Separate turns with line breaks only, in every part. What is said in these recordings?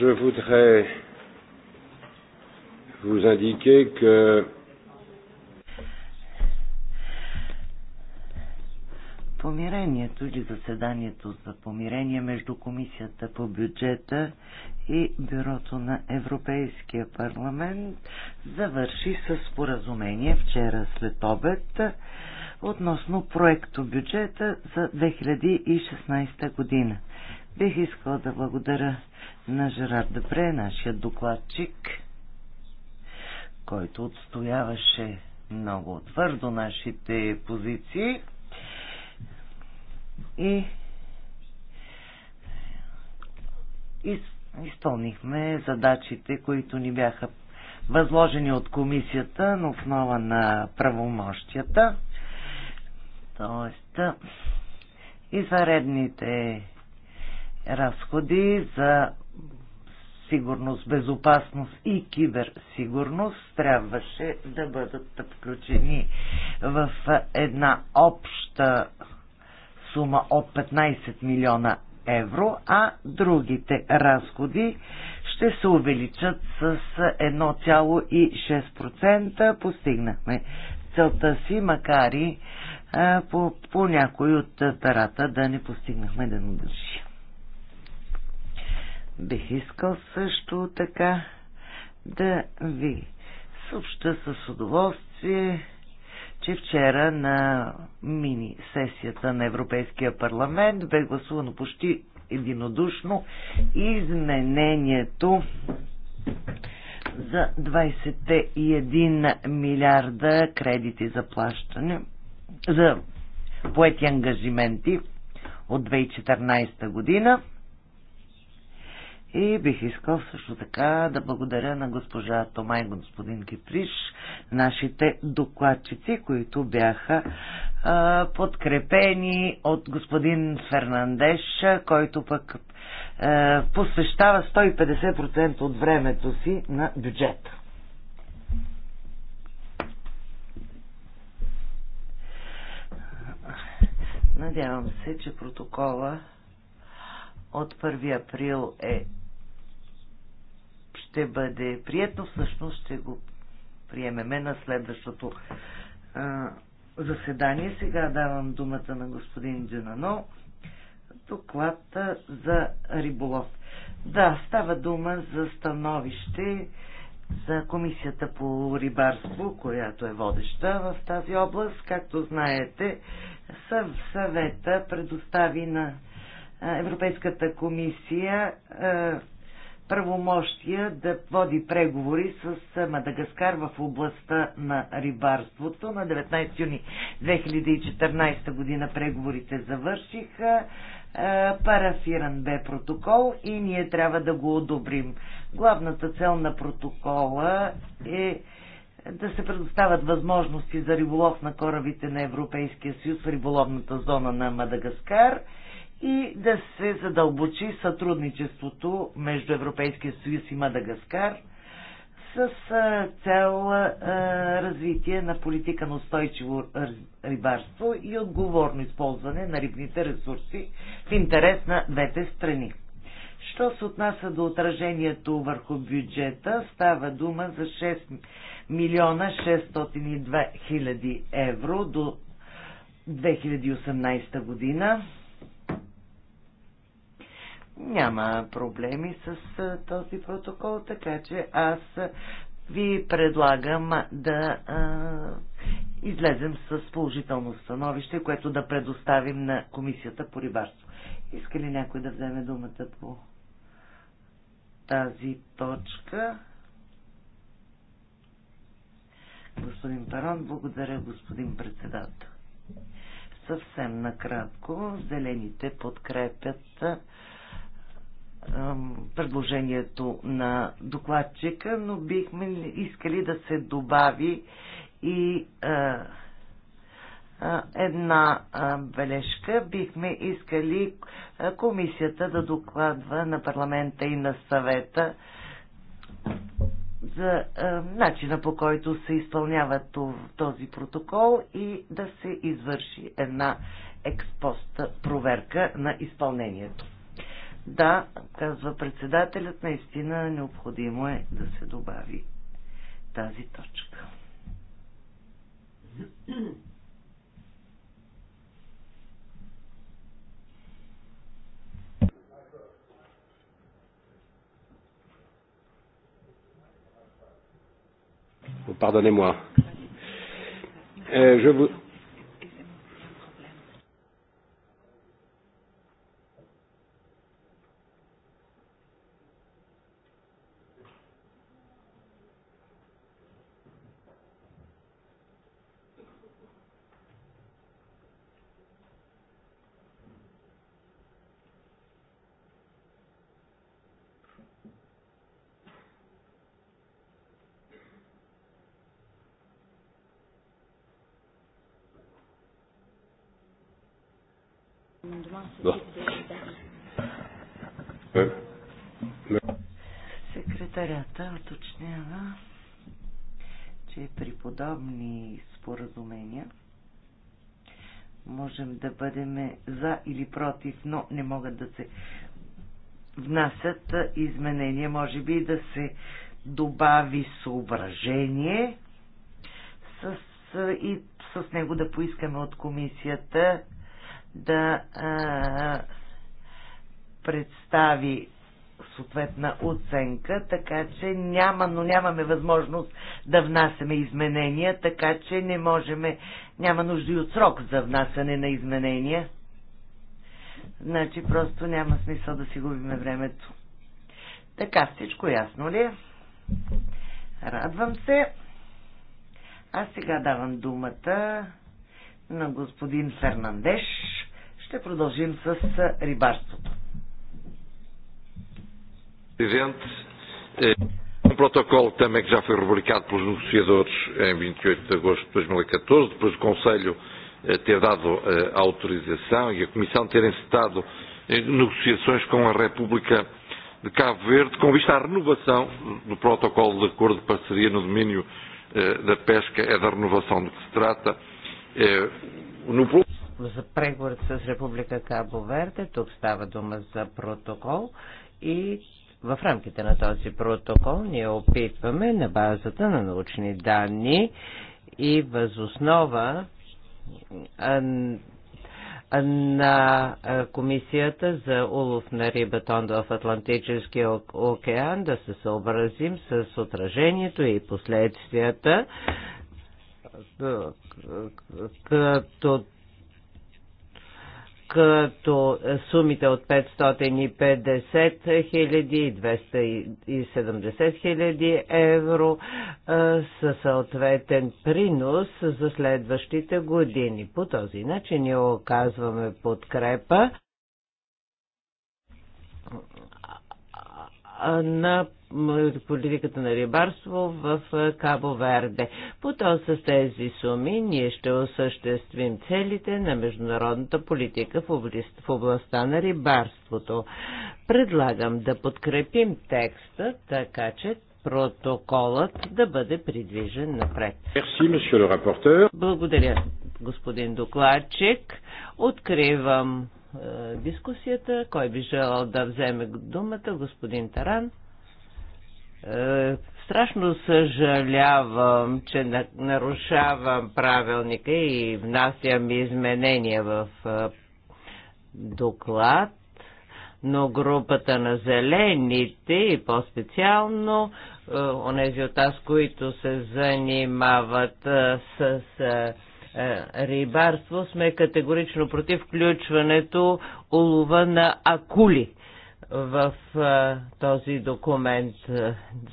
Je voudrais vous indiquer que
помирението или заседанието за помирение между Комисията по бюджета и Бюрото на Европейския парламент завърши с споразумение вчера след обед относно проекто бюджета за 2016 година. Бих искала да благодаря на Жерар Депре, нашия докладчик, който отстояваше много твърдо нашите позиции и, изпълнихме задачите, които ни бяха възложени от комисията на основа на правомощията. Тоест, извънредните разходи за сигурност, безопасност и киберсигурност трябваше да бъдат включени в една обща сума от 15 милиона евро, а другите разходи ще се увеличат с 1,6%. Постигнахме целта си, макар и по, по някои от тарата да не постигнахме денодържие. Бих искал също така да ви съобща с удоволствие, че вчера на мини-сесията на Европейския парламент бе гласувано почти единодушно изменението за 21 милиарда кредити за плащане, за поети ангажименти от 2014 година. И бих искал също така да благодаря на госпожа Томай, господин Китриш нашите докладчици, които бяха а, подкрепени от господин Фернандеш, който пък а, посвещава 150% от времето си на бюджета. Надявам се, че протокола от 1 април е ще бъде прието, всъщност ще го приемеме на следващото а, заседание. Сега давам думата на господин Дюнано. Доклад за риболов. Да, става дума за становище за Комисията по рибарство, която е водеща в тази област. Както знаете, съв съвета предостави на Европейската комисия правомощия да води преговори с Мадагаскар в областта на рибарството. На 19 юни 2014 година преговорите завършиха. Парафиран бе протокол и ние трябва да го одобрим. Главната цел на протокола е да се предоставят възможности за риболов на корабите на Европейския съюз в риболовната зона на Мадагаскар – и да се задълбочи сътрудничеството между Европейския съюз и Мадагаскар с цел развитие на политика на устойчиво рибарство и отговорно използване на рибните ресурси в интерес на двете страни. Що се отнася до отражението върху бюджета, става дума за 6 милиона 602 хиляди евро до 2018 година няма проблеми с този протокол, така че аз ви предлагам да а, излезем с положително становище, което да предоставим на Комисията по рибарство. Иска ли някой да вземе думата по тази точка? Господин Парон, благодаря, господин председател. Съвсем накратко, зелените подкрепят предложението на докладчика, но бихме искали да се добави и а, а, една а, бележка. Бихме искали комисията да докладва на парламента и на съвета за а, начина по който се изпълнява този протокол и да се извърши една експост проверка на изпълнението. Да, казва председателят, наистина необходимо е да се добави тази точка.
Pardonnez-moi. Euh, je vous...
Е, Секретарята уточнява, че при подобни споразумения можем да бъдем за или против, но не могат да се внасят изменения. Може би да се добави съображение с, и с него да поискаме от комисията да а, представи съответна оценка, така че няма, но нямаме възможност да внасяме изменения, така че не можеме, няма нужда и от срок за внасяне на изменения. Значи просто няма смисъл да си губиме времето. Така, всичко ясно ли? Е? Радвам се. А сега давам думата на господин Фернандеш. Ще продължим с рибарството.
Президент, um protocolo também que já foi rubricado pelos negociadores em 28 de agosto de 2014, depois do Conselho ter dado a autorização e a Comissão ter encetado negociações com a República de Cabo Verde com vista à renovação do protocolo de acordo de parceria no domínio da pesca, é da renovação do que se trata.
No за преговор с Република Кабо Верде. Тук става дума за протокол и в рамките на този протокол ние опитваме на базата на научни данни и възоснова на комисията за улов на риба в Атлантическия океан да се съобразим с отражението и последствията като като сумите от 550 270 евро са съответен принос за следващите години. По този начин ние оказваме подкрепа на политиката на рибарство в Кабо Верде. Потом с тези суми ние ще осъществим целите на международната политика в областта на рибарството. Предлагам да подкрепим текста, така че протоколът да бъде придвижен напред.
Merci,
Благодаря, господин докладчик. Откривам е, дискусията. Кой би желал да вземе думата? Господин Таран. Е, страшно съжалявам, че нарушавам правилника и внасям изменения в е, доклад, но групата на зелените и по-специално онези от аз, които се занимават с е, рибарство сме категорично против включването улова на акули в а, е, този документ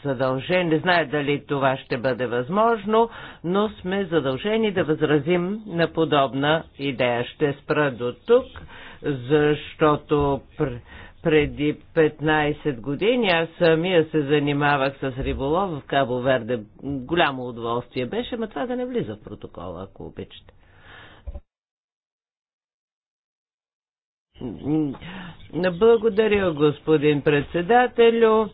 задължен. Не знае дали това ще бъде възможно, но сме задължени да възразим на подобна идея. Ще спра до тук, защото преди 15 години аз самия се занимавах с риболов в Кабо Верде. Голямо удоволствие беше, но това да не влиза в протокола, ако обичате. Благодаря, господин председателю.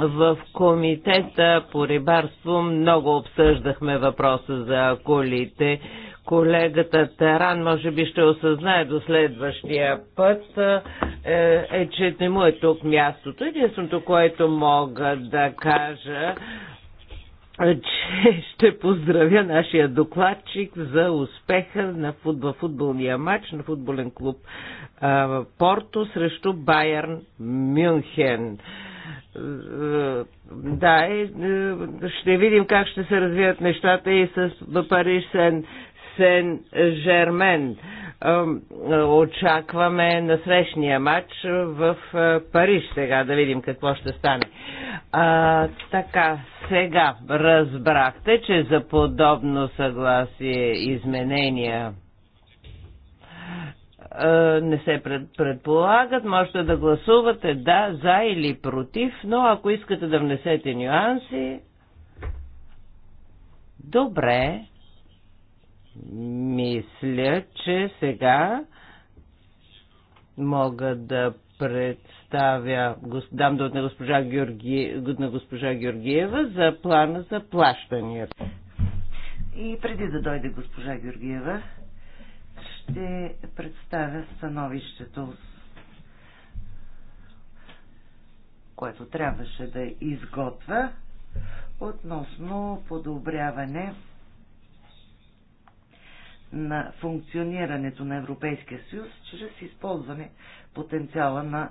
В комитета по рибарство много обсъждахме въпроса за акулите колегата Таран може би ще осъзнае до следващия път, е, е че не му е тук мястото. Единственото, което мога да кажа, е, че ще поздравя нашия докладчик за успеха на футбол, футболния матч на футболен клуб а, Порто срещу Байерн Мюнхен. Е, е, да, ще видим как ще се развият нещата и с Париж Сен Сен Жермен. Очакваме на срещния матч в Париж сега, да видим какво ще стане. А, така, сега разбрахте, че за подобно съгласие изменения не се предполагат, можете да гласувате да, за или против, но ако искате да внесете нюанси, добре, мисля, че сега мога да представя, дам да на госпожа, Георги, на госпожа Георгиева за плана за плащания. И преди да дойде госпожа Георгиева, ще представя становището, което трябваше да изготвя относно подобряване на функционирането на Европейския съюз чрез използване потенциала на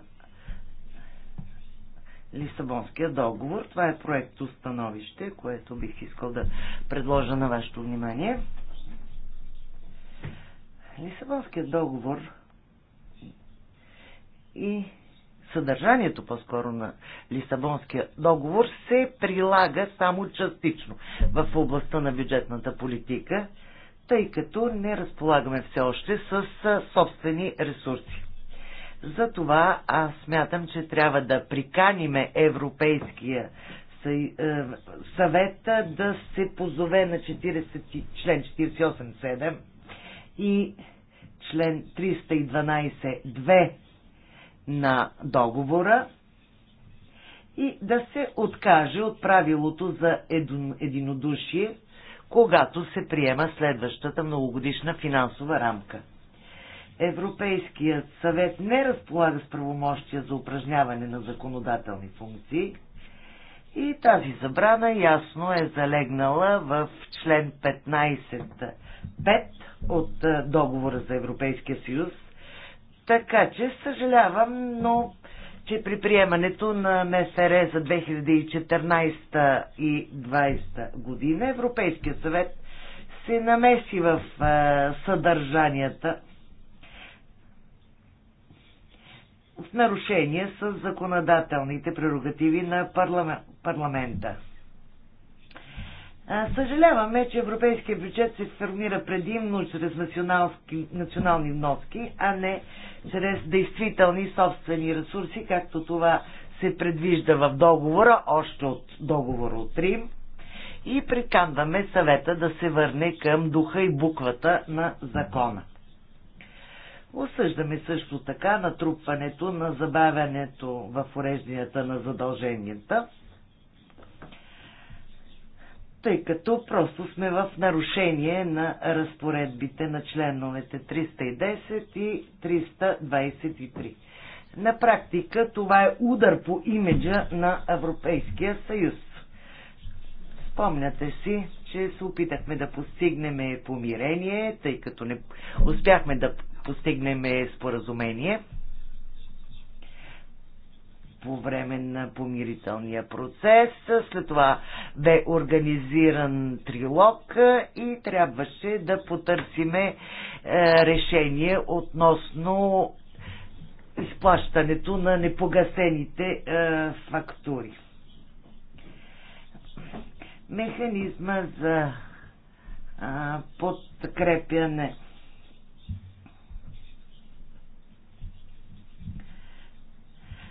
Лисабонския договор. Това е проекто становище, което бих искал да предложа на вашето внимание. Лисабонският договор и съдържанието по-скоро на Лисабонския договор се прилага само частично в областта на бюджетната политика тъй като не разполагаме все още с собствени ресурси. Затова аз смятам, че трябва да приканиме Европейския е, съвет да се позове на 40, член 48.7 и член 312.2 на договора и да се откаже от правилото за единодушие когато се приема следващата многогодишна финансова рамка. Европейският съвет не разполага с правомощия за упражняване на законодателни функции и тази забрана ясно е залегнала в член 15.5 от е, договора за Европейския съюз. Така че съжалявам, но че при приемането на МСР за 2014 и 2020 година Европейския съвет се намеси в съдържанията в нарушение с законодателните прерогативи на парламента. Съжаляваме, че европейския бюджет се сформира предимно чрез национални вноски, а не чрез действителни собствени ресурси, както това се предвижда в договора, още от договора от Рим. И приканваме съвета да се върне към духа и буквата на закона. Осъждаме също така натрупването на забавянето в урежданията на задълженията – тъй като просто сме в нарушение на разпоредбите на членовете 310 и 323. На практика това е удар по имиджа на Европейския съюз. Спомняте си, че се опитахме да постигнем помирение, тъй като не успяхме да постигнем споразумение по време на помирителния процес. След това бе организиран трилог и трябваше да потърсиме е, решение относно изплащането на непогасените е, фактури. Механизма за подкрепяне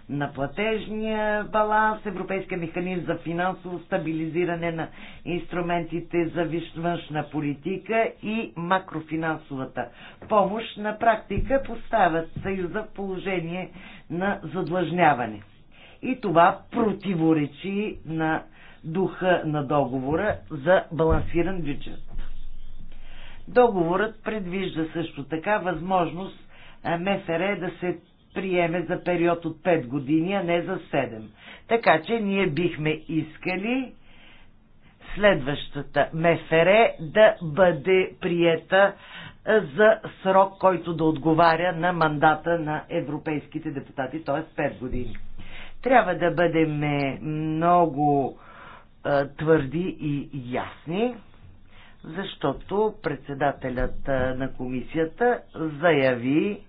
на платежния баланс, Европейския механизъм за финансово стабилизиране на инструментите за външна политика и макрофинансовата помощ на практика поставят Съюза в положение на задлъжняване. И това противоречи на духа на договора за балансиран бюджет. Договорът предвижда също така възможност МФР да се приеме за период от 5 години, а не за 7. Така че ние бихме искали следващата мефере да бъде приета за срок, който да отговаря на мандата на европейските депутати, т.е. 5 години. Трябва да бъдем е, много твърди и ясни, защото председателят на комисията заяви,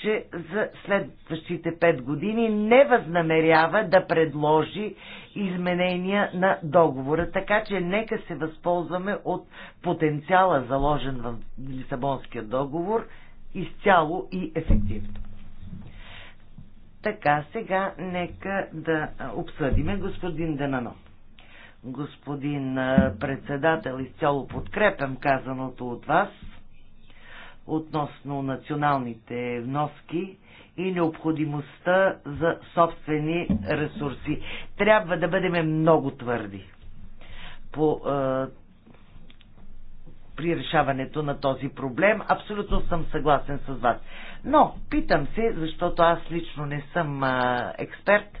че за следващите пет години не възнамерява да предложи изменения на договора. Така че нека се възползваме от потенциала заложен в Лисабонския договор изцяло и ефективно. Така, сега нека да обсъдиме господин Денано. Господин председател, изцяло подкрепям казаното от вас – относно националните вноски и необходимостта за собствени ресурси. Трябва да бъдем много твърди по, е, при решаването на този проблем. Абсолютно съм съгласен с вас. Но питам се, защото аз лично не съм е, експерт,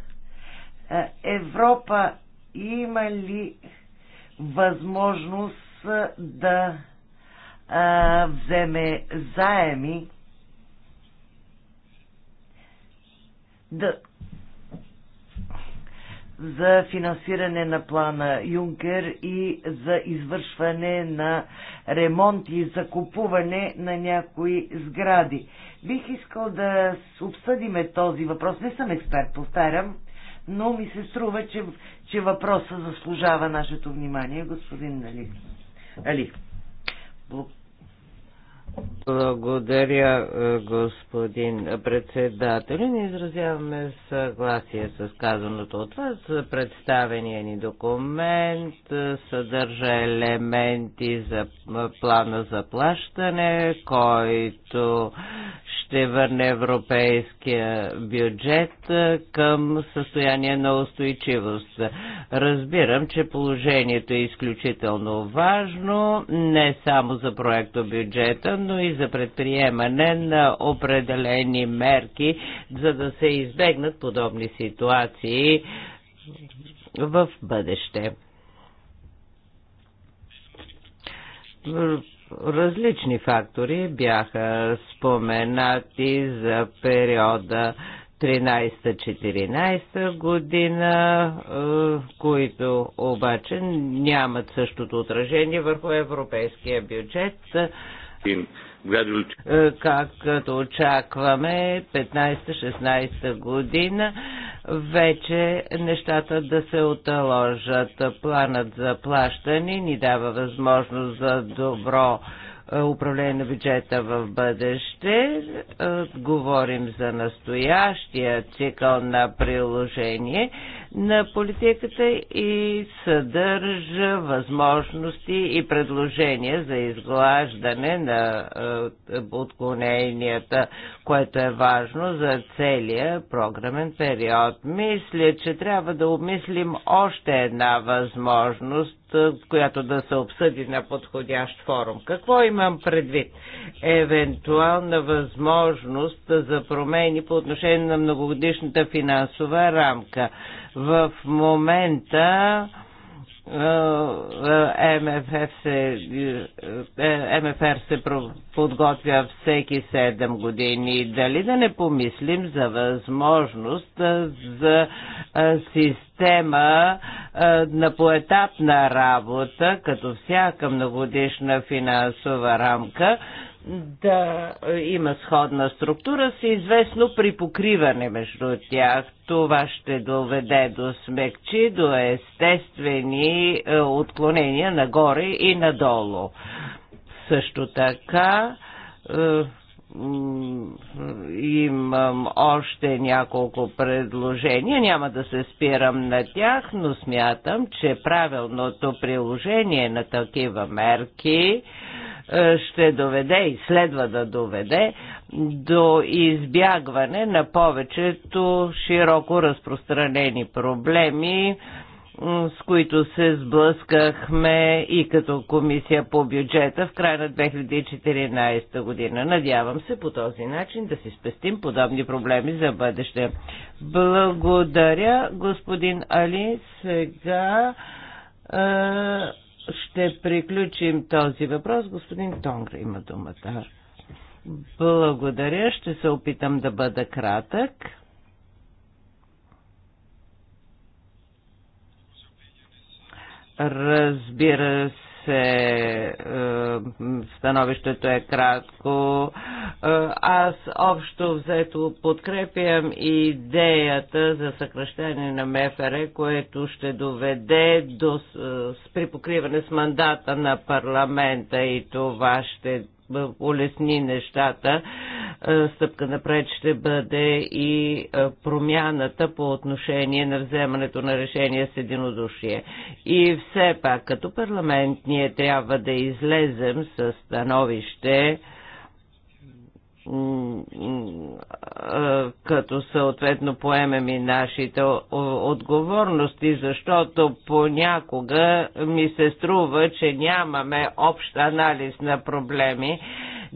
е, Европа има ли възможност да а, вземе заеми да, за финансиране на плана Юнкер и за извършване на ремонт и закупуване на някои сгради. Бих искал да обсъдиме този въпрос. Не съм експерт, повтарям, но ми се струва, че, че въпросът заслужава нашето внимание, господин Али. Али. Благодаря, господин председател. Ние изразяваме съгласие с казаното от вас. Представения ни документ съдържа елементи за плана за плащане, който ще върне европейския бюджет към състояние на устойчивост. Разбирам, че положението е изключително важно не само за проекто бюджета, но и за предприемане на определени мерки, за да се избегнат подобни ситуации в бъдеще различни фактори бяха споменати за периода 13-14 година, е, които обаче нямат същото отражение върху европейския бюджет. Е, е, както очакваме 15-16 година вече нещата да се оталожат. Планът за плащане ни дава възможност за добро е, управление на бюджета в бъдеще. Е, говорим за настоящия цикъл на приложение на политиката и съдържа възможности и предложения за изглаждане на е, отклоненията, което е важно за целия програмен период. Мисля, че трябва да обмислим още една възможност която да се обсъди на подходящ форум. Какво имам предвид? Евентуална възможност за промени по отношение на многогодишната финансова рамка. В момента е, е, МФР се, е, МФР се подготвя всеки 7 години. Дали да не помислим за възможност за система на поетапна работа, като всяка многодишна финансова рамка, да има сходна структура се известно покриване между тях. Това ще доведе до смекчи, до естествени е, отклонения нагоре и надолу. Също така е, имам още няколко предложения. Няма да се спирам на тях, но смятам, че правилното приложение на такива мерки е, ще доведе и следва да доведе до избягване на повечето широко разпространени проблеми, с които се сблъскахме и като комисия по бюджета в края на 2014 година. Надявам се по този начин да си спестим подобни проблеми за бъдеще. Благодаря, господин Али. Сега а, ще приключим този въпрос. Господин Тонгра има думата. Благодаря, ще се опитам да бъда кратък. Разбира се, е, становището е кратко. Е, аз общо взето подкрепям идеята за съкръщение на МФР, което ще доведе до припокриване с мандата на парламента и това ще улесни нещата. Е, стъпка напред ще бъде и е, промяната по отношение на вземането на решение с единодушие. И все пак, като парламент, ние трябва да излезем с становище, като съответно поемем и нашите отговорности, защото понякога ми се струва, че нямаме общ анализ на проблеми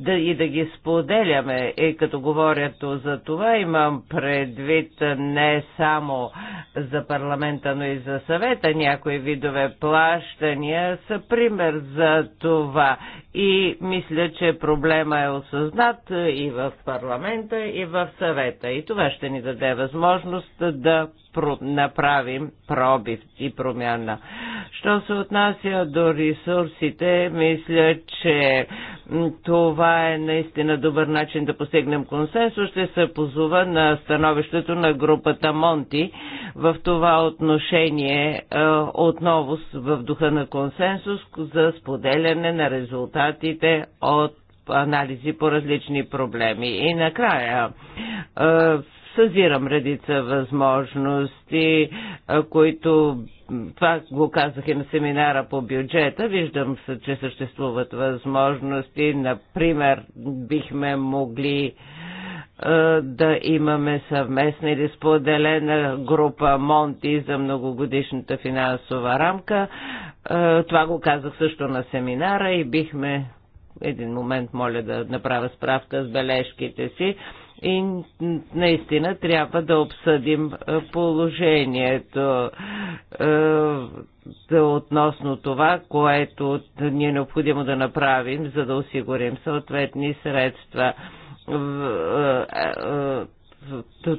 да и да ги споделяме. И като говоря за това, имам предвид не само за парламента, но и за съвета. Някои видове плащания са пример за това. И мисля, че проблема е осъзнат и в парламента, и в съвета. И това ще ни даде възможност да направим пробив и промяна. Що се отнася до ресурсите, мисля, че това е наистина добър начин да постигнем консенсус. Ще се позова на становището на групата Монти. В това отношение е, отново в духа на консенсус за споделяне на резултатите от анализи по различни проблеми. И накрая
е,
съзирам редица възможности, които това го казах и на семинара по бюджета. Виждам, че съществуват възможности. Например, бихме могли да имаме съвместна или споделена група Монти за многогодишната финансова рамка. Това го казах също на семинара и бихме един момент моля да направя справка с бележките си и наистина трябва да обсъдим е, положението е, относно това, което ни е необходимо да направим, за да осигурим съответни средства. Е,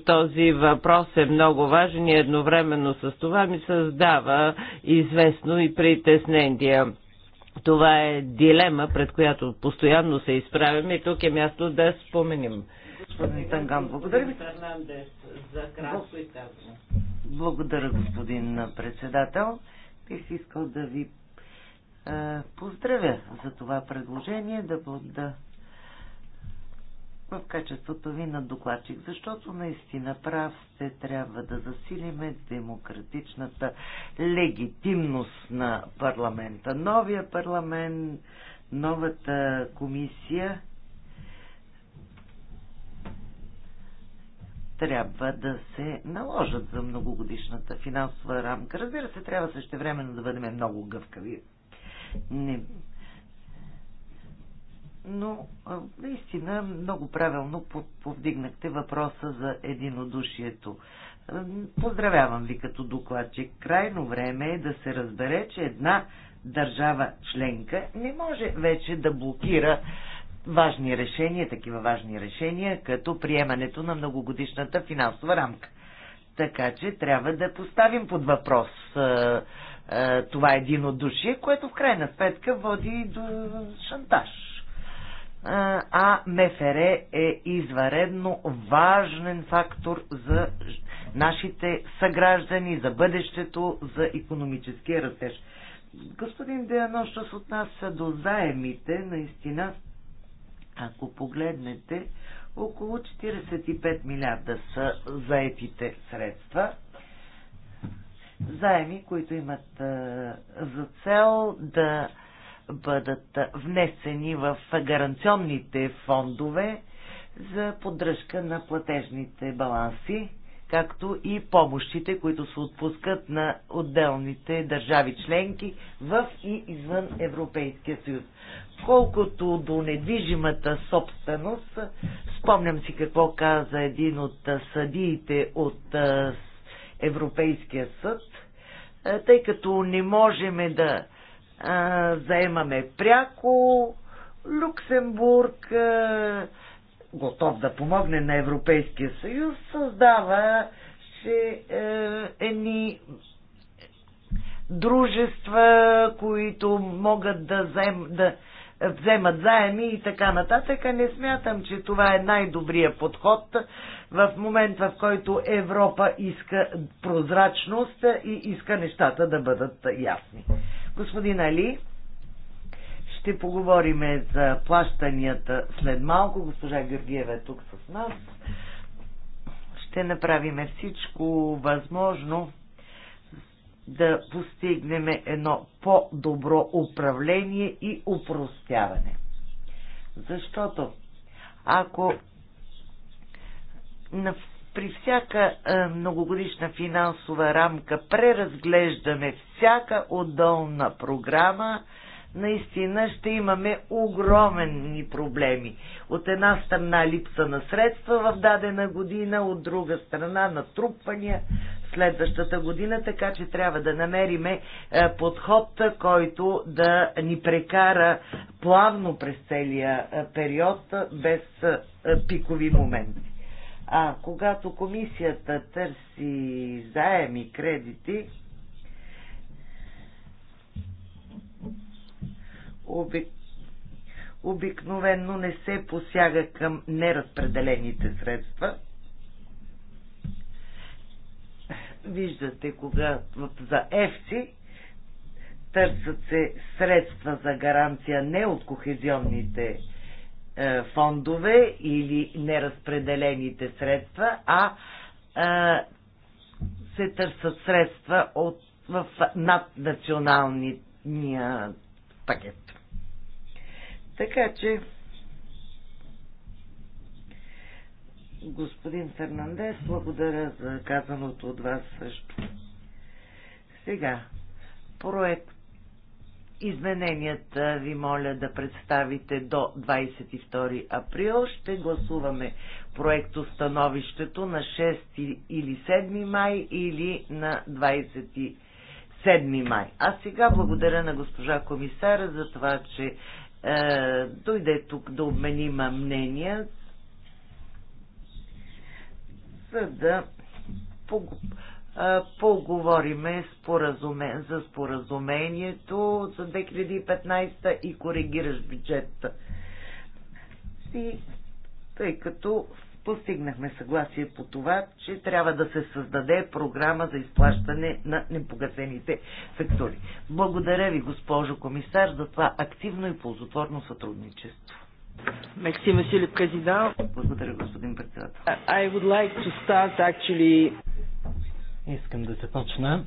този въпрос е много важен и едновременно с това ми създава известно и притеснение. Това е дилема, пред която постоянно се изправяме и тук е място да споменим. Господин Танган, благодаря ви. Благодаря, господин председател. Бих искал да ви поздравя за това предложение, да, бъда в качеството ви на докладчик, защото наистина прав сте, трябва да засилиме демократичната легитимност на парламента. Новия парламент, новата комисия трябва да се наложат за многогодишната финансова рамка. Разбира се, трябва също времено да бъдем много гъвкави. Не. Но наистина много правилно повдигнахте въпроса за единодушието. Поздравявам ви като докладчик. Крайно време е да се разбере, че една държава членка не може вече да блокира важни решения, такива важни решения, като приемането на многогодишната финансова рамка. Така че трябва да поставим под въпрос а, а, това е единодушие, което в крайна сметка води до шантаж. А, а МФР е изваредно важен фактор за нашите съграждани, за бъдещето, за економическия растеж. Господин Деянош, от нас до заемите, наистина ако погледнете, около 45 милиарда са заетите средства. Заеми, които имат за цел да бъдат внесени в гаранционните фондове за поддръжка на платежните баланси както и помощите, които се отпускат на отделните държави членки в и извън Европейския съюз. Колкото до недвижимата собственост, спомням си какво каза един от съдиите от Европейския съд, тъй като не можем да заемаме пряко Люксембург, готов да помогне на Европейския съюз, създава се е, едни дружества, които могат да, взем, да вземат заеми и така нататък. Не смятам, че това е най-добрия подход в момент, в който Европа иска прозрачност и иска нещата да бъдат ясни. Господин Али. Ще поговорим за плащанията след малко. Госпожа Георгиева е тук с нас. Ще направим всичко възможно да постигнем едно по-добро управление и упростяване. Защото ако на, при всяка е, многогодишна финансова рамка преразглеждаме всяка отдолна програма, наистина ще имаме огромни проблеми. От една страна липса на средства в дадена година, от друга страна натрупвания следващата година, така че трябва да намериме подход, който да ни прекара плавно през целия е, период, без е, пикови моменти. А когато комисията търси заеми, кредити, обик... обикновенно не се посяга към неразпределените средства. Виждате, кога за ЕФСИ търсят се средства за гаранция не от кохезионните е, фондове или неразпределените средства, а е, се търсят средства от, в наднационалния пакет. Така че господин Фернандес, благодаря за казаното от вас също. Сега, проект Измененията ви моля да представите до 22 април. Ще гласуваме проекто становището на 6 или 7 май или на 27 май. А сега благодаря на госпожа комисара за това, че е, дойде тук да обменим мнения, за да е, поговориме споразуме, за споразумението за 2015 и коригираш бюджета. И тъй като постигнахме съгласие по това, че трябва да се създаде програма за изплащане на непогасените фактури. Благодаря ви, госпожо комисар, за това активно и ползотворно сътрудничество. Мерси, Василий президент.
Благодаря, господин председател.
I would like to start actually...
Искам да започна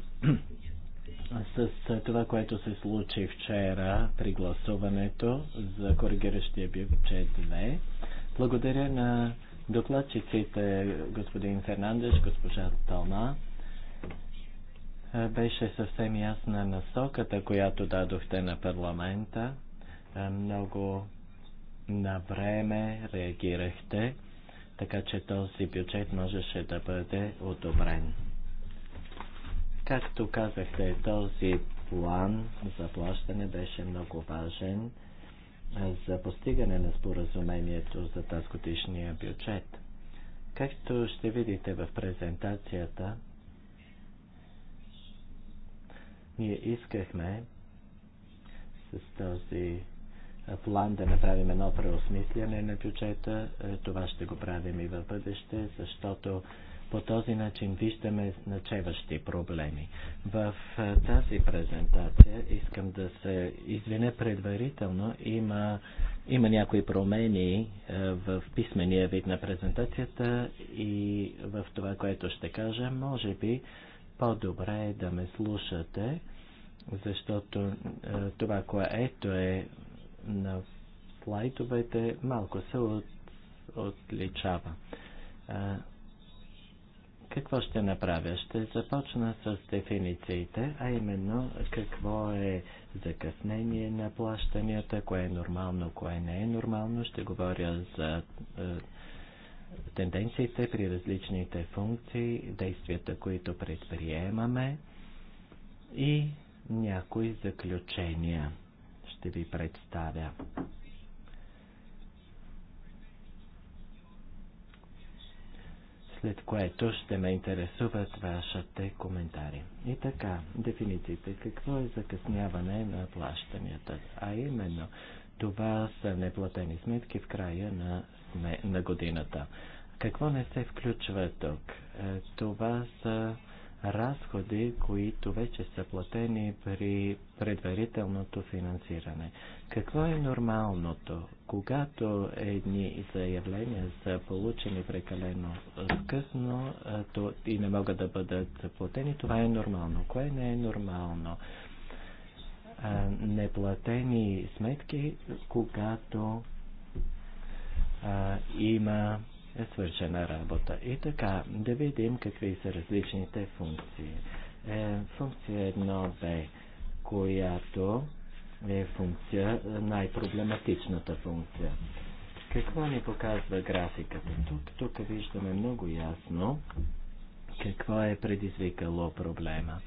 с това, което се случи вчера при гласуването за коригиращия бюджет 2. Благодаря на Докладчиците господин Фернандеш, госпожа Талма, е, беше съвсем ясна насоката, която дадохте на парламента. Е, много на време реагирахте, така че този бюджет можеше да бъде одобрен. Както казахте, този план за плащане беше много важен за постигане на споразумението за годишния бюджет. Както ще видите в презентацията, ние искахме с този план да направим едно преосмисляне на бюджета. Е, това ще го правим и в бъдеще, защото по този начин виждаме значеващи проблеми. В тази презентация искам да се извиня предварително. Има, има някои промени в писмения вид на презентацията и в това, което ще кажа. Може би по-добре е да ме слушате, защото това, което е на слайдовете малко се от, отличава. Какво ще направя? Ще започна с дефинициите, а именно какво е закъснение на плащанията, кое е нормално, кое не е нормално. Ще говоря за е, тенденциите при различните функции, действията, които предприемаме и някои заключения ще ви представя. след което ще ме интересуват вашите коментари. И така, дефинициите. Какво е закъсняване на плащанията? А именно, това са неплатени сметки в края на, сме, на годината. Какво не се включва тук? Е, това са разходи, които вече са платени при предварителното финансиране. Какво е нормалното? Когато едни заявления са получени прекалено късно то и не могат да бъдат платени, това е нормално. Кое не е нормално? неплатени сметки, когато а, има е свършена работа. И така, да видим какви са различните функции. Е, функция 1b, която е функция, най-проблематичната функция. Какво ни показва графиката? Тук, тук виждаме много ясно какво е предизвикало проблема.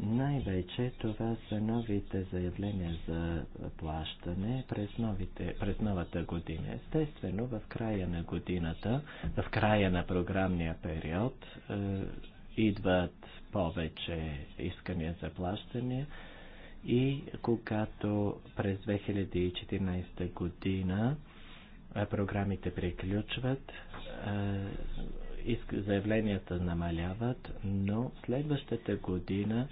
Най-вече това са новите заявления за плащане през, новите, през новата година. Естествено, в края на годината, в края на програмния период, е, идват повече искания за плащане и когато през 2014 година е, програмите приключват, е, заявленията намаляват, но следващата година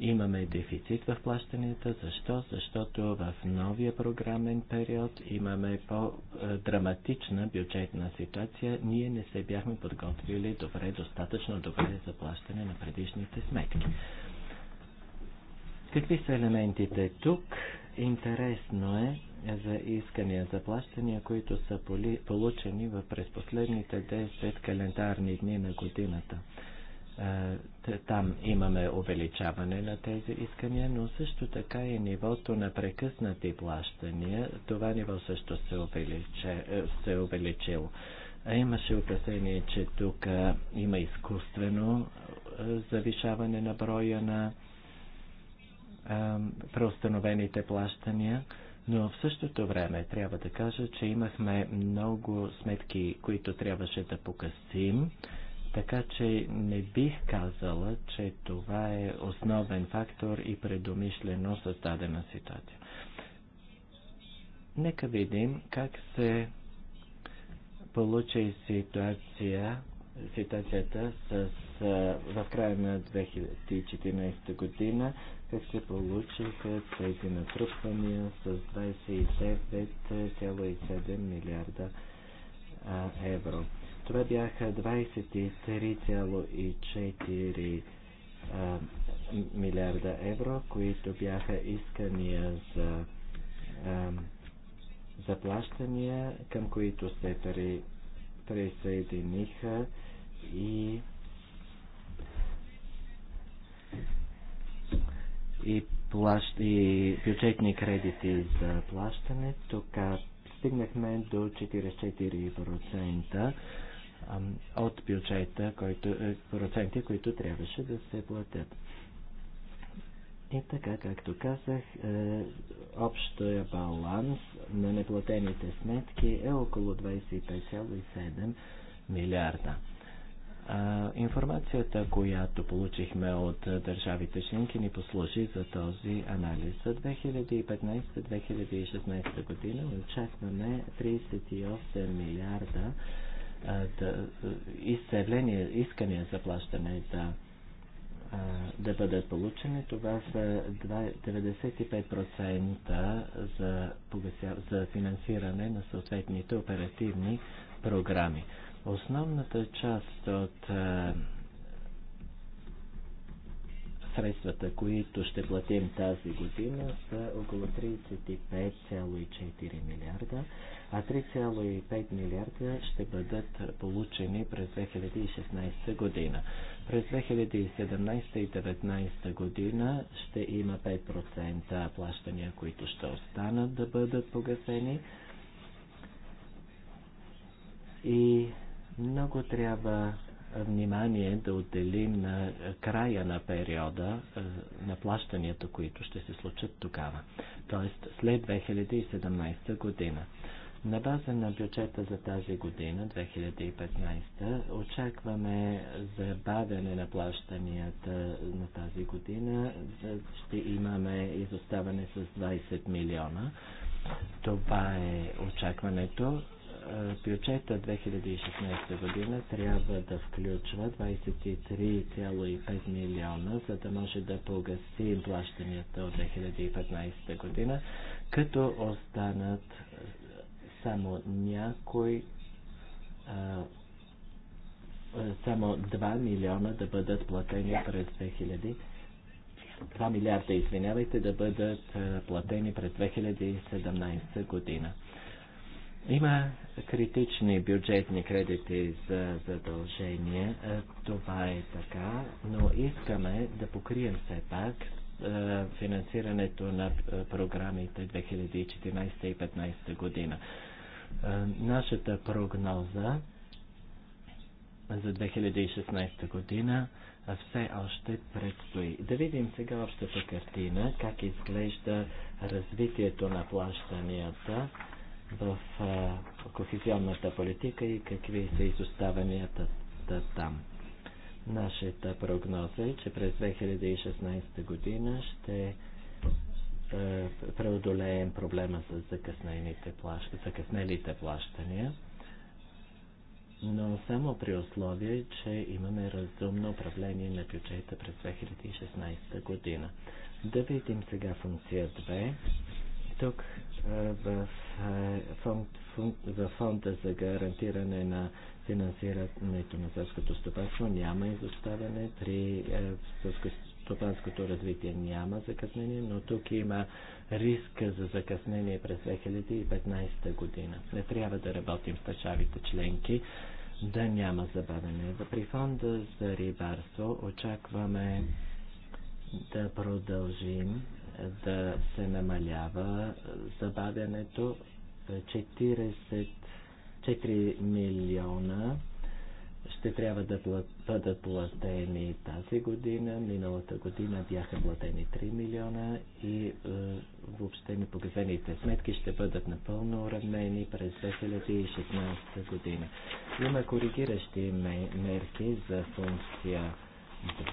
имаме дефицит в плащанията. Защо? Защото в новия програмен период имаме по-драматична бюджетна ситуация. Ние не се бяхме подготвили добре, достатъчно добре за плащане на предишните сметки. Какви са елементите тук? Интересно е за искания за плащания, които са получени през последните 10 календарни дни на годината. Е, там имаме увеличаване на тези искания, но също така и нивото на прекъснати плащания. Това ниво също се, увеличе, е, се е увеличило. Имаше опасение, че тук има изкуствено завишаване на броя на преустановените плащания, но в същото време трябва да кажа, че имахме много сметки, които трябваше да покасим, така че не бих казала, че това е основен фактор и предумишлено създадена ситуация. Нека видим как се получи ситуация, ситуацията с, в края на 2014 година как се получиха тези натрупвания с 29,7 милиарда евро. Това бяха 23,4 милиарда евро, които бяха искания за заплащания, към които се присъединиха и и, плащ, и бюджетни кредити за плащане. Тук стигнахме до 44% от бюджета, който, е, проценти, които трябваше да се платят. И така, както казах, е, общия баланс на неплатените сметки е около 25,7 милиарда. Информацията, която получихме от държавите членки, ни послужи за този анализ. За 2015-2016 година очакваме 38 милиарда да, изцеления, искания за плащане да, да бъдат получени. Това са 95% за, за финансиране на съответните оперативни програми. Основната част от е, средствата, които ще платим тази година, са около 35,4 милиарда, а 3,5 милиарда ще бъдат получени през 2016 година. През 2017 и 2019 година ще има 5% плащания, които ще останат да бъдат погасени. И много трябва внимание да отделим на края на периода на плащанията, които ще се случат тогава, т.е. след 2017 година. На база на бюджета за тази година, 2015, очакваме забавяне на плащанията на тази година. Ще имаме изоставане с 20 милиона. Това е очакването бюджета 2016 година трябва да включва 23,5 милиона, за да може да погаси плащанията от 2015 година, като останат само някои само 2 милиона да бъдат платени през 2000 2 милиарда, извинявайте, да бъдат платени през 2017 година. Има критични бюджетни кредити за задължения. Е, това е така, но искаме да покрием все пак е, финансирането на е, програмите 2014 и 2015 година. Нашата прогноза за 2016 година все още предстои. Да видим сега общата картина, как изглежда развитието на плащанията в кохезионната политика и какви са изоставанията там. Нашата прогноза е, че през 2016 година ще преодолеем проблема с закъснените закъснелите плащания, но само при условие, че имаме разумно управление на бюджета през 2016 година. Да видим сега функция 2. Тук в, фонда за гарантиране на финансирането на селското стопанство няма изоставане, при селско-стопанското развитие няма закъснение, но тук има риск за закъснение през 2015 година. Не трябва да работим с държавите членки, да няма забавене. При фонда за рибарство очакваме да продължим да се намалява забавянето 44 4 милиона ще трябва да бъдат платени тази година. Миналата година бяха платени 3 милиона и е, въобще непогасените сметки ще бъдат напълно уравнени през 2016 година. Има коригиращи мерки за функция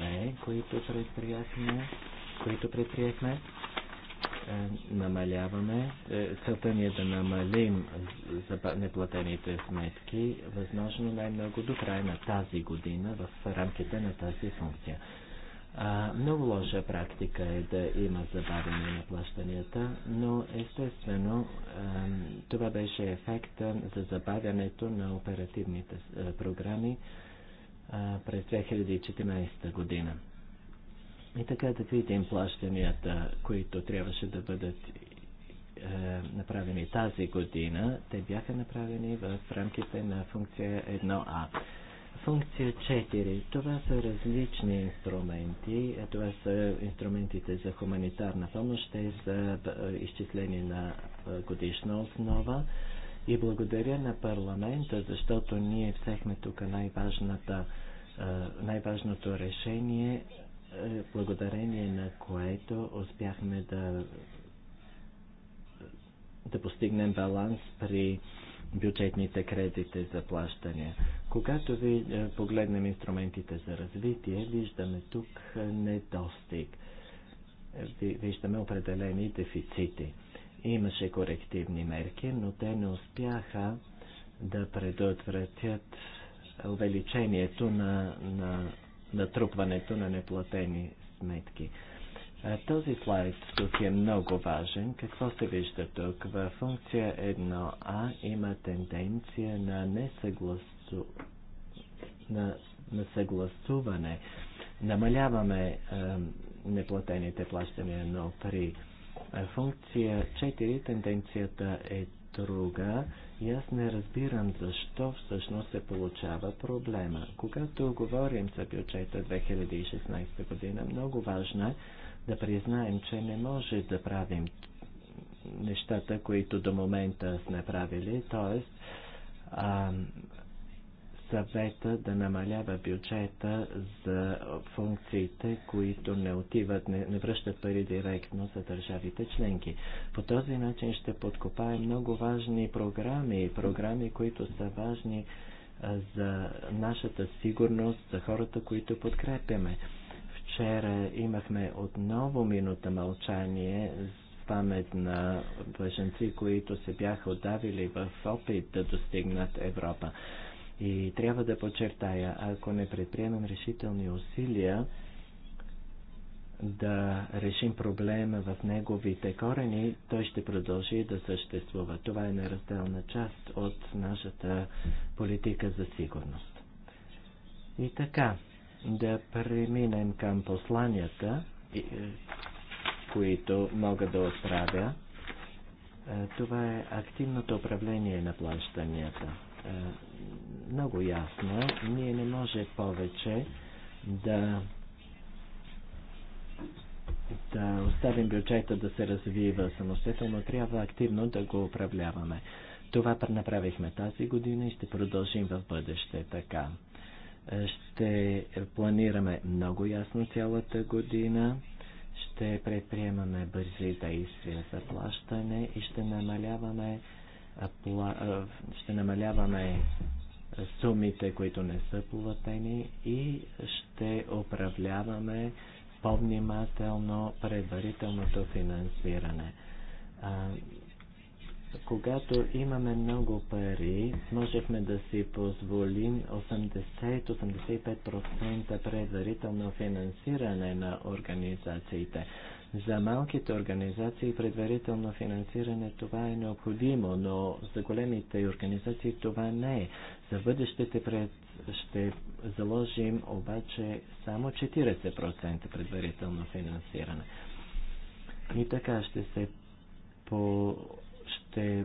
2, които предприехме. Които предприехме. Е, намаляваме. Е, целта ни е да намалим неплатените сметки, възможно най-много до края на тази година в рамките на тази функция. А, много лоша практика е да има забавяне на плащанията, но естествено а, това беше ефекта за забавянето на оперативните а, е, програми а, през 2014 година. И така да видим плащанията, които трябваше да бъдат е, направени тази година, те бяха направени в рамките на функция 1А. Функция 4. Това са различни инструменти. Това са инструментите за хуманитарна помощ. Те са е, изчислени на е, годишна основа. И благодаря на парламента, защото ние взехме тук най е, най-важното решение е, благодарение на което успяхме да, да постигнем баланс при бюджетните кредити за плащания. Когато ви е, погледнем инструментите за развитие, виждаме тук е, недостиг. Виждаме определени дефицити. Имаше корективни мерки, но те не успяха да предотвратят увеличението на, на натрупването на неплатени сметки. Този слайд тук е много важен. Какво се вижда тук? В функция 1а има тенденция на несъгласу... на, на съгласуване. Намаляваме е, неплатените плащания, но при функция 4 тенденцията е друга. И аз не разбирам защо всъщност се получава проблема. Когато говорим за бюджета 2016 година, много важно е да признаем, че не може да правим нещата, които до момента сме правили, т.е съвета да намалява бюджета за функциите, които не отиват, не, не връщат пари директно за държавите членки. По този начин ще подкопаем много важни програми, програми, които са важни за нашата сигурност, за хората, които подкрепяме. Вчера имахме отново минута мълчание памет на бъженци, които се бяха отдавили в опит да достигнат Европа. И трябва да подчертая, ако не предприемем решителни усилия да решим проблема в неговите корени, той ще продължи да съществува. Това е неразделна част от нашата политика за сигурност. И така, да преминем към посланията, е, които мога да отправя. Е, това е активното управление на плащанията. Е, много ясна. Ние не може повече да да оставим бюджета да се развива самостоятелно, трябва активно да го управляваме. Това направихме тази година и ще продължим в бъдеще така. Е, ще планираме много ясно цялата година, ще предприемаме бързи действия за плащане и ще намаляваме ще намаляваме сумите, които не са платени и ще управляваме по-внимателно предварителното финансиране. А, когато имаме много пари, можехме да си позволим 80-85% предварително финансиране на организациите. За малките организации предварително финансиране това е необходимо, но за големите организации това не е. За бъдещите пред... ще заложим обаче само 40% предварително финансиране. И така ще се по... ще е,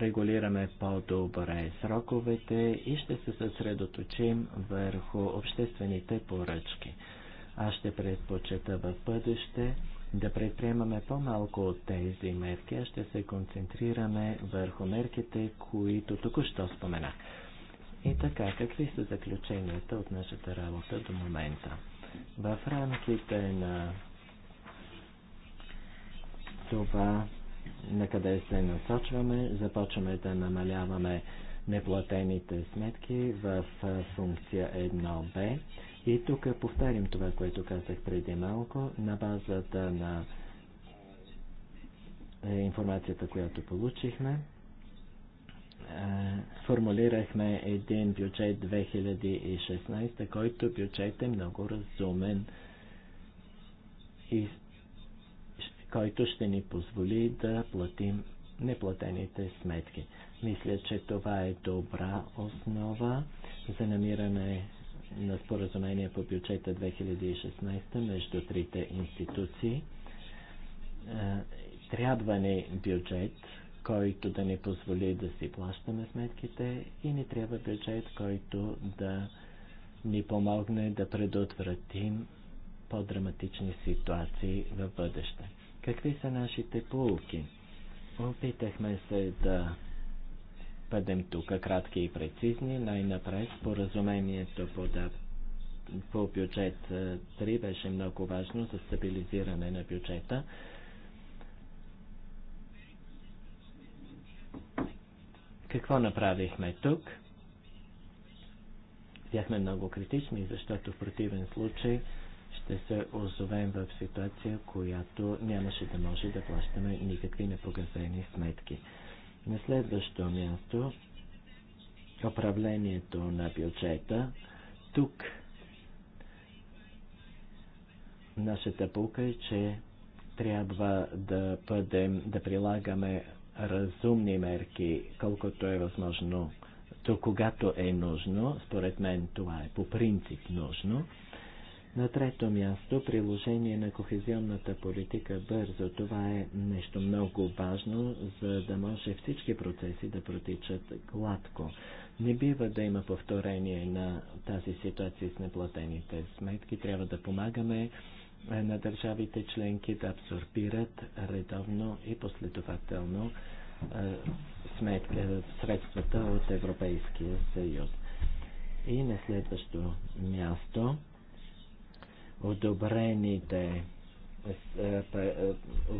регулираме по-добре сроковете и ще се съсредоточим върху обществените поръчки. Аз ще предпочета в бъдеще да предприемаме по-малко от тези мерки, а ще се концентрираме върху мерките, които току-що споменах. И така, какви са заключенията от нашата работа до момента? В рамките на това, на къде се насочваме, започваме да намаляваме неплатените сметки в функция 1b. И тук повтарям това, което казах преди малко, на базата на е, информацията, която получихме. Е, формулирахме един бюджет 2016, който бюджет е много разумен и който ще ни позволи да платим неплатените сметки. Мисля, че това е добра основа за намиране на споразумение по бюджета 2016 между трите институции. Е, трябва ни бюджет, който да ни позволи да си плащаме сметките и ни трябва бюджет, който да ни помогне да предотвратим по-драматични ситуации в бъдеще. Какви са нашите полуки? Опитахме се да бъдем тук кратки и прецизни. Най-напред споразумението по, да, по бюджет 3 беше много важно за стабилизиране на бюджета. Какво направихме тук? Бяхме много критични, защото в противен случай ще се озовем в ситуация, която нямаше да може да плащаме никакви непогасени сметки. На следващо място, управлението на бюджета. Тук нашата полка е, че трябва да, бъдем, да прилагаме разумни мерки, колкото е възможно, то когато е нужно. Според мен това е по принцип нужно. На трето място, приложение на кохезионната политика бързо. Това е нещо много важно, за да може всички процеси да протичат гладко. Не бива да има повторение на тази ситуация с неплатените сметки. Трябва да помагаме е, на държавите членки да абсорбират редовно и последователно е, сметка, е, средствата от Европейския съюз. И на следващо място одобрените е, е, е,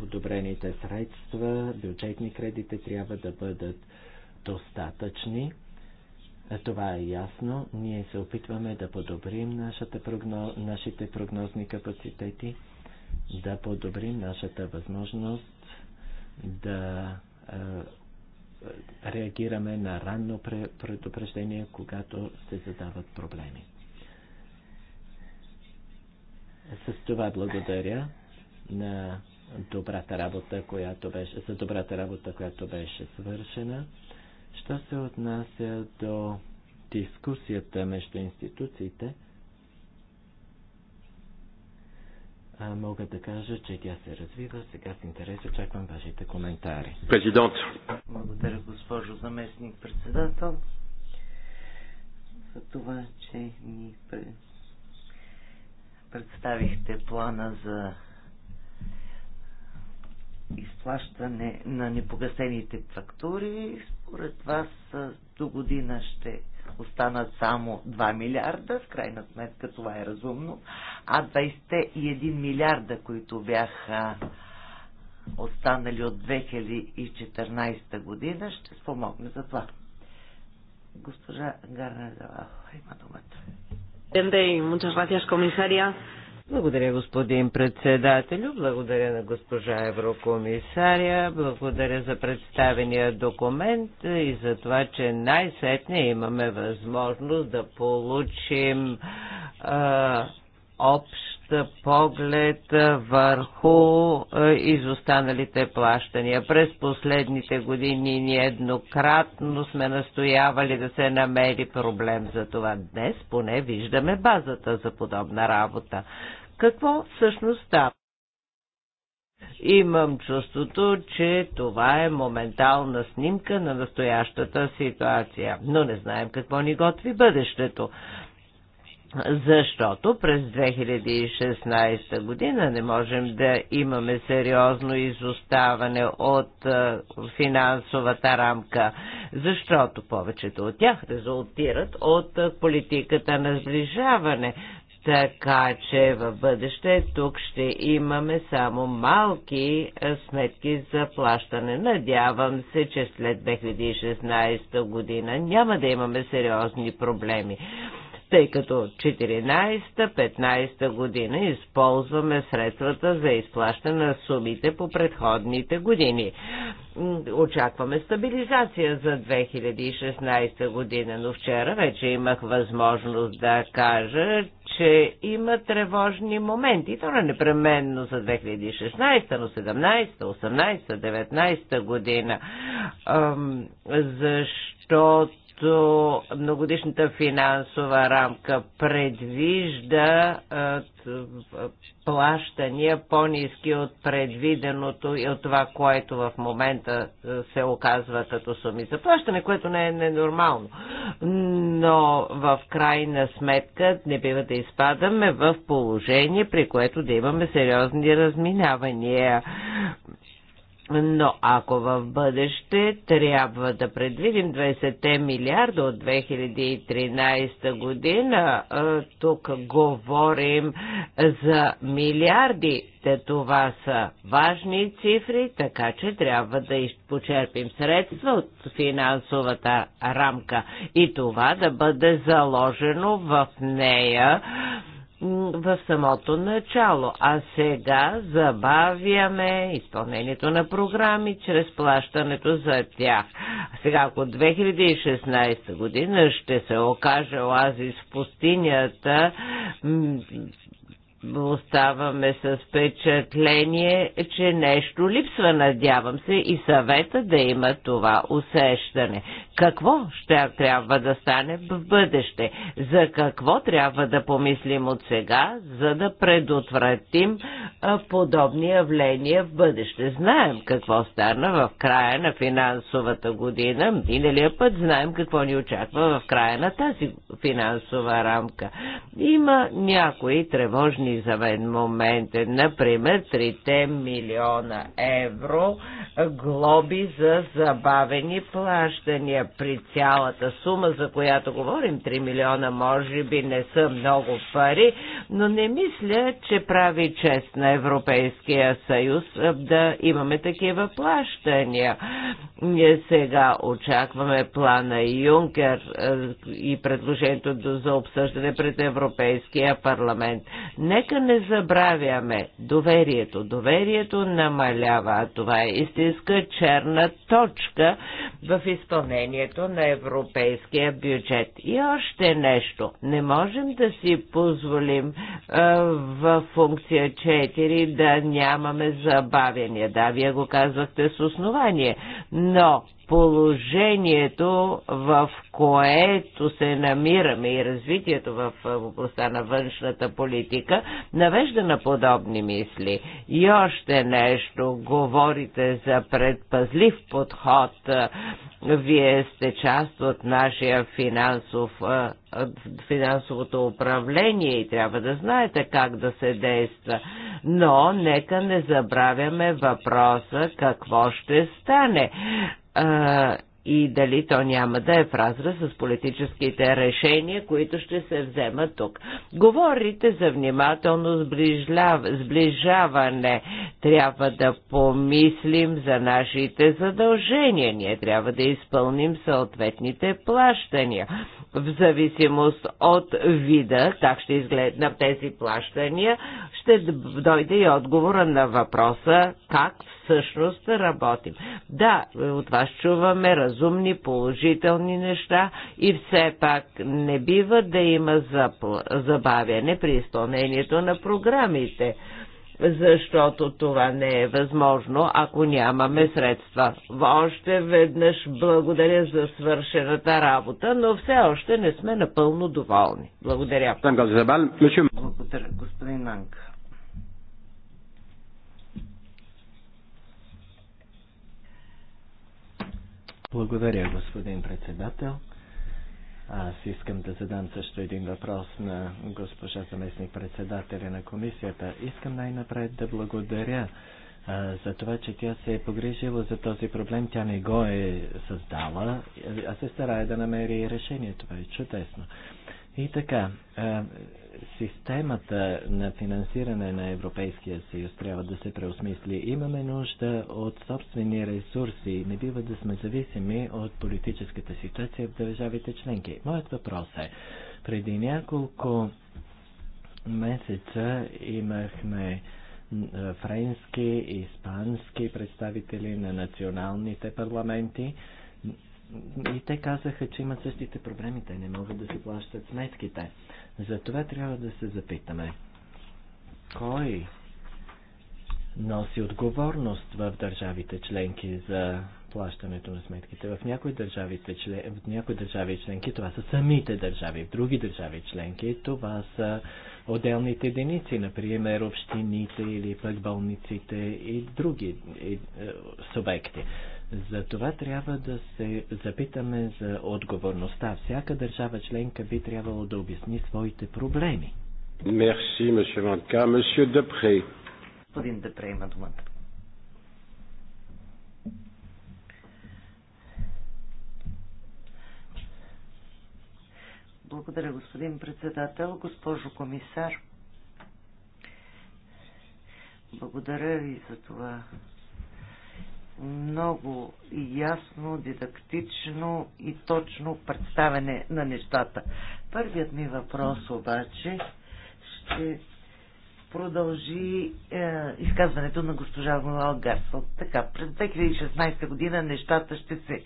одобрените средства, бюджетни кредити трябва да бъдат достатъчни. Това е ясно. Ние се опитваме да подобрим нашата прогноз, нашите прогнозни капацитети, да подобрим нашата възможност да реагираме на ранно предупреждение, когато се задават проблеми. С това благодаря на добрата работа, която беше, за добрата работа, която беше свършена. Що се отнася до дискусията между институциите, а, мога да кажа, че тя се развива. Сега с интерес очаквам вашите коментари. Президент. Благодаря, госпожо заместник председател,
за това, че ни представихте плана за изплащане на непогасените фактури. Според вас до година ще останат само 2 милиарда. В крайна сметка това е разумно. А 21 милиарда, които бяха останали от 2014 година, ще спомогне за това. Госпожа Гарна Завахова има думата. Благодаря, господин председателю. Благодаря на госпожа Еврокомисаря. Благодаря за представения документ и за това, че най-сетне имаме възможност да получим а, общ поглед върху изостаналите плащания. През последните години ние еднократно сме настоявали да се намери проблем за това. Днес поне виждаме базата за подобна работа. Какво всъщност става? Имам чувството, че това е моментална снимка на настоящата ситуация, но не знаем какво ни готви бъдещето защото през 2016 година не можем да имаме сериозно изоставане от е, финансовата рамка, защото повечето от тях резултират от е, политиката на сближаване. Така че в бъдеще тук ще имаме само малки е, сметки за плащане. Надявам се, че след 2016 година няма да имаме сериозни проблеми тъй като 14-15 година използваме средствата за изплащане на сумите по предходните години. Очакваме стабилизация за 2016 година, но вчера вече имах възможност да кажа, че има тревожни моменти. То не непременно за 2016, но 17, 18, 19 година. Защото като многодишната финансова рамка предвижда плащания по-низки от предвиденото и от това, което в момента се оказва като суми за плащане, което не е ненормално. Но в крайна сметка не бива да изпадаме в положение, при което да имаме сериозни разминавания. Но ако в бъдеще трябва да предвидим 20 милиарда от 2013 година, тук говорим за милиарди. Те това са важни цифри, така че трябва да почерпим средства от финансовата рамка и това да бъде заложено в нея в самото начало, а сега забавяме изпълнението на програми чрез плащането за тях. Сега, ако 2016 година ще се окаже оазис в пустинята, оставаме с впечатление, че нещо липсва, надявам се, и съвета да има това усещане. Какво ще трябва да стане в бъдеще? За какво трябва да помислим от сега, за да предотвратим подобни явления в бъдеще? Знаем какво стана в края на финансовата година. Миналия път знаем какво ни очаква в края на тази финансова рамка. Има някои тревожни важни за мен момент. Например, 3 милиона евро глоби за забавени плащания при цялата сума, за която говорим. 3 милиона може би не са много пари, но не мисля, че прави чест на Европейския съюз да имаме такива плащания. Ние сега очакваме плана Юнкер и предложението за обсъждане пред Европейския парламент. Не Нека не забравяме доверието. Доверието намалява, а това е истинска черна точка в изпълнението на европейския бюджет. И още нещо. Не можем да си позволим в функция 4 да нямаме забавяния. Да, вие го казвахте с основание, но положението, в което се намираме и развитието в областта на външната политика, навежда на подобни мисли. И още нещо, говорите за предпазлив подход. Вие сте част от нашия финансов, финансовото управление и трябва да знаете как да се действа. Но нека не забравяме въпроса какво ще стане а, и дали то няма да е в разраз с политическите решения, които ще се вземат тук. Говорите за внимателно сближаване. Трябва да помислим за нашите задължения. Ние трябва да изпълним съответните плащания в зависимост от вида, как ще изгледат тези плащания, ще дойде и отговора на въпроса как всъщност да работим. Да, от вас чуваме разумни, положителни неща и все пак не бива да има забавяне при изпълнението на програмите защото това не е възможно, ако нямаме средства. Още веднъж благодаря за свършената работа, но все още не сме напълно доволни. Благодаря. Благодаря, господин
Благодаря, господин председател. Аз искам да задам също един въпрос на госпожа заместник председателя на комисията. Искам най-напред да благодаря а, за това, че тя се е погрижила за този проблем. Тя не го е създала, а се старае да намери решение. Това е чудесно. И така, системата на финансиране на Европейския съюз трябва да се преосмисли. Имаме нужда от собствени ресурси. Не бива да сме зависими от политическата ситуация в държавите членки. Моят въпрос е, преди няколко месеца имахме френски и испански представители на националните парламенти и те казаха, че имат същите проблеми, те не могат да се плащат сметките. Затова трябва да се запитаме, кой носи отговорност в държавите членки за плащането на сметките. В някои, държавите, в някои държави членки това са самите държави, в други държави членки това са отделните единици, например общините или пък болниците и други и, е, субекти. За това трябва да се запитаме за отговорността. Всяка държава членка би трябвало да обясни своите проблеми.
Мерси, месье Ванка. Месье
Депре. Господин Депре има думата. Благодаря, господин председател, госпожо комисар. Благодаря ви за това много ясно, дидактично и точно представяне на нещата. Първият ми въпрос обаче ще продължи е, изказването на госпожа Гонал Гарсъл. Така, през 2016 година нещата ще се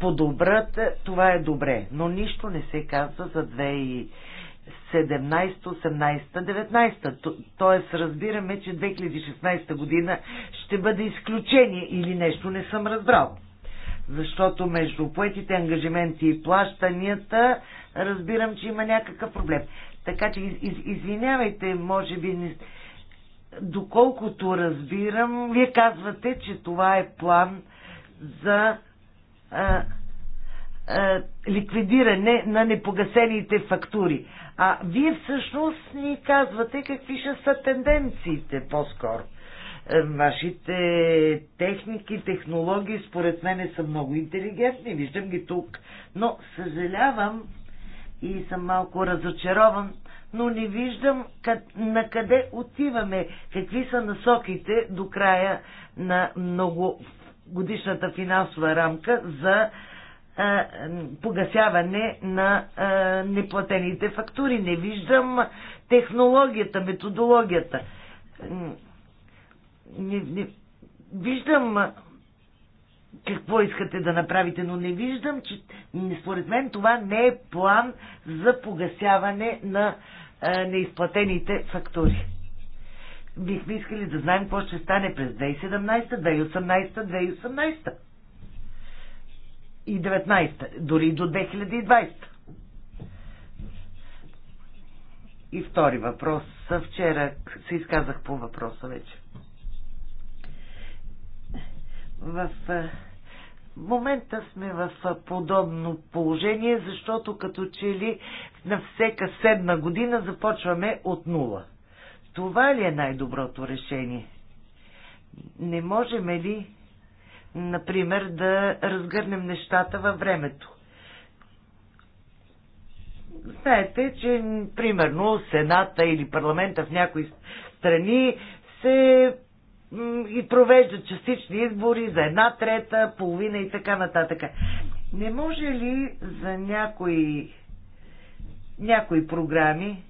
подобрат, това е добре, но нищо не се казва за и. 17, 18, 19. Тоест разбираме, че 2016 година ще бъде изключение или нещо не съм разбрал. Защото между поетите ангажименти и плащанията разбирам, че има някакъв проблем. Така че из, из, извинявайте, може би не... доколкото разбирам, вие казвате, че това е план за а, а, ликвидиране на непогасените фактури. А вие всъщност ни казвате какви ще са тенденциите по-скоро. Е, вашите техники, технологии, според мен са много интелигентни, виждам ги тук, но съжалявам и съм малко разочарован, но не виждам къд, на къде отиваме, какви са насоките до края на многогодишната финансова рамка за погасяване на неплатените фактури. Не виждам технологията, методологията. Не, не, виждам какво искате да направите, но не виждам, че според мен това не е план за погасяване на а, неизплатените фактури. Бихме искали да знаем какво ще стане през 2017, 2018, 2018. 2019, дори до 2020. И втори въпрос. Вчера се изказах по въпроса вече. Е, в момента сме в подобно положение, защото като че ли на всека седма година започваме от нула. Това ли е най-доброто решение? Не можем ли например, да разгърнем нещата във времето. Знаете, че примерно Сената или парламента в някои страни се и провеждат частични избори за една трета, половина и така нататък. Не може ли за някои, някои програми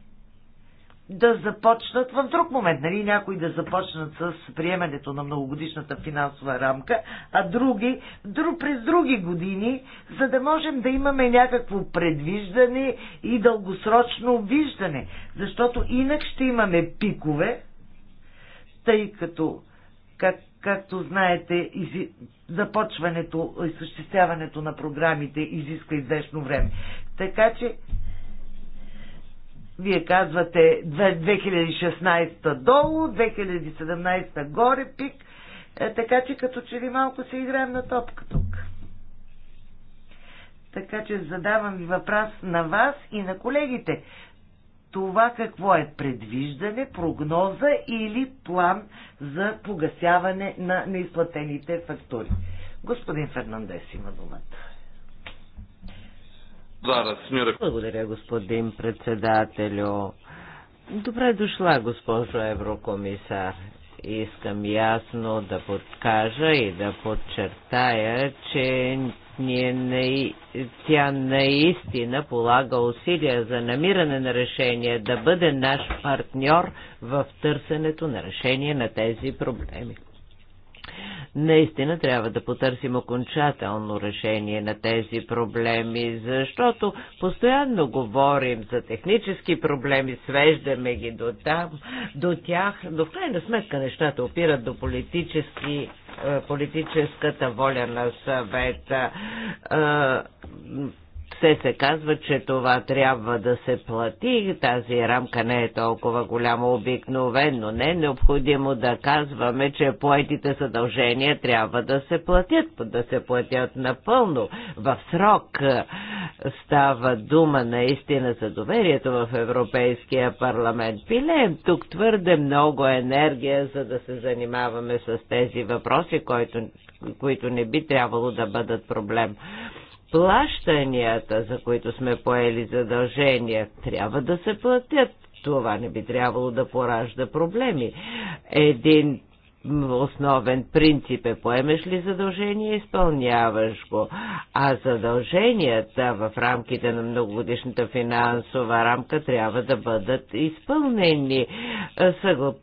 да започнат в друг момент. Нали? Някои да започнат с приемането на многогодишната финансова рамка, а други друг, през други години, за да можем да имаме някакво предвиждане и дългосрочно виждане. Защото инак ще имаме пикове, тъй като, как, както знаете, изи, започването, съществяването на програмите изиска известно време. Така че вие казвате 2016 долу, 2017 горе пик, е, така че като че ли малко се играем на топка тук. Така че задавам ви въпрос на вас и на колегите. Това какво е предвиждане, прогноза или план за погасяване на неизплатените фактури? Господин Фернандес има думата. Благодаря, господин председателю. Добре дошла, госпожо еврокомисар. Искам ясно да подкажа и да подчертая, че ние не, тя наистина полага усилия за намиране на решение, да бъде наш партньор в търсенето на решение на тези проблеми. Наистина трябва да потърсим окончателно решение на тези проблеми, защото постоянно говорим за технически проблеми, свеждаме ги до там, до тях, но в крайна сметка нещата опират до политически е, политическата воля на съвета е, все се казва, че това трябва да се плати. Тази рамка не е толкова голяма обикновено. Не е необходимо да казваме, че поетите съдължения трябва да се платят, да се платят напълно, в срок. Става дума наистина за доверието в Европейския парламент. Пилеем тук твърде много енергия, за да се занимаваме с тези въпроси, които, които не би трябвало да бъдат проблем плащанията, за които сме поели задължения, трябва да се платят. Това не би трябвало да поражда проблеми. Един основен принцип е поемеш ли задължение, изпълняваш го. А задълженията в рамките на многогодишната финансова рамка трябва да бъдат изпълнени. Е,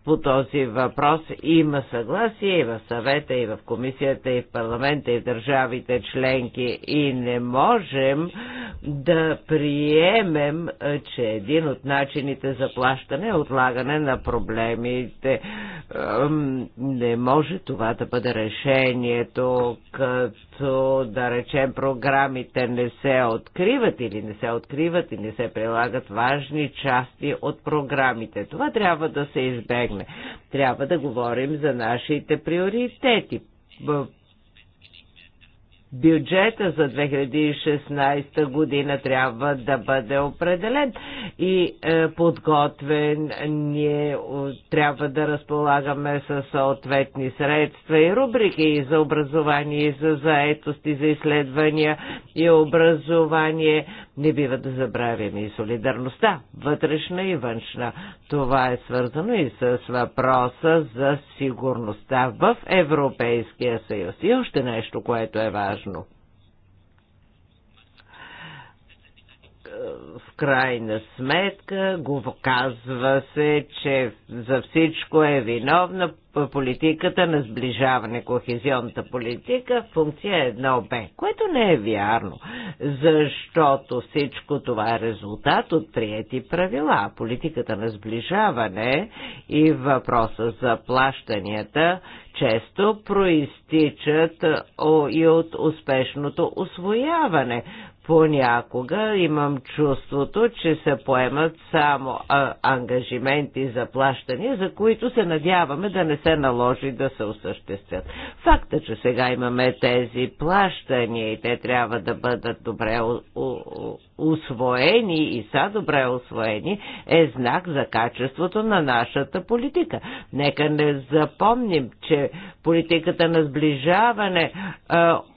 по този въпрос има съгласие и в съвета, и в комисията, и в парламента, и в държавите членки. И не можем да приемем, е, че един от начините за плащане е отлагане на проблемите не може това да бъде решението, като да речем програмите не се откриват или не се откриват и не се прилагат важни части от програмите. Това трябва да се избегне. Трябва да говорим за нашите приоритети бюджета за 2016 година трябва да бъде определен и е, подготвен. Ние трябва да разполагаме с съответни средства и рубрики и за образование, и за заетост, и за изследвания, и образование не бива да забравяме и солидарността, вътрешна и външна. Това е свързано и с въпроса за сигурността в Европейския съюз. И още нещо, което е важно. в крайна сметка го казва се, че за всичко е виновна политиката на сближаване, кохезионната политика, функция едно б което не е вярно, защото всичко това е резултат от приети правила. Политиката на сближаване и въпроса за плащанията често проистичат и от успешното освояване. Понякога имам чувството, че се поемат само а, ангажименти за плащания, за които се надяваме да не се наложи да се осъществят. Факта, че сега имаме тези плащания и те трябва да бъдат добре освоени и са добре освоени, е знак за качеството на нашата политика. Нека не запомним, че политиката на сближаване е,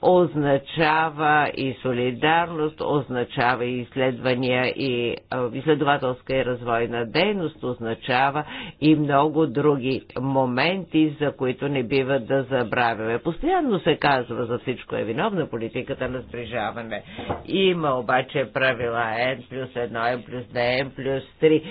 означава и солидарност, означава и изследвания и е, изследователска и развойна дейност, означава и много други моменти, за които не бива да забравяме. Постоянно се казва за всичко е виновна политиката на сближаване. Има обаче прав правила N плюс 1, N плюс 2, N плюс 3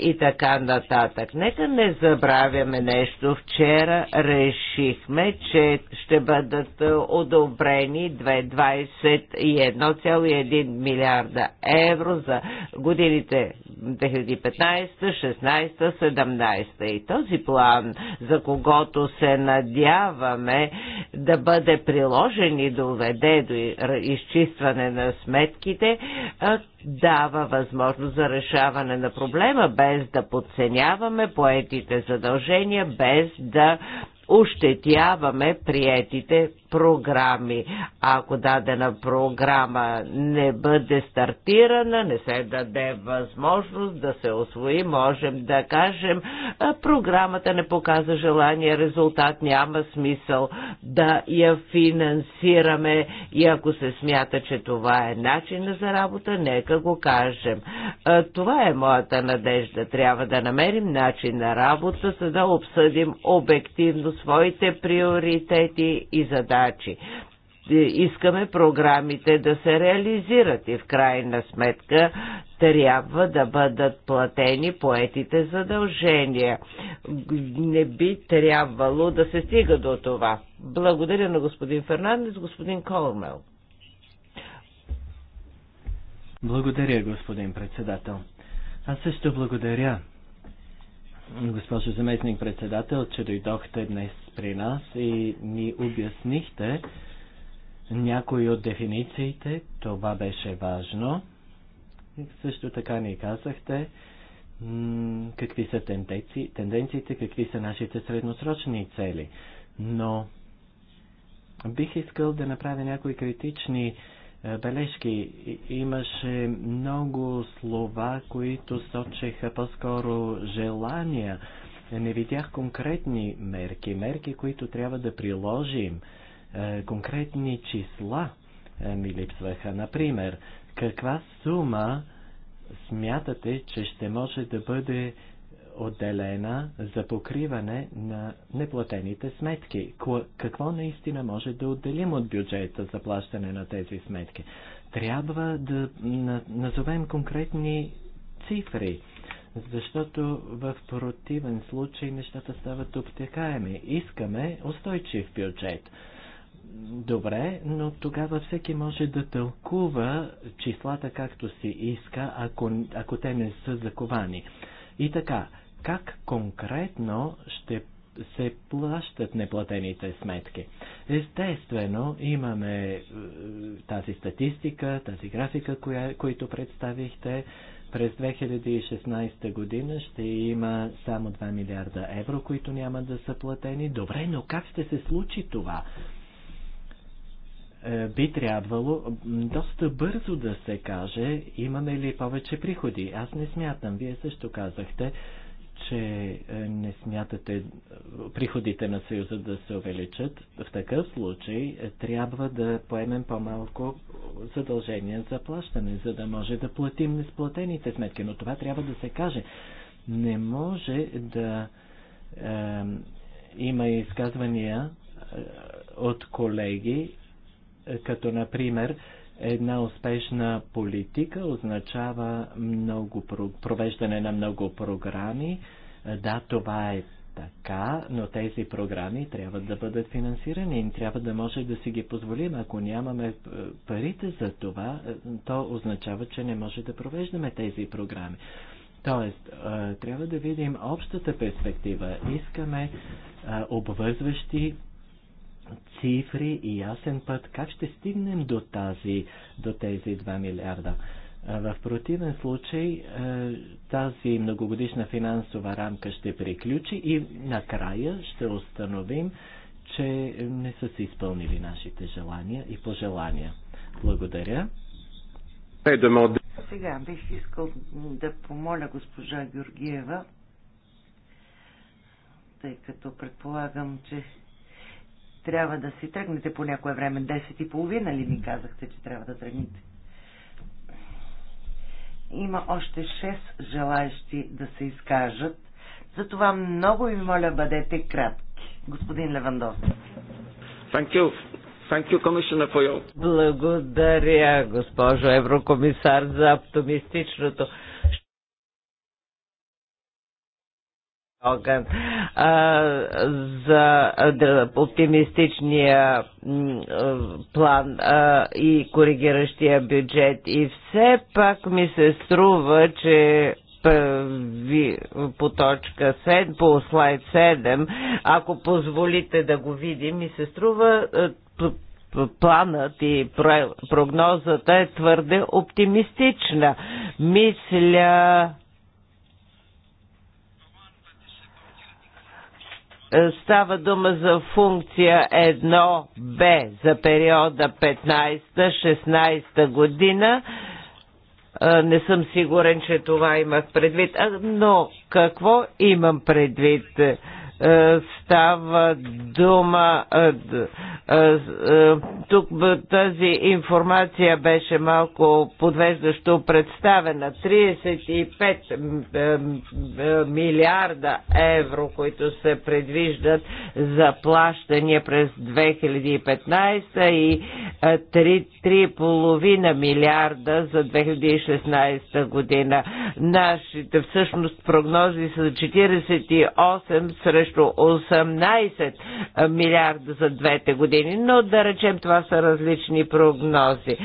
и така нататък. Нека не забравяме нещо. Вчера решихме, че ще бъдат одобрени 21,1 милиарда евро за годините 2015, 16, 17. И този план, за когото се надяваме да бъде приложен и доведе до изчистване на сметките, дава възможност за решаване на проблема, без да подценяваме поетите задължения, без да ощетяваме приетите програми. Ако дадена програма не бъде стартирана, не се даде възможност да се освои, можем да кажем, програмата не показа желание, резултат няма смисъл да я финансираме и ако се смята, че това е начин за работа, нека го кажем. Това е моята надежда. Трябва да намерим начин на работа, за да обсъдим обективно своите приоритети и задачи е, искаме програмите да се реализират и в крайна сметка трябва да бъдат платени поетите задължения. Не би трябвало да се стига до това. Благодаря на господин Фернандес, господин
Колмел. Благодаря, господин председател. Аз също благодаря госпожо заместник председател, че дойдохте днес при нас и ни обяснихте някои от дефинициите. Това беше важно. Също така ни казахте какви са тенденци, тенденциите, какви са нашите средносрочни цели. Но бих искал да направя някои критични е, бележки. Имаше много слова, които сочеха по-скоро желания. Е, не видях конкретни мерки, мерки, които трябва да приложим, е, конкретни числа ми липсваха. Например, каква сума смятате, че ще може да бъде отделена за покриване на неплатените сметки. Какво наистина може да отделим от бюджета за плащане на тези сметки? Трябва да назовем конкретни цифри, защото в противен случай нещата стават обтекаеми. Искаме устойчив бюджет. Добре, но тогава всеки може да тълкува числата както си иска, ако, ако те не са заковани. И така, как конкретно ще се плащат неплатените сметки. Естествено, имаме е, тази статистика, тази графика, коя, които представихте. През 2016 година ще има само 2 милиарда евро, които няма да са платени. Добре, но как ще се случи това? Е, би трябвало доста бързо да се каже, имаме ли повече приходи. Аз не смятам, вие също казахте, че е, не смятате е, приходите на Съюза да се увеличат, в такъв случай е, трябва да поемем по-малко задължения за плащане, за да може да платим несплатените сметки. Но това трябва да се каже. Не може да е, има изказвания от колеги, като например Една успешна политика означава много, провеждане на много програми. Да, това е така, но тези програми трябва да бъдат финансирани и трябва да може да си ги позволим. Ако нямаме е, парите за това, е, то означава, че не може да провеждаме тези програми. Тоест, е, трябва да видим общата перспектива. Искаме обвързващи цифри и ясен път как ще стигнем до, тази, до тези 2 милиарда. В противен случай тази многогодишна финансова рамка ще приключи и накрая ще установим, че не са се изпълнили нашите желания и пожелания. Благодаря.
Сега бих искал да помоля госпожа Георгиева, тъй като предполагам, че трябва да си тръгнете по някое време. 10 и половина ли ми казахте, че трябва да тръгнете? Има още 6 желаящи да се изкажат. Затова много ви моля, бъдете кратки. Господин Левандовски. Thank you. Thank you, Commissioner, for your... Благодаря, госпожо Еврокомисар, за оптимистичното огън а, за оптимистичния план а, и коригиращия бюджет. И все пак ми се струва, че по точка 7, по слайд 7, ако позволите да го видим, ми се струва планът и прогнозата е твърде оптимистична. Мисля, Е, става дума за функция 1Б за периода 15-16 година. Е, не съм сигурен, че това имах предвид, но какво имам предвид? Е, става дума. Тук тази информация беше малко подвеждащо представена. 35 милиарда евро, които се предвиждат за плащания през 2015 и 3,5 милиарда за 2016 година. Нашите всъщност прогнози са 48 срещу 18 18 милиарда за двете години, но да речем това са различни прогнози. Е,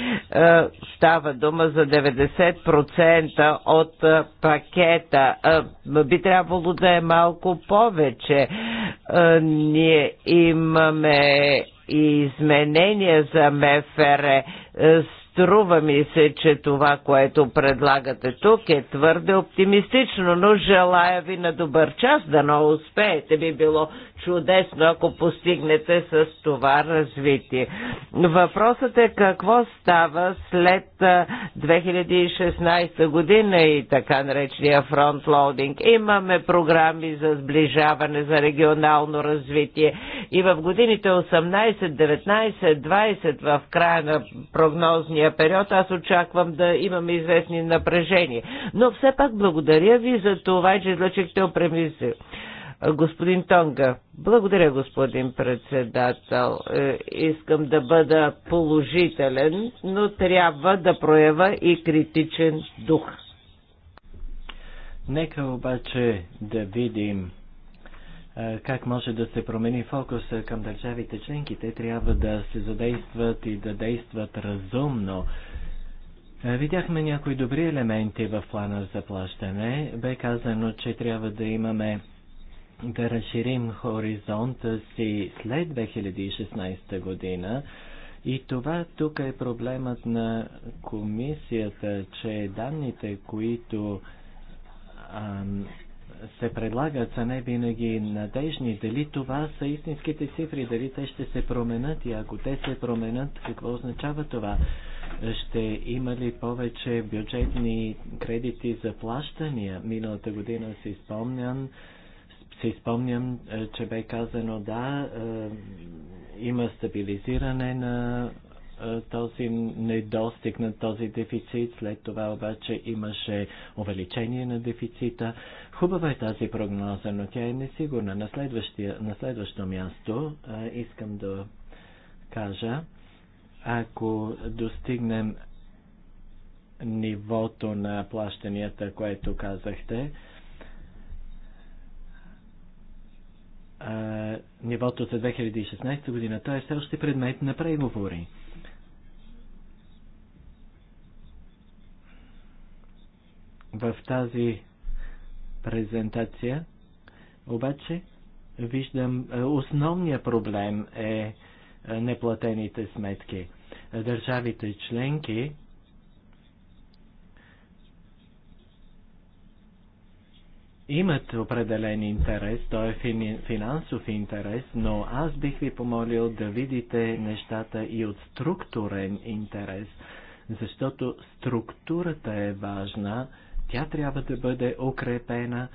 става дума за 90% от е, пакета. Е, би трябвало да е малко повече. Ние имаме и изменения за МФР Струва ми се, че това, което предлагате тук е твърде оптимистично, но желая ви на добър час, да но успеете би било чудесно, ако постигнете с това развитие. Въпросът е какво става след 2016 година и така наречения фронтлоудинг. Имаме програми за сближаване, за регионално развитие и в годините 18, 19, 20 в края на прогнозния период аз очаквам да имаме известни напрежения. Но все пак благодаря ви за това, че излъчихте опремисли. Господин Тонга, благодаря, господин председател. Е, искам да бъда положителен, но трябва да проява и критичен дух.
Нека обаче да видим е, как може да се промени фокуса към държавите членки. Те трябва да се задействат и да действат разумно. Е, видяхме някои добри елементи в плана за плащане. Бе казано, че трябва да имаме да разширим хоризонта си след 2016 година. И това тук е проблемът на комисията, че данните, които ам, се предлагат, са не винаги надежни. Дали това са истинските цифри, дали те ще се променят и ако те се променят, какво означава това? ще има ли повече бюджетни кредити за плащания? Миналата година си спомням, си спомням, е, че бе казано да, е, има стабилизиране на е, този недостиг на този дефицит, след това обаче имаше увеличение на дефицита. Хубава е тази прогноза, но тя е несигурна. На, на следващо място искам да кажа, ако достигнем нивото на плащанията, което казахте, а, нивото за 2016 година. Той е все още предмет на преговори. В тази презентация обаче виждам основния проблем е неплатените сметки. Държавите членки имат определен интерес, той е финансов интерес, но аз бих ви помолил да видите нещата и от структурен интерес, защото структурата е важна, тя трябва да бъде укрепена,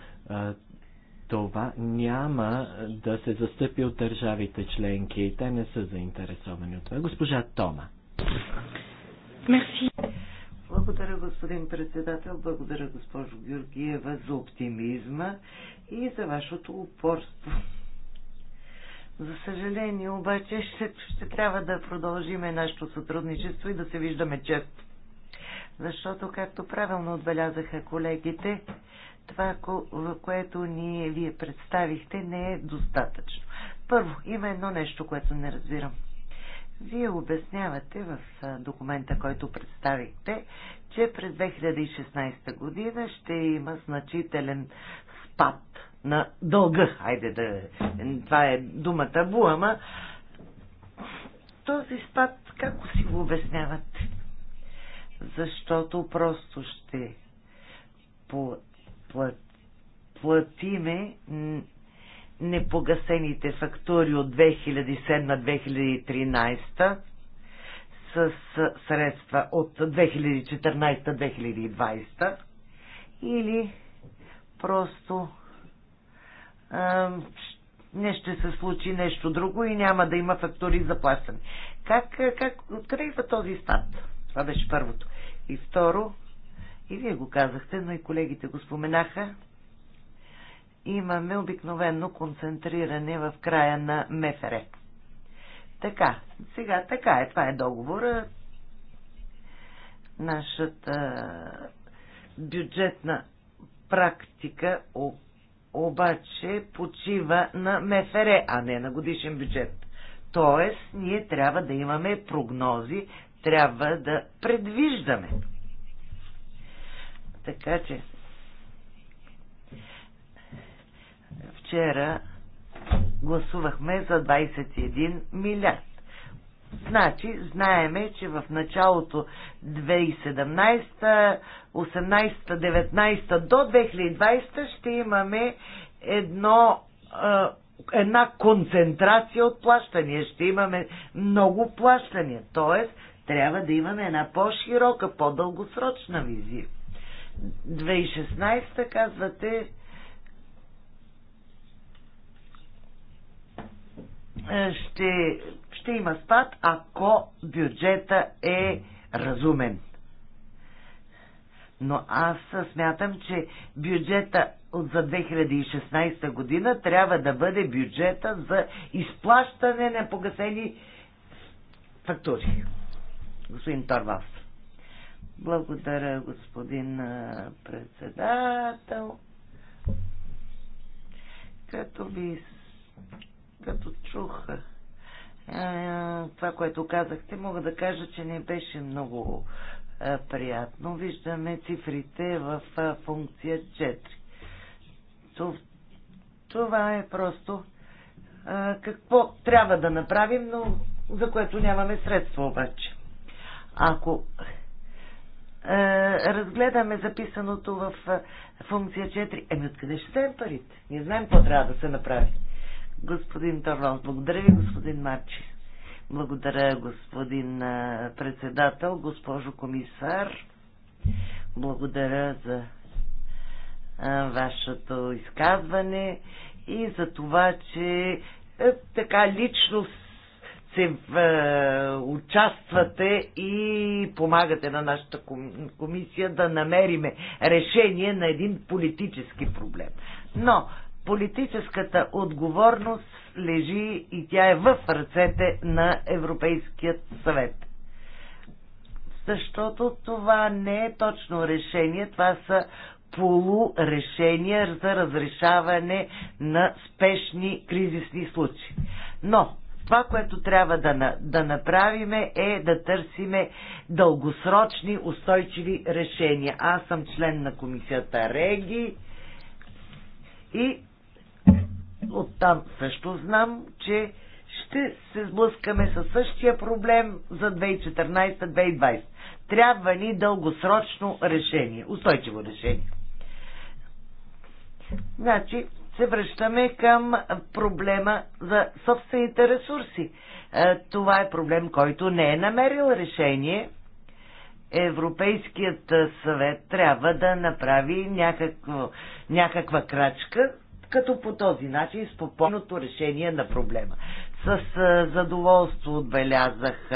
това няма да се застъпи от държавите членки и те не са заинтересовани от това. Госпожа Тома.
Мерси. Благодаря, господин председател. Благодаря, госпожо Георгиева, за оптимизма и за вашето упорство. За съжаление, обаче, ще, ще трябва да продължиме нашето сътрудничество и да се виждаме често. Защото, както правилно отбелязаха колегите, това, което ние вие представихте, не е достатъчно. Първо, има едно нещо, което не разбирам. Вие обяснявате в документа, който представихте, че през 2016 година ще има значителен спад на дълга. Хайде да... Това е думата буама. Този спад, как си го обяснявате? Защото просто ще платиме непогасените фактури от 2007-2013 с средства от 2014-2020 или просто а, не ще се случи нещо друго и няма да има фактури за плащане. Как, как, откъде идва този стат? Това беше първото. И второ, и вие го казахте, но и колегите го споменаха, имаме обикновено концентриране в края на МФР. Така, сега така е, това е договора. Нашата бюджетна практика обаче почива на МФР, а не на годишен бюджет. Тоест, ние трябва да имаме прогнози, трябва да предвиждаме. Така че вчера гласувахме за 21 милиард. Значи, знаеме, че в началото 2017, 18, 19 до 2020 ще имаме едно, една концентрация от плащания. Ще имаме много плащания. Тоест, трябва да имаме една по-широка, по-дългосрочна визия. 2016 казвате Е, ще, ще има спад, ако бюджета е разумен. Но аз смятам, че бюджета от за 2016 година трябва да бъде бюджета за изплащане на погасени фактури. Господин Торвалс. Благодаря, господин председател. Като ви като чух е, е, това, което казахте, мога да кажа, че не беше много е, приятно. Виждаме цифрите в функция 4. Това е просто какво трябва да направим, но за което нямаме средства обаче. Ако разгледаме записаното в функция 4, еми откъде ще вземем парите? Не знаем какво трябва да се направи. Господин Тарлов, благодаря ви, господин Марчи. Благодаря, господин председател, госпожо комисар. Благодаря за вашето изказване и за това, че е, така лично се е, участвате и помагате на нашата комисия да намериме решение на един политически проблем. Но политическата отговорност лежи и тя е в ръцете на Европейският съвет. Защото това не е точно решение, това са полурешения за разрешаване на спешни кризисни случаи. Но това, което трябва да, да направим е да търсиме дългосрочни устойчиви решения. Аз съм член на комисията Реги и Оттам също знам, че ще се сблъскаме със същия проблем за 2014-2020. Трябва ни дългосрочно решение, устойчиво решение. Значи, се връщаме към проблема за собствените ресурси. Е, това е проблем, който не е намерил решение. Европейският съвет трябва да направи някакво, някаква крачка, като по този начин спокойното решение на проблема. С задоволство отбелязах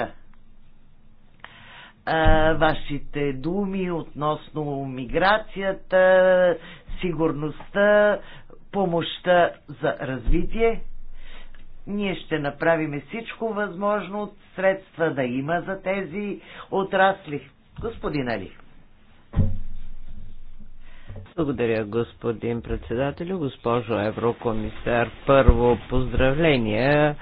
вашите думи относно миграцията, сигурността, помощта за развитие. Ние ще направим всичко възможно, средства да има за тези отрасли. Господин Али. Благодаря, господин председател, Госпожо еврокомисар, първо поздравления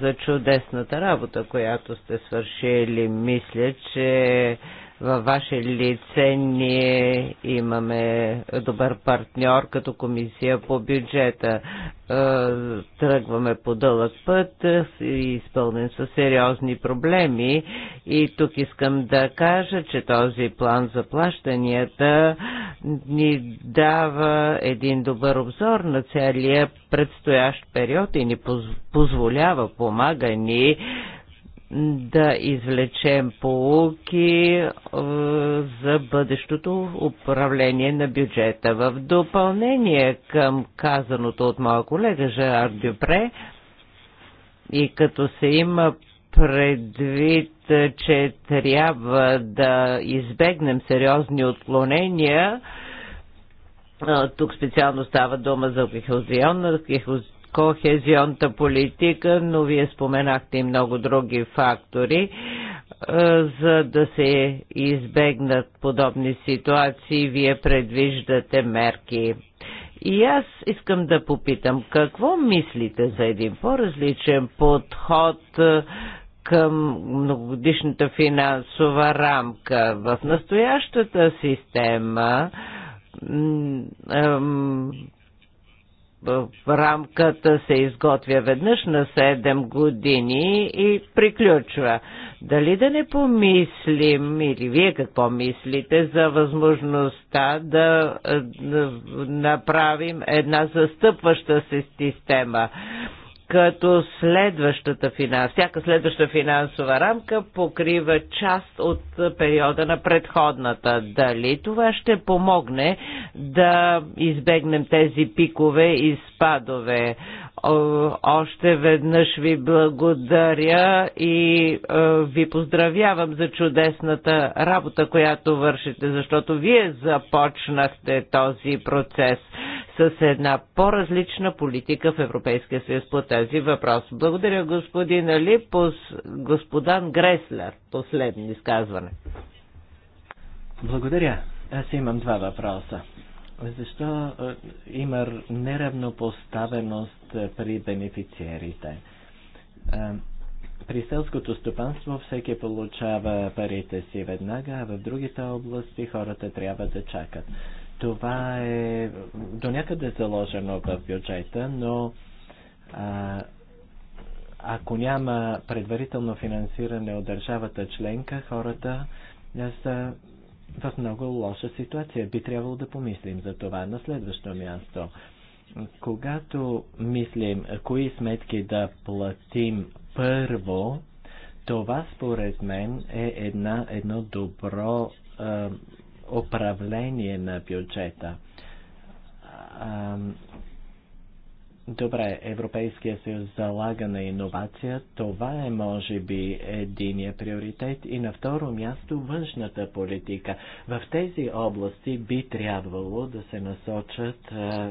за чудесната работа, която сте свършили. Мисля, че във ваше лице ние имаме добър партньор като комисия по бюджета. Е, тръгваме по дълъг път е, и изпълнен с сериозни проблеми и тук искам да кажа, че този план за плащанията ни дава един добър обзор на целия предстоящ период и ни позволява, помага ни да извлечем полуки е, за бъдещото управление на бюджета. В допълнение към казаното от моя колега Жерар Дюпре и като се има предвид, че трябва да избегнем сериозни отклонения, е, тук специално става дума за кохезионната политика, но вие споменахте и много други фактори, е, за да се избегнат подобни ситуации, вие предвиждате мерки. И аз искам да попитам, какво мислите за един по-различен подход е, към многогодишната финансова рамка? В настоящата система рамката се изготвя веднъж на 7 години и приключва. Дали да не помислим, или вие какво мислите, за възможността да направим една застъпваща се система? като следващата финанс, всяка следваща финансова рамка покрива част от периода на предходната. Дали това ще помогне да избегнем тези пикове и спадове? Е, още веднъж ви благодаря и е, ви поздравявам за чудесната работа, която вършите, защото вие започнахте този процес с една по-различна политика в Европейския съюз по тези въпрос. Благодаря господин Али, пос... господан Греслер,
последно изказване. Благодаря. Аз имам два въпроса. Защо е, има неравнопоставеност е, при бенефициерите? Е, при селското стопанство всеки получава парите си веднага, а в другите области хората трябва да чакат. Това е до някъде заложено в бюджета, но а, ако няма предварително финансиране от държавата членка, хората са в много лоша ситуация. Би трябвало да помислим за това на следващо място. Когато мислим кои сметки да платим първо, това според мен е една, едно добро е, управление на бюджета. Добре, Европейския съюз залага на иновация. Това е, може би, единия приоритет. И на второ място, външната политика. В тези области би трябвало да се насочат е,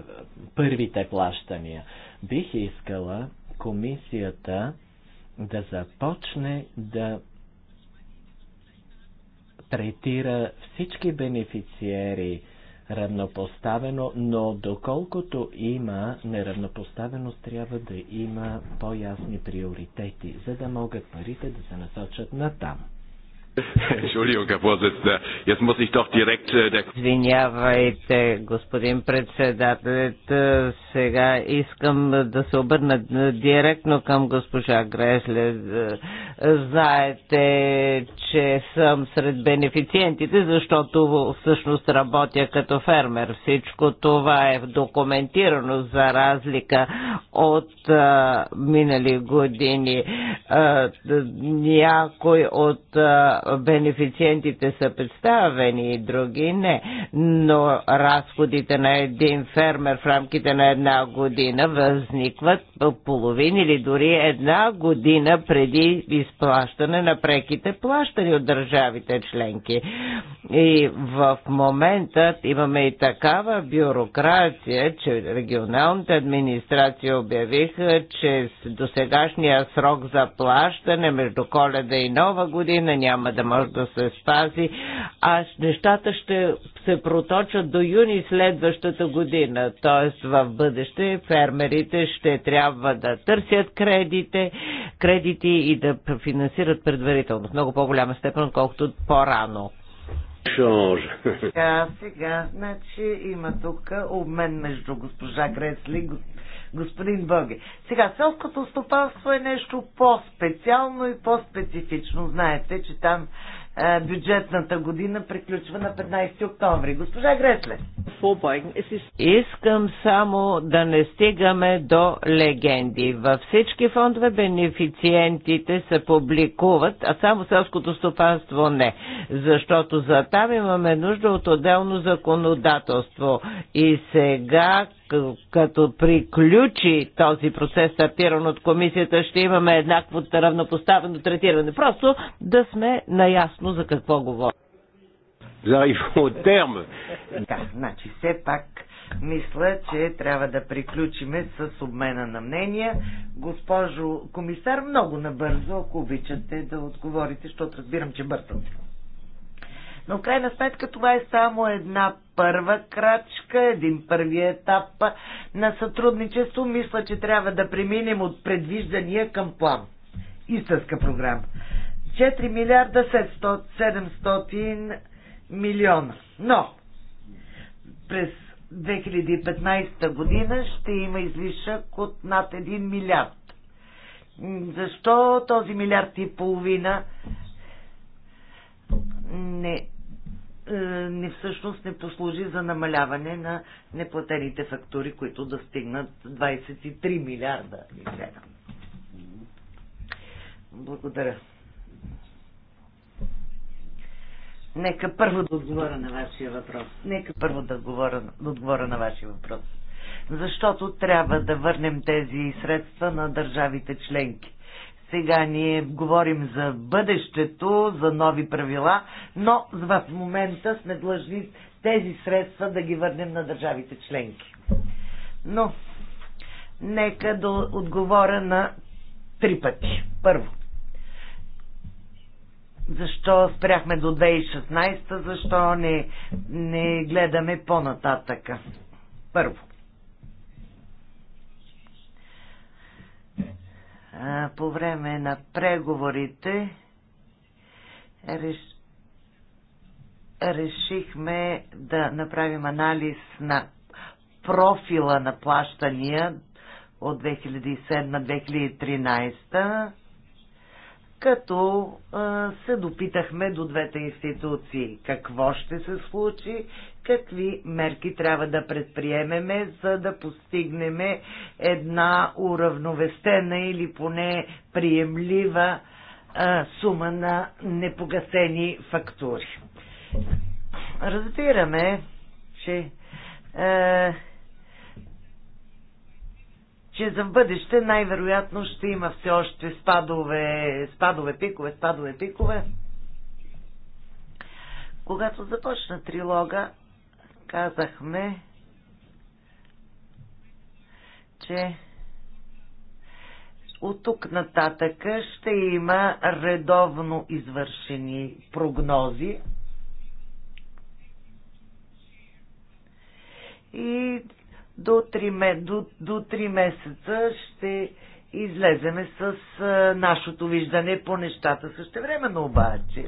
първите плащания. Бих искала комисията да започне да третира всички бенефициери, равнопоставено, но доколкото има неравнопоставеност, трябва да има по-ясни приоритети, за да могат парите да се насочат на там. Извинявайте,
господин председател, е, Сега искам да се обърна е, директно към госпожа Гресле. Е, знаете, че съм сред бенефициентите, защото всъщност работя като фермер. Всичко това е документирано за разлика от минали години. Някой от бенефициентите са представени и други не, но разходите на един фермер в рамките на една година възникват половин или дори една година преди изплащане на преките плащани от държавите членки. И в момента имаме и такава бюрокрация, че регионалните администрации обявиха, че до сегашния срок за плащане между коледа и нова година няма да може да се спази, а нещата ще се проточат до юни следващата година. Тоест в бъдеще фермерите ще трябва да търсят кредите, кредити и да финансират предварително в много по-голяма степен, колкото по-рано. Сега, сега, значи има тук обмен между госпожа Гресли и госпожа господин Боги. Сега, селското стопанство е нещо по-специално и по-специфично. Знаете, че там е, бюджетната година приключва на 15 октомври. Госпожа Гресле. Искам само да не стигаме до легенди. Във всички фондове бенефициентите се публикуват, а само селското стопанство не. Защото за там имаме нужда от отделно законодателство. И сега като приключи този процес, стартиран от комисията, ще имаме еднакво равнопоставено третиране. Просто да сме наясно за какво говорим. Да, значи все пак мисля, че трябва да приключиме с обмена на мнения. Госпожо комисар, много набързо, ако обичате да отговорите, защото разбирам, че бързате. Но в крайна сметка това е само една първа крачка, един първи етап на сътрудничество. Мисля, че трябва да преминем от предвиждания към план. Истинска програма. 4 милиарда 700 милиона. Но през 2015 година ще има излишък от над 1 милиард. Защо този милиард и половина не е, не всъщност не послужи за намаляване на неплатените фактури, които да стигнат 23 милиарда Благодаря. Нека първо да отговоря на вашия въпрос. Нека първо да отговоря, да отговоря на вашия въпрос. Защото трябва да върнем тези средства на държавите членки. Сега ние говорим за бъдещето, за нови правила, но в момента сме длъжни тези средства да ги върнем на държавите членки. Но, нека да отговоря на три пъти. Първо, защо спряхме до 2016, защо не, не гледаме по-нататъка. Първо. по време на преговорите реш... решихме да направим анализ на профила на плащания от 2007-2013, като се допитахме до двете институции какво ще се случи какви мерки трябва да предприемеме, за да постигнем една уравновестена или поне приемлива а, сума на непогасени фактури. Разбираме, че а, че за в бъдеще най-вероятно ще има все още спадове, спадове пикове, спадове пикове. Когато започна трилога, казахме, че от тук нататък ще има редовно извършени прогнози и до 3, до, до 3 месеца ще излеземе с нашето виждане по нещата. Също време но обаче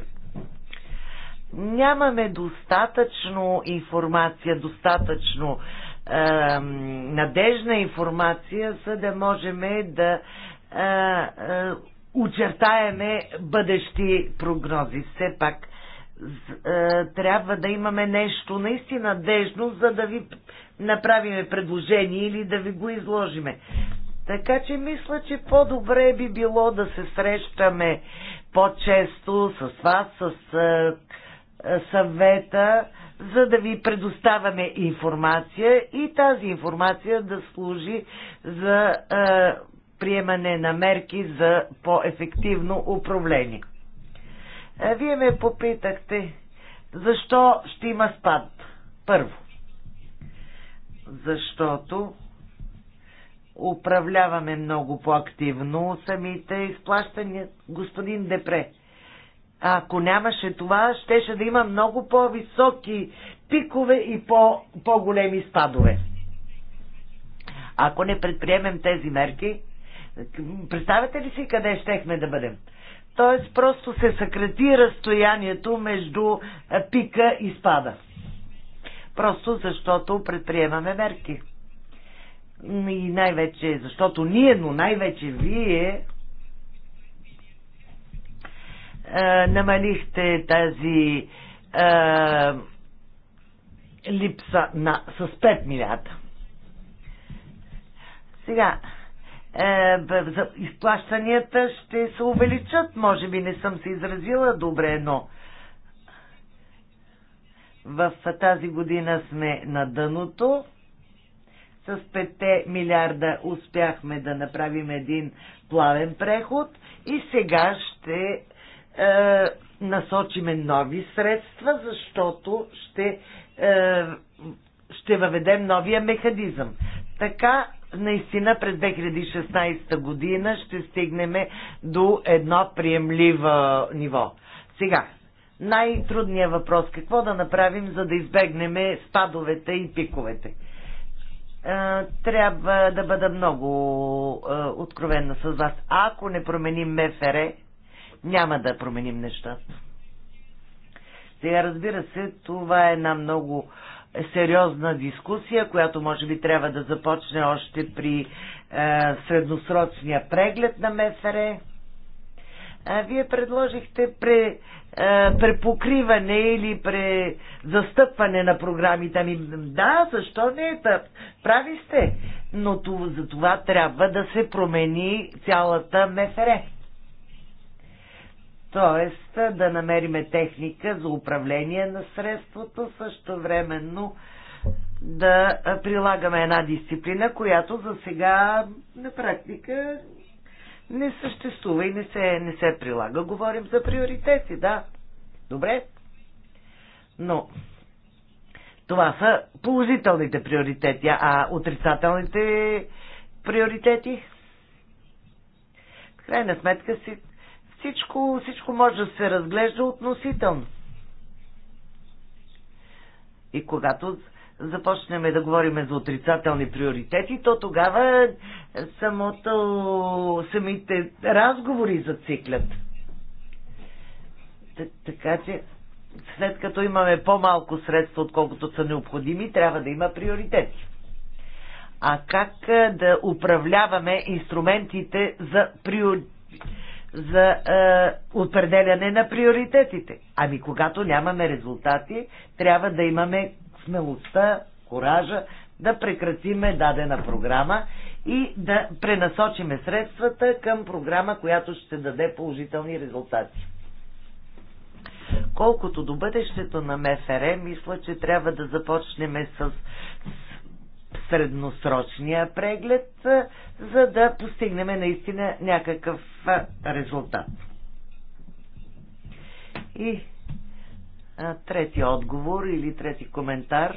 нямаме достатъчно информация, достатъчно е, надежна информация, за да можем да е, е, очертаеме бъдещи прогнози. Все пак е, трябва да имаме нещо наистина надежно, за да ви направиме предложение или да ви го изложиме. Така че мисля, че по-добре би било да се срещаме по-често с вас, с е, съвета, за да ви предоставяме информация и тази информация да служи за е, приемане на мерки за по-ефективно управление. Е, вие ме попитахте, защо ще има спад? Първо, защото управляваме много по-активно самите изплащания. Господин Депре, ако нямаше това, щеше да има много по-високи пикове и по- по-големи спадове. Ако не предприемем тези мерки, представете ли си къде щехме да бъдем? Тоест просто се съкрати разстоянието между пика и спада. Просто защото предприемаме мерки. И най-вече, защото ние, но най-вече вие а, е, намалихте тази а, е, липса на, с 5 милиарда. Сега, е, за изплащанията ще се увеличат. Може би не съм се изразила добре, но в тази година сме на дъното. С 5 милиарда успяхме да направим един плавен преход и сега ще е, насочиме нови средства, защото ще, е, ще въведем новия механизъм. Така наистина през 2016 година ще стигнем до едно приемливо ниво. Сега, най-трудният въпрос. Какво да направим, за да избегнем спадовете и пиковете? Е, трябва да бъда много откровенна с вас. Ако не променим МФР, няма да променим нещата. Сега разбира се, това е една много сериозна дискусия, която може би трябва да започне още при е, средносрочния преглед на МФР. А вие предложихте пре, е, препокриване или пре застъпване на програмите. Ами, да, защо не? Тъп? Прави сте. Но това, за това трябва да се промени цялата МФР. Т.е. да намериме техника за управление на средството, също временно да прилагаме една дисциплина, която за сега на практика не съществува и не се, не се прилага. Говорим за приоритети, да. Добре. Но това са положителните приоритети, а отрицателните приоритети? В крайна сметка си всичко, всичко може да се разглежда относително. И когато започнем да говорим за отрицателни приоритети, то тогава самото, самите разговори зациклят. Така че, след като имаме по-малко средства, отколкото са необходими, трябва да има приоритети. А как да управляваме инструментите за приоритети? за е, определяне на приоритетите. Ами когато нямаме резултати, трябва да имаме смелостта, коража да прекратиме дадена програма и да пренасочиме средствата към програма, която ще даде положителни резултати. Колкото до бъдещето на МФР, мисля, че трябва да започнем с средносрочния преглед, за да постигнем наистина някакъв резултат. И а, трети отговор или трети коментар.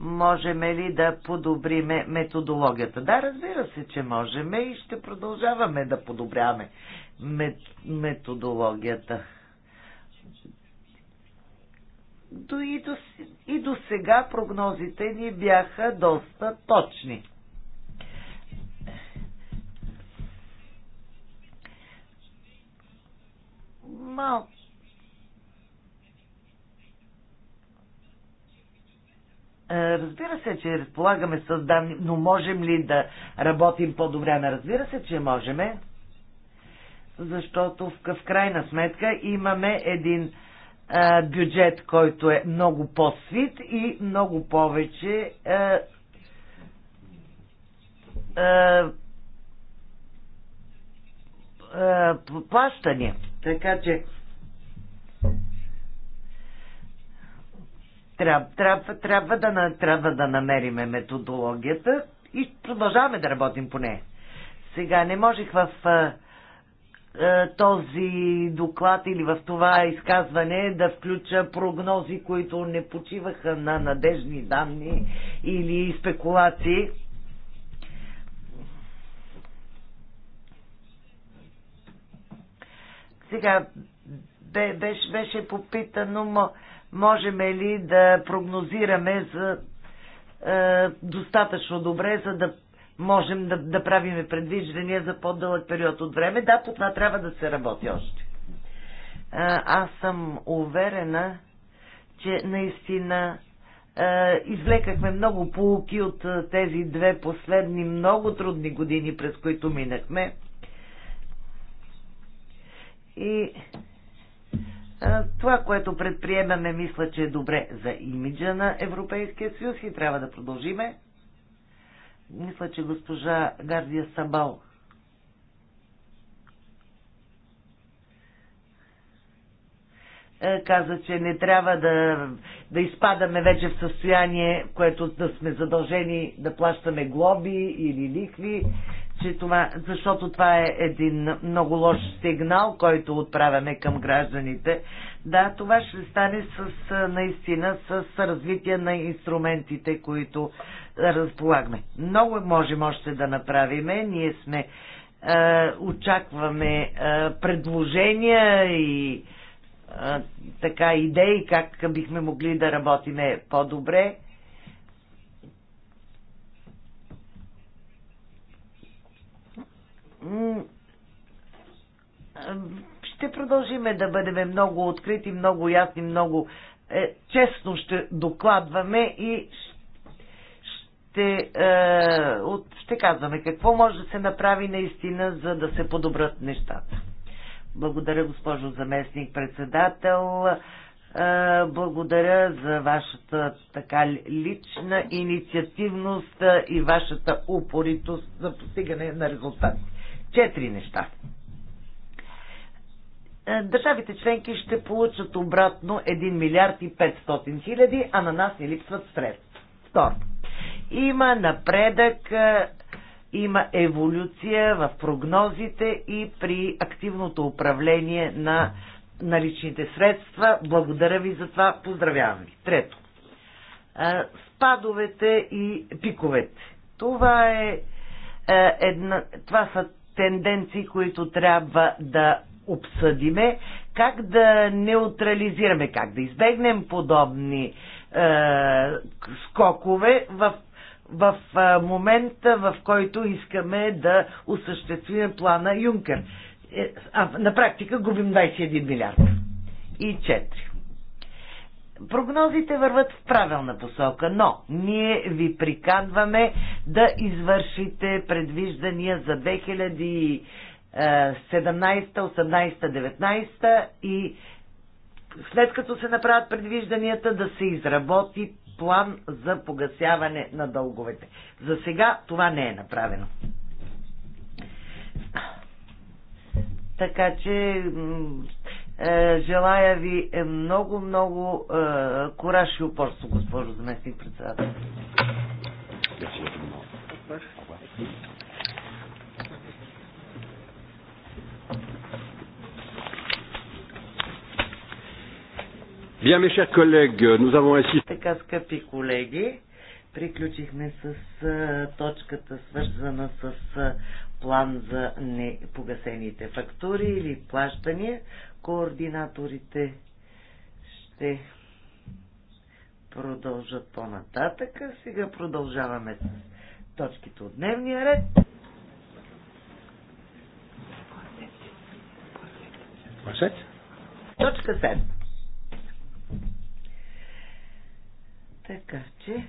Можем ли да подобриме методологията? Да, разбира се, че можем и ще продължаваме да подобряваме методологията до и, до, и до сега прогнозите ни бяха доста точни. Мал... Е, разбира се, че разполагаме с данни, но можем ли да работим по-добре? Разбира се, че можеме, защото в, в крайна сметка имаме един а, бюджет, който е много по-свит и много повече плащания. Така че трябва, трябва, трябва, да, трябва да намериме методологията и продължаваме да работим по нея. Сега не можех в а, е, този доклад или в това изказване да включа прогнози, които не почиваха на надежни данни или спекулации. Сега беше, беше попитано, можем ли да прогнозираме за, е, достатъчно добре, за да можем да, да правиме предвиждания за по-дълъг период от време. Да, по това трябва да се работи още. Аз съм уверена, че наистина извлекахме много полуки от тези две последни много трудни години, през които минахме. И това, което предприемаме, мисля, че е добре за имиджа на Европейския съюз и трябва да продължиме мисля, че госпожа Гардия Сабал е, каза, че не трябва да, да изпадаме вече в състояние, в което да сме задължени да плащаме глоби или лихви че това, защото това е един много лош сигнал, който отправяме към гражданите. Да, това ще стане с, наистина с развитие на инструментите, които разполагаме. Много можем още да направиме. Ние сме, е, очакваме е, предложения и е, така идеи как бихме могли да работиме по-добре ще продължиме да бъдем много открити, много ясни, много е, честно ще докладваме и ще, е, от, ще казваме какво може да се направи наистина, за да се подобрат нещата. Благодаря, госпожо заместник председател. Е, благодаря за вашата така лична инициативност е, и вашата упоритост за постигане на резултати четири неща. Е, държавите членки ще получат обратно 1 милиард и 500 хиляди, а на нас ни липсват средства. Второ, има напредък, е, има еволюция в прогнозите и при активното управление на наличните средства. Благодаря ви за това. Поздравявам ви. Трето. Е, спадовете и пиковете. Това е една, това са тенденции, които трябва да обсъдиме, как да неутрализираме, как да избегнем подобни е, скокове в, в е, момента, в който искаме да осъществим плана Юнкер. Е, а, на практика губим 21 милиарда и Прогнозите върват в правилна посока, но ние ви приканваме да извършите предвиждания за 2017, 18, 19 и след като се направят предвижданията да се изработи план за погасяване на дълговете. За сега това не е направено. Така че е, желая ви е, много, много е, кураж и упорство, госпожо заместник председател.
Bien, mes chers collègues, nous avons ainsi...
Така, скъпи колеги, приключихме с точката, свързана с план за непогасените фактури или плащания. Координаторите ще продължат по-нататък. Сега продължаваме с точките от дневния ред. Точка 7. Така че.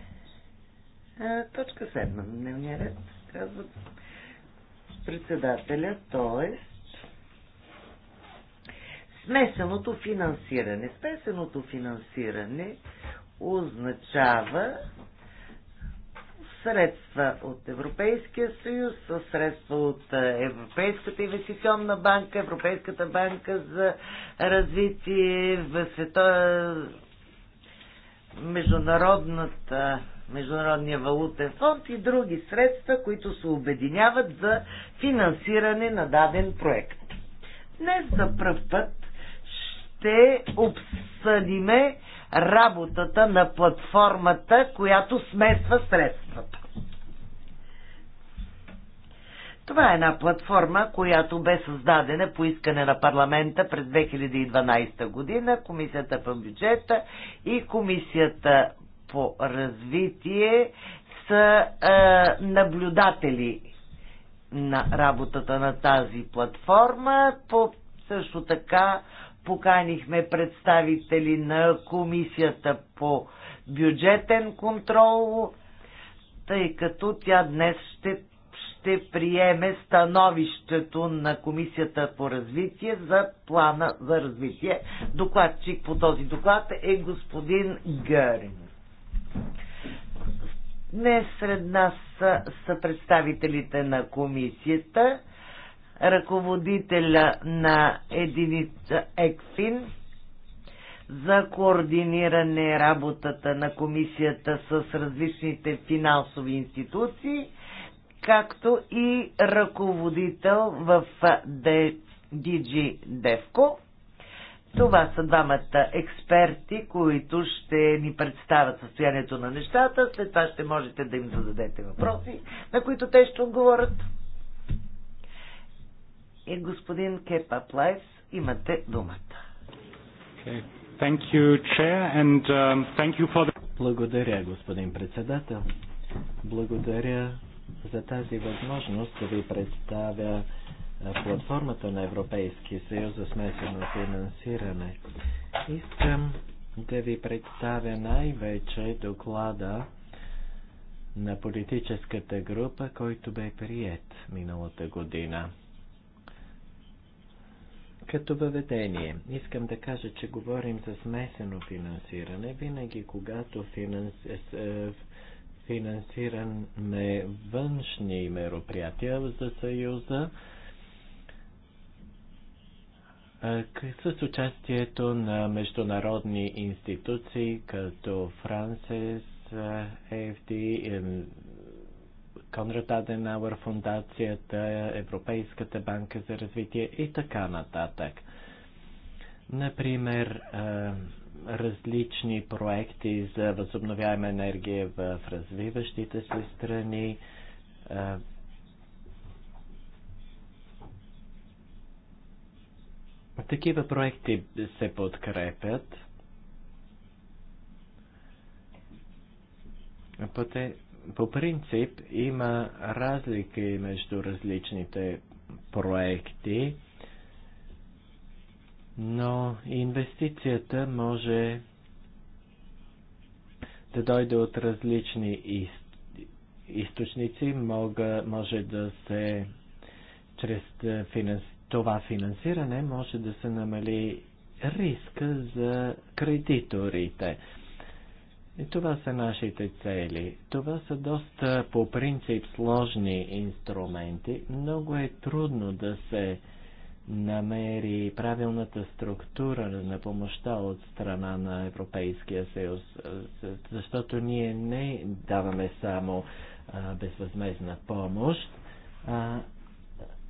точка 7 на дневния ред. Казва председателя, т.е смесеното финансиране. Смесеното финансиране означава средства от Европейския съюз, средства от е, Европейската инвестиционна банка, Европейската банка за развитие, в света, международната, Международния валутен фонд и други средства, които се обединяват за финансиране на даден проект. Днес за пръв път ще обсъдиме работата на платформата, която смесва средствата. Това е една платформа, която бе създадена по искане на парламента през 2012 година, Комисията по бюджета и Комисията по развитие са е, наблюдатели на работата на тази платформа. По също така поканихме представители на комисията по бюджетен контрол, тъй като тя днес ще, ще приеме становището на комисията по развитие за плана за развитие. Докладчик по този доклад е господин Гърин. Днес сред нас са, са представителите на комисията ръководителя на единица ЕКФИН за координиране работата на комисията с различните финансови институции, както и ръководител в DG DEFCO. Това са двамата експерти, които ще ни представят състоянието на нещата. След това ще можете да им зададете въпроси, на които те ще отговорят и господин Кепа Плайс.
Имате думата. Thank you, chair, and, um, thank you for the... Благодаря, господин председател. Благодаря за тази възможност да ви представя платформата на Европейския съюз за смесено финансиране. Искам да ви представя най-вече доклада на политическата група, който бе прият миналата година. Като въведение, искам да кажа, че говорим за смесено финансиране. Винаги, когато е, е, финансираме външни мероприятия за Съюза, е, с участието на международни институции, като Франсес, ЕФД, Конрад Аденауър фундацията, Европейската банка за развитие и така нататък. Например, различни проекти за възобновяема енергия в развиващите се страни, Такива проекти се подкрепят. Поте по принцип има разлики между различните проекти, но инвестицията може да дойде от различни източници мога, може да се чрез е, финанс, това финансиране може да се намали риска за кредиторите. Това са нашите цели. Това са доста по принцип сложни инструменти. Много е трудно да се намери правилната структура на помощта от страна на Европейския съюз, защото ние не даваме само а, безвъзмезна помощ, а,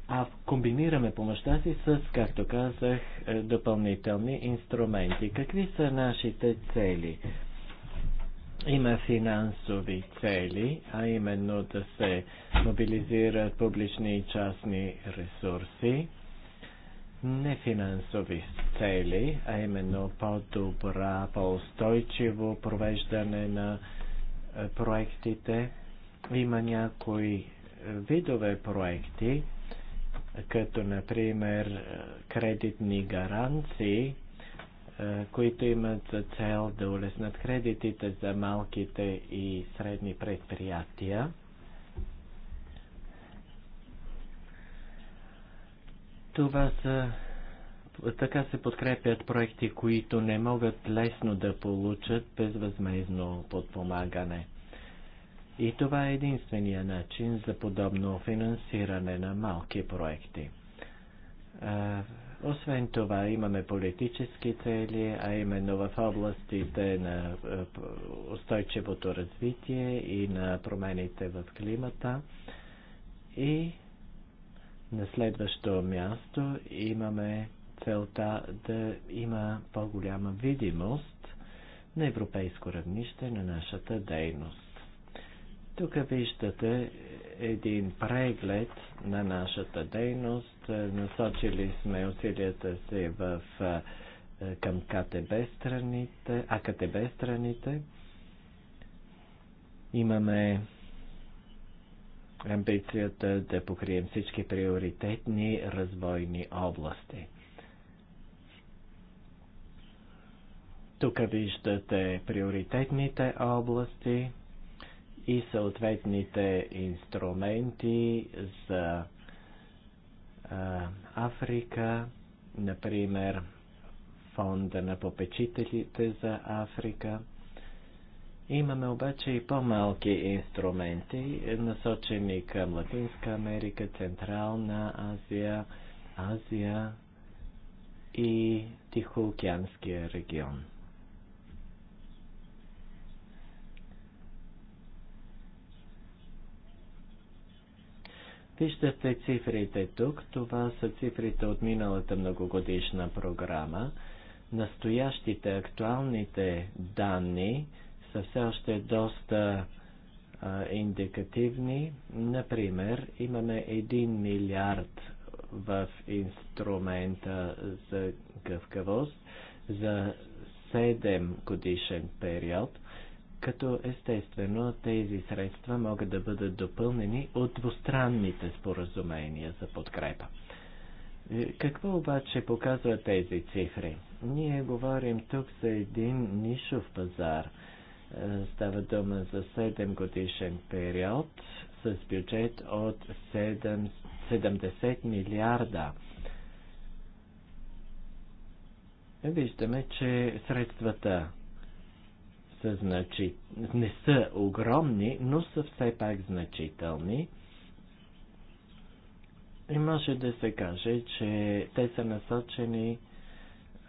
а комбинираме помощта си с, както казах, е, допълнителни инструменти. Какви са нашите цели? има финансови цели, а именно да се мобилизират публични и частни ресурси, не финансови цели, а именно по-добра, по-устойчиво провеждане на е, проектите. Има някои е, видове проекти, като например е, кредитни гаранции, е, които имат за цел да улеснат кредитите за малките и средни предприятия. Това са така се подкрепят проекти, които не могат лесно да получат безвъзмезно подпомагане. И това е единствения начин за подобно финансиране на малки проекти. Е, освен това имаме политически цели, а именно в областите на е, устойчивото развитие и на промените в климата. И на следващо място имаме целта да има по-голяма видимост на европейско равнище на нашата дейност. Тук виждате един преглед на нашата дейност. Насочили сме усилията си в, към КТБ страните, а КТБ страните. Имаме амбицията да покрием всички приоритетни развойни области. Тук виждате приоритетните области и съответните инструменти за Африка, например фонда на попечителите за Африка. Имаме обаче и по-малки инструменти, насочени към Латинска Америка, Централна Азия, Азия и Тихоокеанския регион. Виждате цифрите тук. Това са цифрите от миналата многогодишна програма. Настоящите, актуалните данни са все още доста а, индикативни. Например, имаме 1 милиард в инструмента за гъвкавост за 7 годишен период – като естествено тези средства могат да бъдат допълнени от двустранните споразумения за подкрепа. Е, какво обаче показват тези цифри? Ние говорим тук за един нишов пазар. Е, става дума за 7 годишен период с бюджет от 7, 70 милиарда. Виждаме, че средствата са, значи... не са огромни, но са все пак значителни. И може да се каже, че те са насочени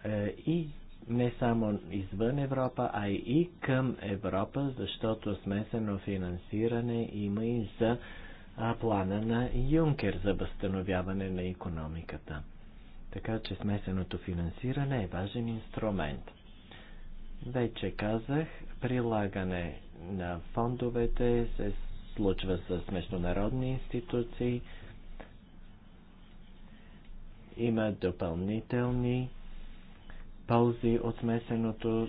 е, и не само извън Европа, а и към Европа, защото смесено финансиране има и за а, плана на Юнкер за възстановяване на економиката. Така че смесеното финансиране е важен инструмент. Вече казах, прилагане на фондовете се случва с международни институции. Има допълнителни ползи от смесеното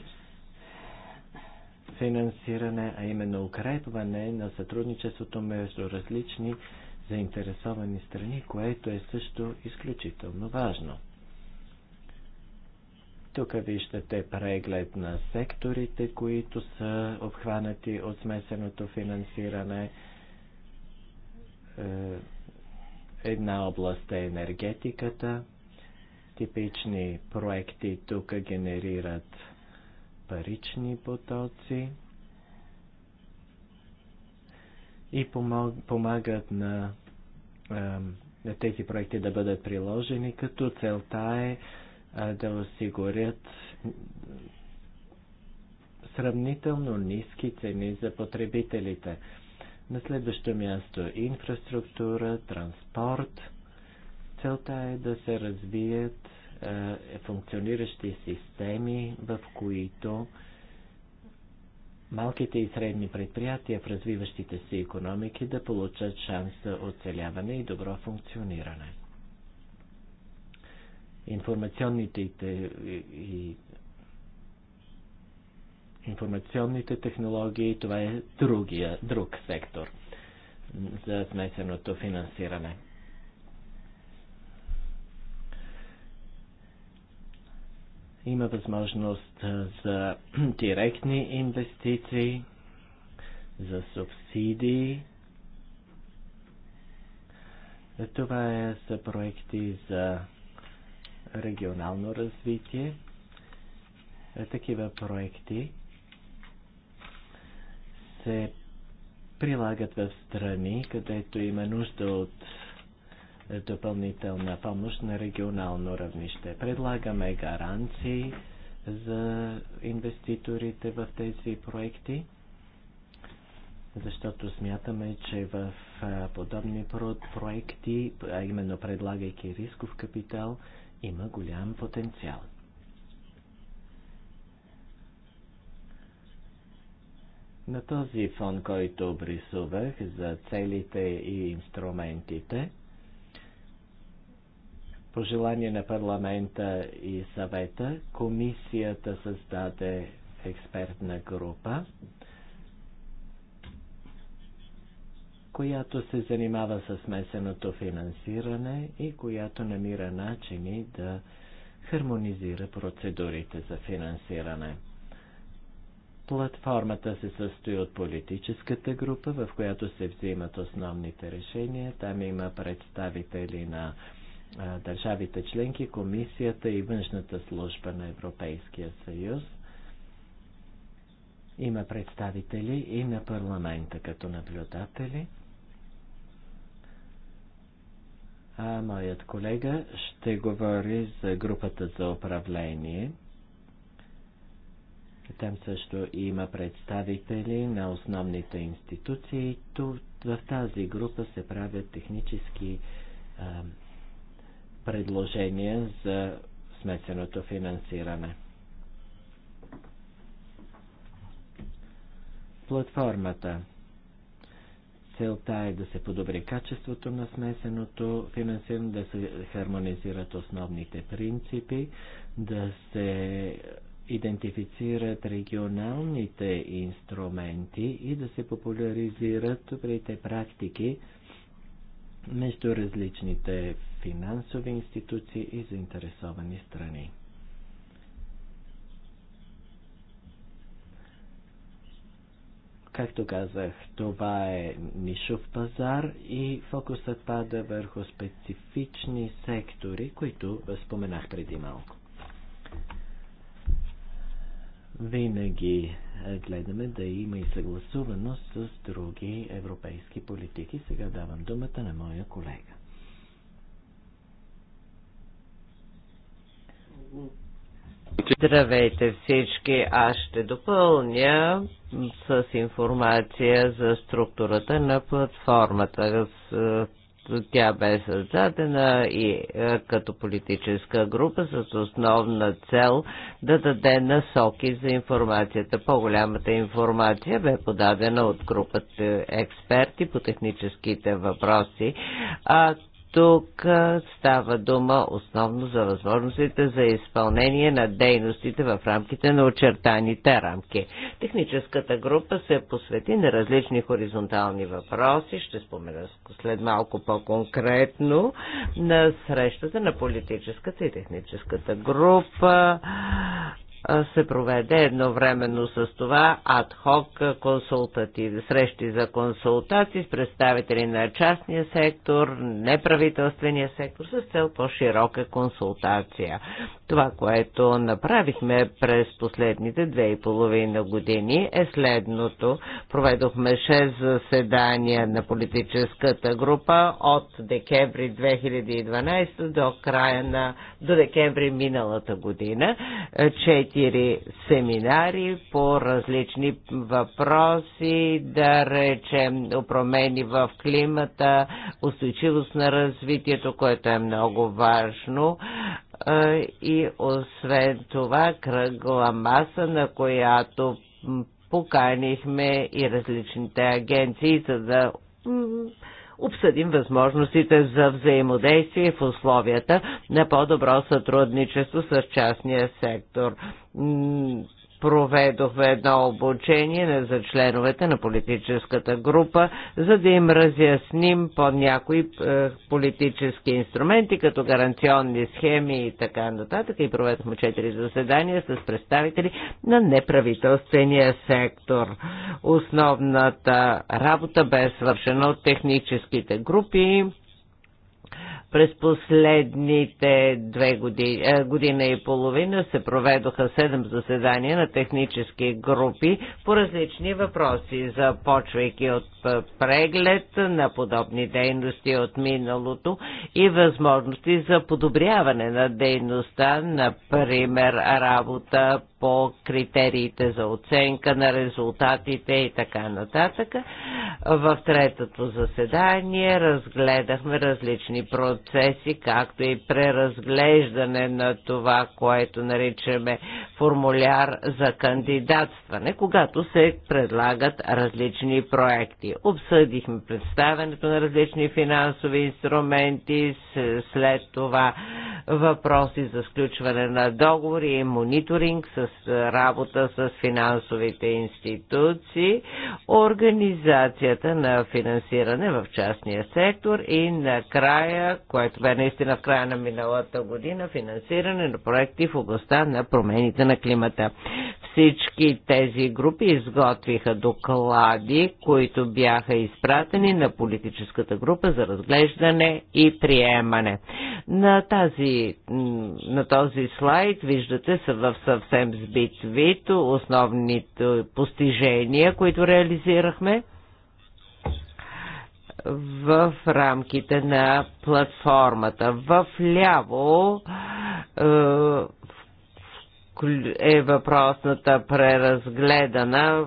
финансиране, а именно укрепване на сътрудничеството между различни заинтересовани страни, което е също изключително важно. Тук виждате преглед на секторите, които са обхванати от смесеното финансиране. Е, една област е енергетиката. Типични проекти тук генерират парични потоци и помагат на, на тези проекти да бъдат приложени, като целта е да осигурят сравнително ниски цени за потребителите. На следващо място инфраструктура, транспорт. Целта е да се развият е, функциониращи системи, в които малките и средни предприятия в развиващите се економики да получат шанс за оцеляване и добро функциониране информационните и, и информационните технологии, това е другия, друг сектор за смесеното финансиране. Има възможност за директни инвестиции, за субсидии. Това е за проекти за регионално развитие. Е, такива проекти се прилагат в страни, където има нужда от е, допълнителна помощ на регионално равнище. Предлагаме гаранции за инвеститорите в тези проекти, защото смятаме, че в е, подобни проекти, а именно предлагайки рисков капитал, има голям потенциал. На този фон, който обрисувах за целите и инструментите, по желание на парламента и съвета, комисията създаде експертна група, която се занимава с смесеното финансиране и която намира начини да хармонизира процедурите за финансиране. Платформата се състои от политическата група, в която се взимат основните решения. Там има представители на държавите членки, комисията и външната служба на Европейския съюз. Има представители и на парламента като наблюдатели. а моят колега ще говори за групата за управление. Там също има представители на основните институции. В тази група се правят технически а, предложения за смесеното финансиране. Платформата Целта е да се подобри качеството на смесеното финансиране, да се хармонизират основните принципи, да се идентифицират регионалните инструменти и да се популяризират добрите практики между различните финансови институции и заинтересовани страни. Както казах, това е нишов пазар и фокусът пада върху специфични сектори, които споменах преди малко. Винаги гледаме да има и съгласуваност с други европейски политики. Сега давам думата на моя колега.
Здравейте всички! Аз ще допълня с информация за структурата на платформата. Е, тя бе създадена и е, като политическа група с основна цел да даде насоки за информацията. По-голямата информация бе подадена от групата експерти по техническите въпроси, а тук става дума основно за възможностите за изпълнение на дейностите в рамките на очертаните рамки. Техническата група се посвети на различни хоризонтални въпроси, ще спомена след малко по-конкретно, на срещата на политическата и техническата група се проведе едновременно с това адхок консултатив, срещи за консултации с представители на частния сектор, неправителствения сектор с цел по-широка консултация. Това, което направихме през последните две и половина години е следното. Проведохме 6 заседания на политическата група от декември 2012 до края на до декември миналата година. Четири семинари по различни въпроси, да речем промени в климата, устойчивост на развитието, което е много важно и освен това кръгла маса, на която поканихме и различните агенции, за да обсъдим възможностите за взаимодействие в условията на по-добро сътрудничество с частния сектор проведохме едно обучение за членовете на политическата група, за да им разясним по някои е, политически инструменти, като гаранционни схеми и така нататък. И проведохме четири заседания с представители на неправителствения сектор. Основната работа бе свършена от техническите групи през последните две години, е, година и половина се проведоха седем заседания на технически групи по различни въпроси, започвайки от е, преглед на подобни дейности от миналото и възможности за подобряване на дейността, например работа по критериите за оценка на резултатите и така нататък. В третото заседание разгледахме различни процеси процеси, както и преразглеждане на това, което наричаме формуляр за кандидатстване, когато се предлагат различни проекти. Обсъдихме представянето на различни финансови инструменти, след това въпроси за сключване на договори и мониторинг с работа с финансовите институции, организацията на финансиране в частния сектор и накрая което бе наистина в края на миналата година, финансиране на проекти в областта на промените на климата. Всички тези групи изготвиха доклади, които бяха изпратени на политическата група за разглеждане и приемане. На, тази, на този слайд виждате са в съвсем сбит вид основните постижения, които реализирахме в рамките на платформата. В ляво е, е въпросната преразгледана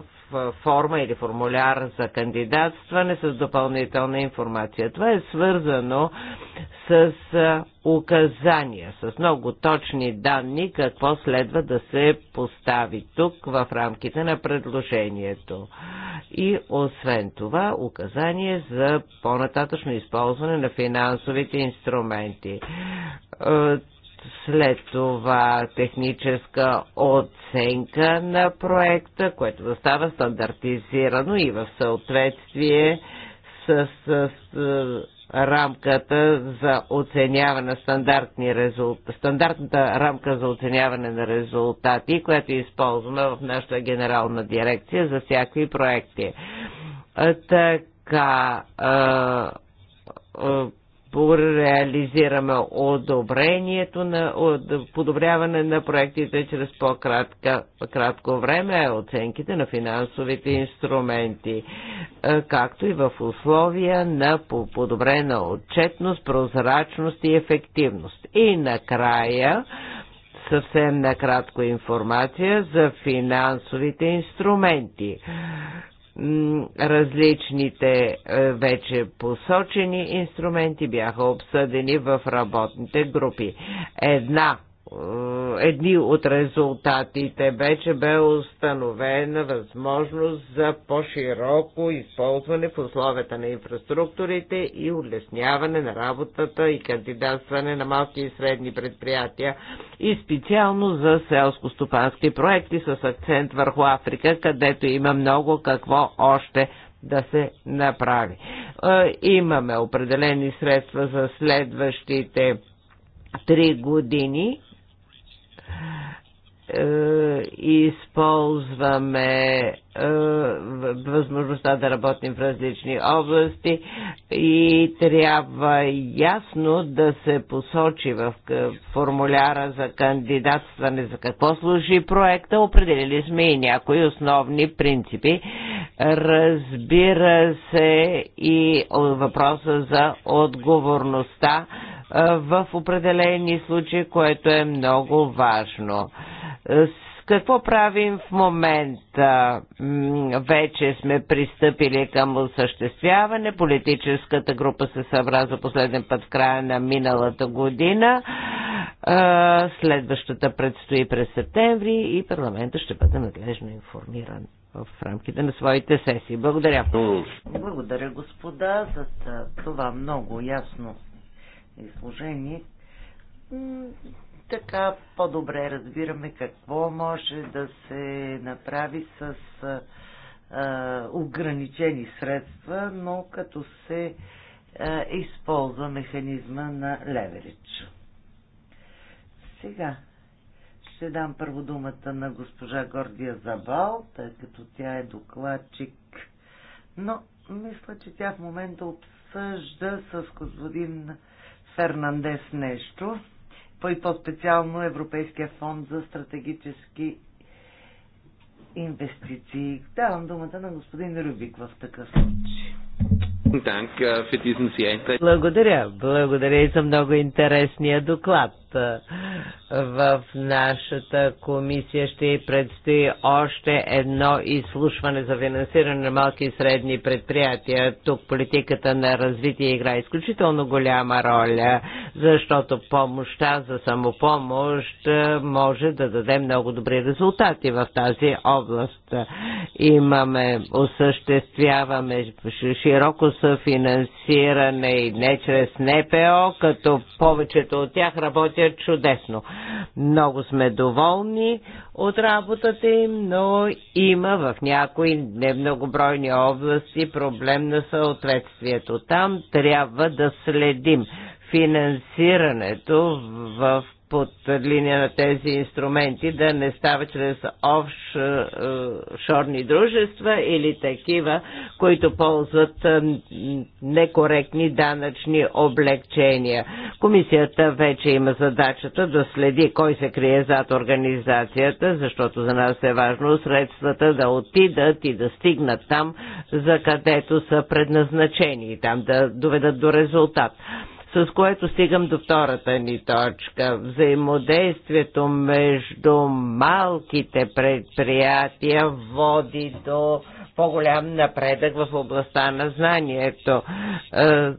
форма или формуляр за кандидатстване с допълнителна информация. Това е свързано с указания, с много точни данни, какво следва да се постави тук в рамките на предложението. И освен това, указание за по-нататъчно използване на финансовите инструменти след това техническа оценка на проекта, което да става стандартизирано и в съответствие с, с, с рамката за оценяване на стандартни резултати, стандартната рамка за оценяване на резултати, която използваме в нашата генерална дирекция за всякакви проекти. Така, реализираме одобрението на подобряване на проектите чрез по-кратко време, оценките на финансовите инструменти, е, както и в условия на подобрена отчетност, прозрачност и ефективност. И накрая съвсем накратко информация за финансовите инструменти различните е, вече посочени инструменти бяха обсъдени в работните групи. Една е, едни от резултатите вече бе установена възможност за по-широко използване в условията на инфраструктурите и улесняване на работата и кандидатстване на малки и средни предприятия и специално за селско-стопански проекти с акцент върху Африка, където има много какво още да се направи. Е, имаме определени средства за следващите три години е, използваме е, възможността да работим в различни области и трябва ясно да се посочи в формуляра за кандидатстване за какво служи проекта. Определили сме и някои основни принципи. Разбира се и въпроса за отговорността в определени случаи, което е много важно. Какво правим в момента? Вече сме пристъпили към осъществяване. Политическата група се събра за последен път в края на миналата година. Следващата предстои през септември и парламента ще бъде надлежно информиран в рамките на своите сесии. Благодаря. Благодаря, господа, за това много ясно изложение, така по-добре разбираме какво може да се направи с а, ограничени средства, но като се а, използва механизма на леверидж. Сега ще дам първо думата на госпожа Гордия Забал, тъй като тя е докладчик, но мисля, че тя в момента обсъжда с господин Фернандес нещо, по и по-специално е Европейския фонд за стратегически инвестиции. Давам думата на господин Рубик в такъв случай. Äh, Благодаря. Благодаря и за много интересния доклад. В нашата комисия ще предстои още едно изслушване за финансиране на малки и средни предприятия. Тук политиката на развитие игра изключително голяма роля, защото помощта за самопомощ може да даде много добри резултати в тази област. Имаме, осъществяваме широко съфинансиране и не чрез НПО, като повечето от тях работят е чудесно. Много сме доволни от работата им, но има в някои немногобройни области проблем на съответствието. Там трябва да следим финансирането в под линия на тези инструменти да не става чрез офшорни е, е, дружества или такива, които ползват е, некоректни данъчни облегчения. Комисията вече има задачата да следи кой се крие зад организацията, защото за нас е важно средствата да отидат и да стигнат там, за където са предназначени и там да доведат до резултат. С което стигам до втората ни точка. Взаимодействието между малките предприятия води до по-голям напредък в областта на знанието. Е,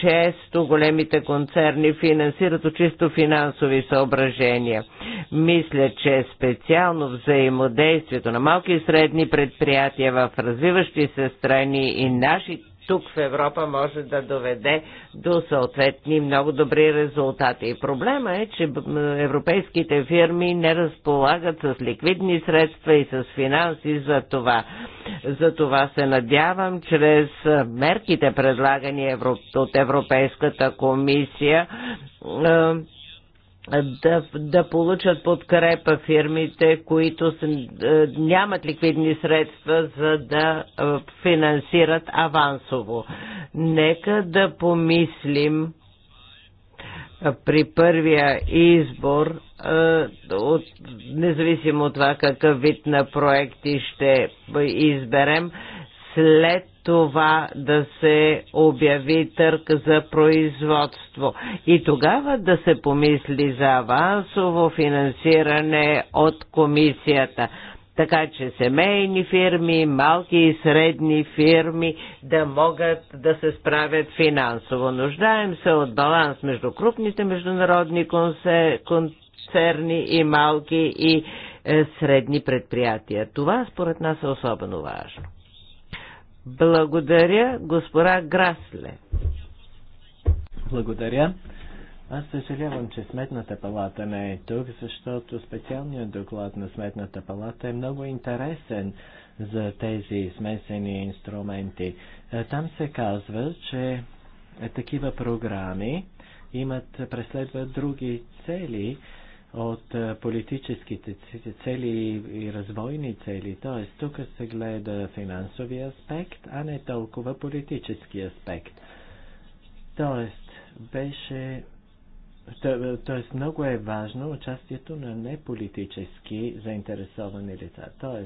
често големите концерни финансират от чисто финансови съображения. Мисля, че специално взаимодействието на малки и средни предприятия в развиващи се страни и наши тук в Европа може да доведе до съответни много добри резултати. Проблема е, че европейските фирми не разполагат с ликвидни средства и с финанси за това. За това се надявам, чрез мерките предлагани от Европейската комисия, да, да получат подкрепа фирмите, които с, е, нямат ликвидни средства, за да е, финансират авансово. Нека да помислим е, при първия избор, от, независимо от това какъв вид на проекти ще изберем, след това да се обяви търк за производство. И тогава да се помисли за авансово финансиране от комисията така че семейни фирми, малки и средни фирми да могат да се справят финансово. Нуждаем се от баланс между крупните международни концерни и малки и е, средни предприятия. Това според нас е особено важно. Благодаря, госпора Грасле. Благодаря.
Аз съжалявам, че Сметната палата не е тук, защото специалният доклад на Сметната палата е много интересен за тези смесени инструменти. Е, там се казва, че е, такива програми имат, преследват други цели от е, политическите цели и развойни цели. Т.е. тук се гледа финансови аспект, а не толкова политически аспект. Т.е. беше т.е. много е важно участието на неполитически заинтересовани лица. Т.е.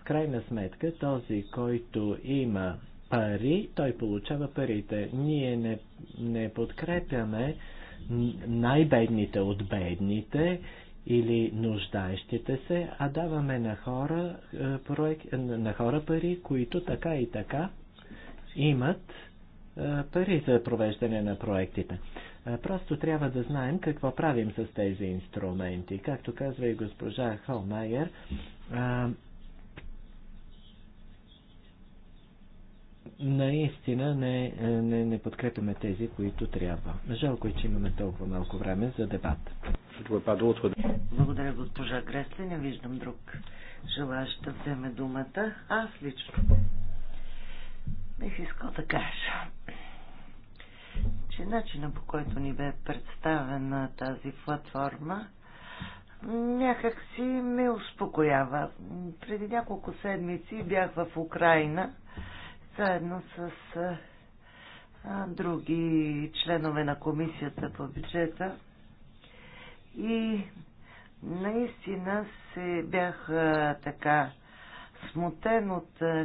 в крайна сметка този, който има пари, той получава парите. Ние не, не подкрепяме най-бедните от бедните или нуждаещите се, а даваме на хора, е, проект, е, на хора пари, които така и така имат е, пари за провеждане на проектите. Просто трябва да знаем какво правим с тези инструменти. Както казва и госпожа Холмайер, наистина не, не, не подкрепяме тези, които трябва. Жалко е, че имаме толкова малко време за дебат.
Благодаря, госпожа Гресли. Не виждам друг желаящ да вземе думата. Аз лично бих искал да кажа, че начина по който ни бе представена тази платформа някак си ме успокоява. Преди няколко седмици бях в Украина заедно с а, други членове на комисията по бюджета. И наистина се бях а, така смутен от а,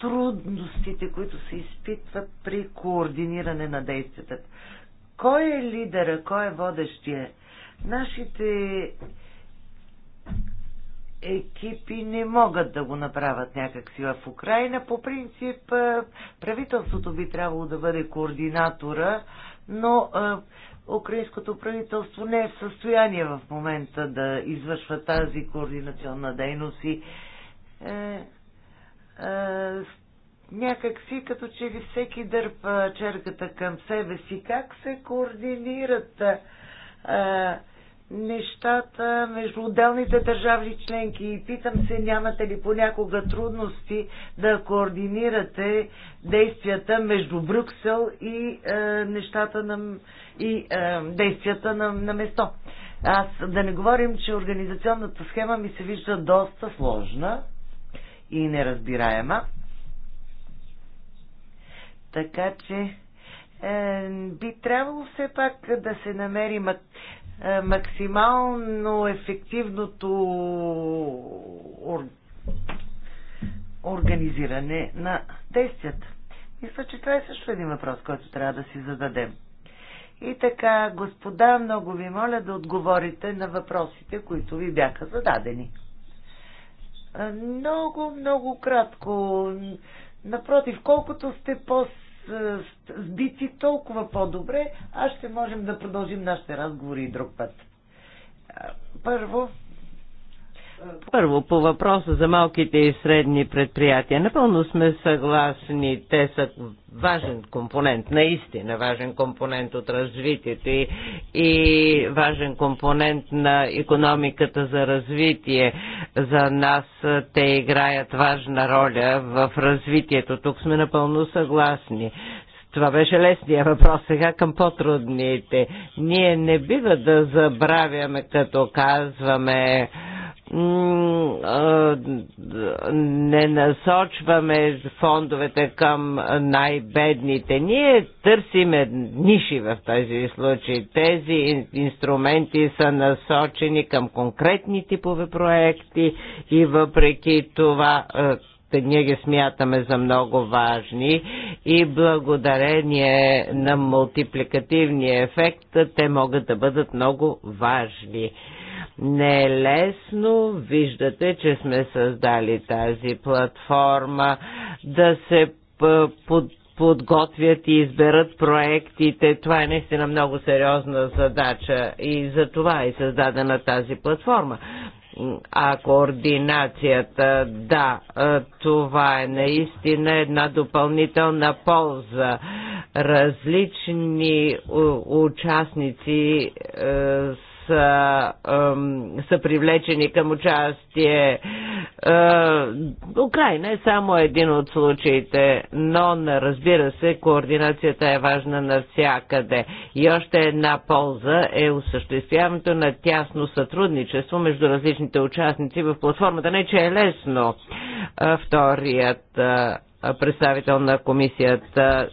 трудностите, които се изпитват при координиране на действията. Кой е лидера, кой е водещия? Нашите екипи не могат да го направят някакси в Украина. По принцип правителството би трябвало да бъде координатора, но украинското правителство не е в състояние в момента да извършва тази координационна дейност и е, е някак си като че ли всеки дърпа черката към себе си, как се координират е, нещата между отделните държави членки и питам се, нямате ли понякога трудности да координирате действията между Брюксел и е, нещата на, и е, действията на, на место. Аз да не говорим, че организационната схема ми се вижда доста сложна и неразбираема. Така че е, би трябвало все пак да се намери е, максимално ефективното организиране на действията. Мисля, че това е също един въпрос, който трябва да си зададем. И така, господа, много ви моля да отговорите на въпросите, които ви бяха зададени. Е, много, много кратко. Напротив, колкото сте по сбити, толкова по-добре, а ще можем да продължим нашите разговори и друг път. Първо, първо, по въпроса за малките и средни предприятия. Напълно сме съгласни, те са важен компонент, наистина важен компонент от развитието и, и важен компонент на економиката за развитие. За нас те играят важна роля в развитието. Тук сме напълно съгласни. Това беше лесния въпрос. Сега към по-трудните. Ние не бива да забравяме, като казваме не насочваме фондовете към най-бедните. Ние търсиме ниши в тези случаи. Тези инструменти са насочени към конкретни типове проекти и въпреки това ние ги смятаме за много важни и благодарение на мултипликативния ефект те могат да бъдат много важни. Не е лесно, виждате, че сме създали тази платформа да се под подготвят и изберат проектите. Това е наистина много сериозна задача и за това е създадена тази платформа а координацията, да, това е наистина една допълнителна полза. Различни участници е, са, са привлечени към участие. Украина е само един от случаите, но разбира се, координацията е важна навсякъде. И още една полза е осъществяването на тясно сътрудничество между различните участници в платформата. Не, че е лесно. Вторият представител на комисията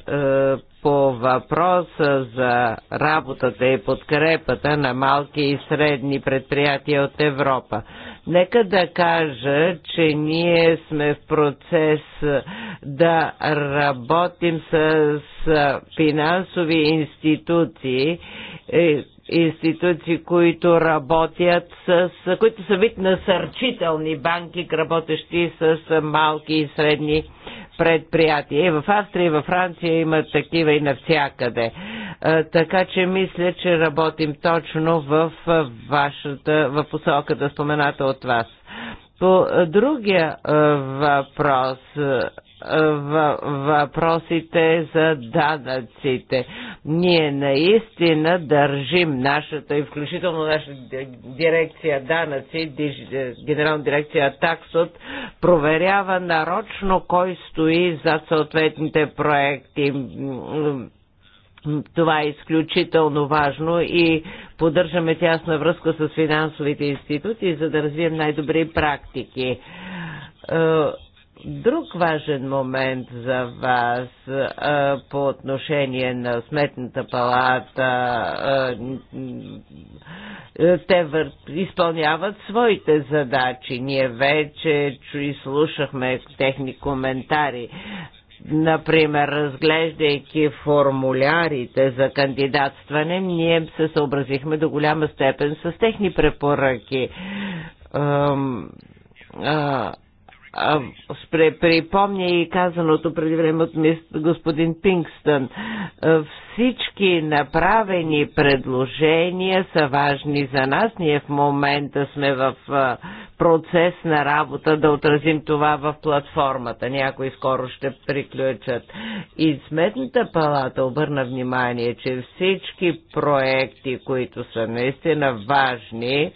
по въпроса за работата и подкрепата на малки и средни предприятия от Европа. Нека да кажа, че ние сме в процес да работим с финансови институции, е, институции, които работят с, които са вид насърчителни банки, работещи с малки и средни предприятия. И в Австрия, и във Франция има такива и навсякъде. Така че мисля, че работим точно в вашата, в посоката спомената от вас. По другия въпрос въпросите за данъците. Ние наистина държим нашата и включително нашата дирекция данъци, генерална дирекция таксот, проверява нарочно кой стои за съответните проекти. Това е изключително важно и поддържаме тясна връзка с финансовите институти, за да развием най-добри практики е, Друг важен момент за вас а, по отношение на Сметната палата, а, те вър... изпълняват своите задачи. Ние вече чуи слушахме техни коментари. Например, разглеждайки формулярите за кандидатстване, ние се съобразихме до голяма степен с техни препоръки. А, припомня и казаното преди време от господин Пингстън. Всички направени предложения са важни за нас. Ние в момента сме в процес на работа да отразим това в платформата. Някои скоро ще приключат. И Сметната палата обърна внимание, че всички проекти, които са наистина важни,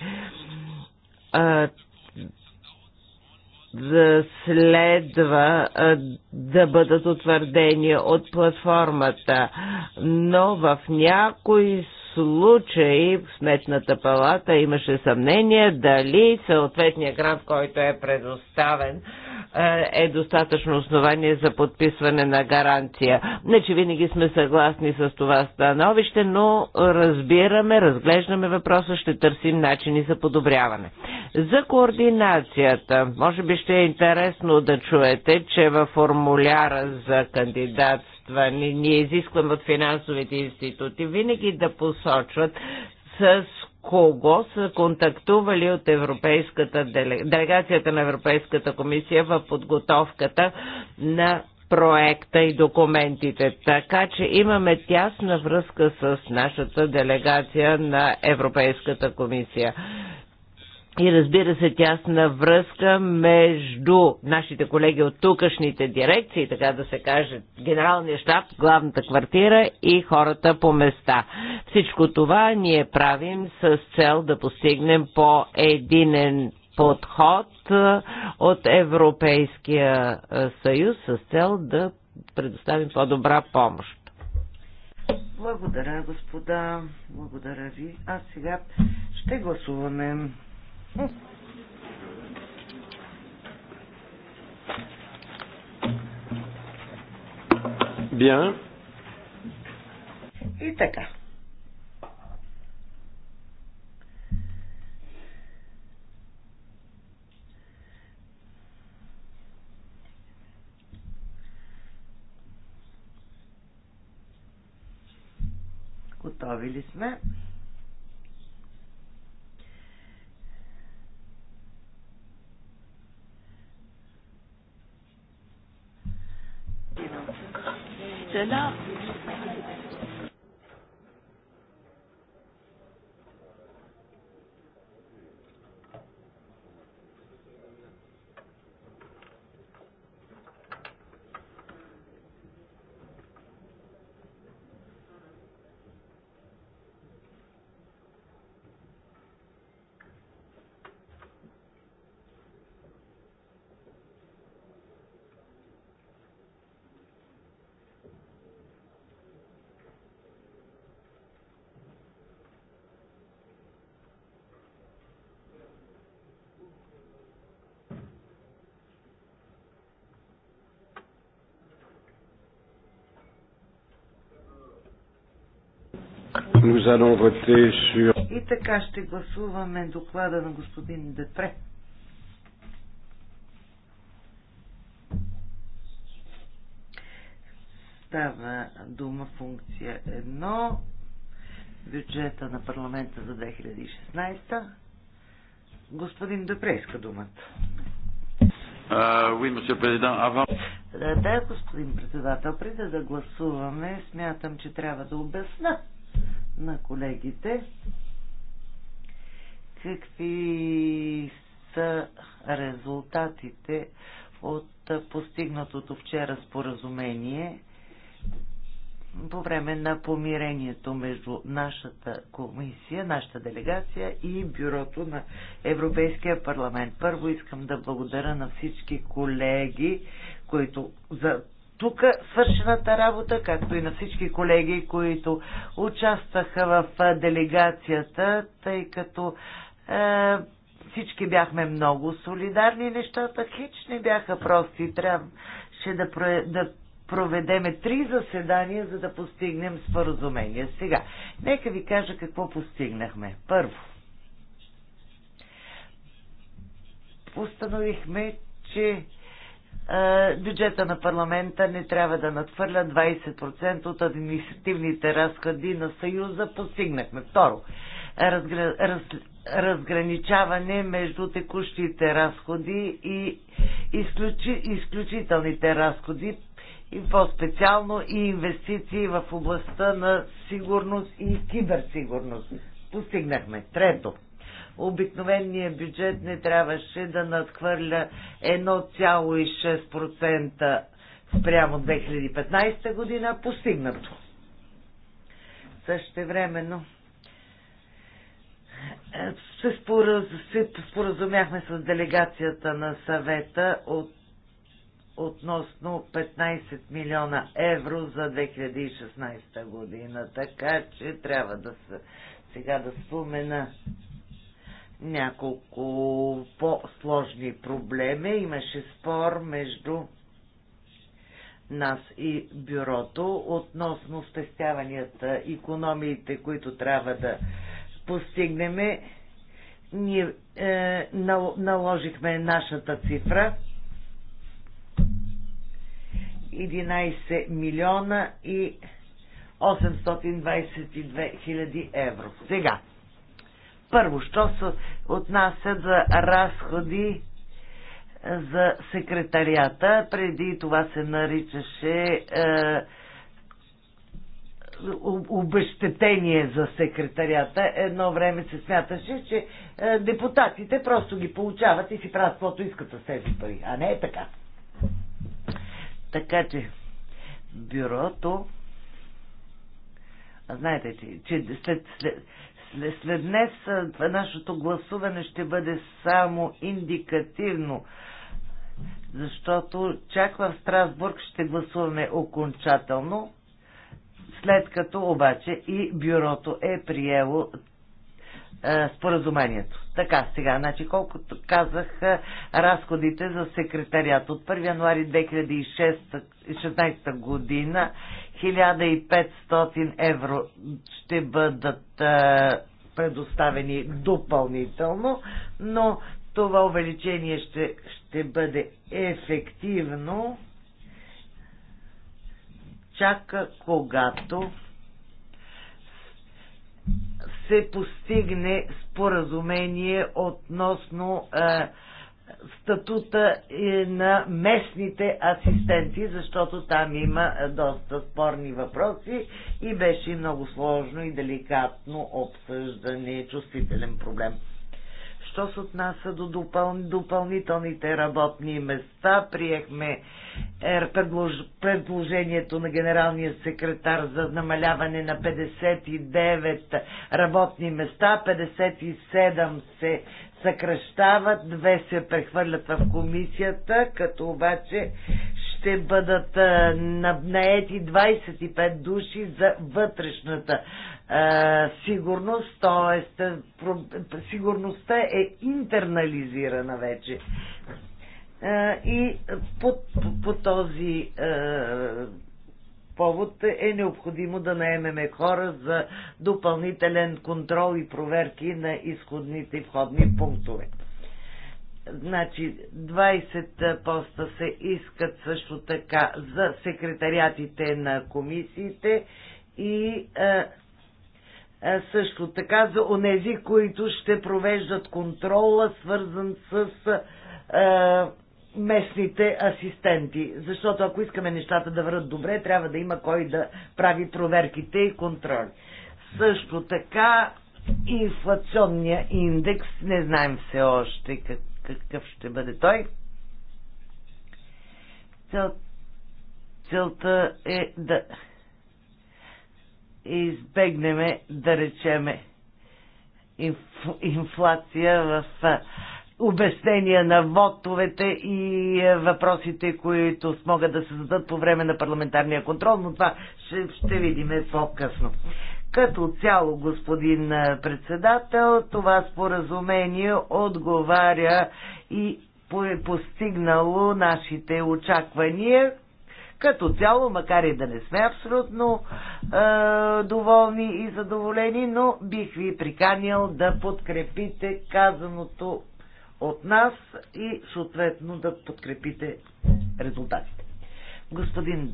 следва да бъдат утвърдени от платформата, но в някои случай в Сметната палата имаше съмнение дали съответния грант, който е предоставен, е, е достатъчно основание за подписване на гаранция. Не, че винаги сме съгласни с това становище, но разбираме, разглеждаме въпроса, ще търсим начини за подобряване. За координацията, може би ще е интересно да чуете, че във формуляра за кандидат средства. Ние изискваме от финансовите институти винаги да посочват с кого са контактували от Европейската делегацията на Европейската комисия в подготовката на проекта и документите. Така че имаме тясна връзка с нашата делегация на Европейската комисия и разбира се тясна връзка между нашите колеги от тукашните дирекции, така да се каже, генералния штаб, главната квартира и хората по места. Всичко това ние правим с цел да постигнем по-единен подход от Европейския съюз с цел да предоставим по-добра помощ. Благодаря, господа. Благодаря ви. А сега ще гласуваме Bien. И така. Готови ли сме? Cela, И така ще гласуваме доклада на господин Депре. Става дума функция 1, бюджета на парламента за 2016. Господин Депре иска думата.
Uh, oui, avant...
Да, да, господин председател, преди да гласуваме, смятам, че трябва да обясна на колегите. Какви са резултатите от постигнатото вчера споразумение по време на помирението между нашата комисия, нашата делегация и бюрото на Европейския парламент. Първо искам да благодаря на всички колеги, които за тук свършената работа, както и на всички колеги, които участваха в делегацията, тъй като е, всички бяхме много солидарни. Нещата хич не бяха прости. Трябваше да, про, да проведеме три заседания, за да постигнем споразумение. Сега, нека ви кажа какво постигнахме. Първо, установихме, че е, бюджета на парламента не трябва да надхвърля 20% от административните разходи на Съюза. Постигнахме. Второ, разгра... раз... разграничаване между текущите разходи и изключ... изключителните разходи и по-специално и инвестиции в областта на сигурност и киберсигурност. Постигнахме. Трето, обикновения бюджет не трябваше да надхвърля 1,6% спрямо 2015 година, постигнато. Същевременно е, се, се споразумяхме с делегацията на съвета от, относно 15 милиона евро за 2016 година. Така че трябва да се сега да спомена няколко по-сложни проблеми. Имаше спор между нас и бюрото относно спестяванията, економиите, които трябва да постигнем. Ние е, наложихме нашата цифра 11 милиона и 822 хиляди евро. Сега, първо, що се отнася за разходи за секретарията, преди това се наричаше е, обещетение за секретарията. Едно време се смяташе, че е, депутатите просто ги получават и си правят каквото искат с тези пари. А не е така. Така че бюрото. Знаете, че, че след, след, след днес нашето гласуване ще бъде само индикативно, защото чак в Страсбург ще гласуваме окончателно, след като обаче и бюрото е приело споразумението. Така, сега, значи, колкото казах, разходите за секретарят от 1 януари 2016 година 1500 евро ще бъдат а, е, предоставени допълнително, но това увеличение ще, ще бъде ефективно Чака когато се постигне споразумение относно а, е, статута на местните асистенти, защото там има е, доста спорни въпроси и беше много сложно и деликатно обсъждане, чувствителен проблем. Що се отнася до допъл... допълнителните работни места, приехме е, предлож... предложението на генералния секретар за намаляване на 59 работни места, 57 се съкръщават, две се прехвърлят в комисията, като обаче ще бъдат наети 25 души за вътрешната а, сигурност, т.е. сигурността е интернализирана вече. А, и по, по, по този а, повод е необходимо да наемеме хора за допълнителен контрол и проверки на изходните и входни пунктове. Значи 20 поста се искат също така за секретариатите на комисиите и а, а, също така за онези, които ще провеждат контрола, свързан с а, местните асистенти. Защото ако искаме нещата да върват добре, трябва да има кой да прави проверките и контроли. Също така инфлационния индекс, не знаем все още как, какъв ще бъде той. Цел, целта е да избегнеме, да речеме, инф, инфлация в обяснения на вотовете и е, въпросите, които могат да се зададат по време на парламентарния контрол, но това ще, ще видим по-късно. Като цяло, господин е, председател, това споразумение отговаря и е постигнало нашите очаквания. Като цяло, макар и да не сме абсолютно е, доволни и задоволени, но бих ви приканял да подкрепите казаното от нас и съответно да подкрепите резултатите. Господин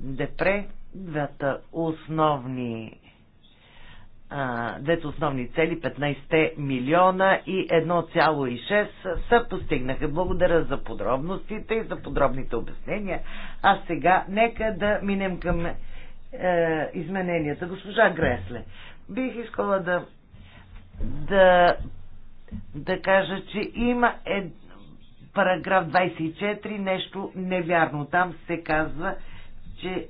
Депре, двата основни двете основни цели, 15 милиона и 1,6 са постигнаха. Благодаря за подробностите и за подробните обяснения. А сега нека да минем към е, измененията. Госпожа Гресле, бих искала да, да да кажа, че има е, параграф 24, нещо невярно. Там се казва, че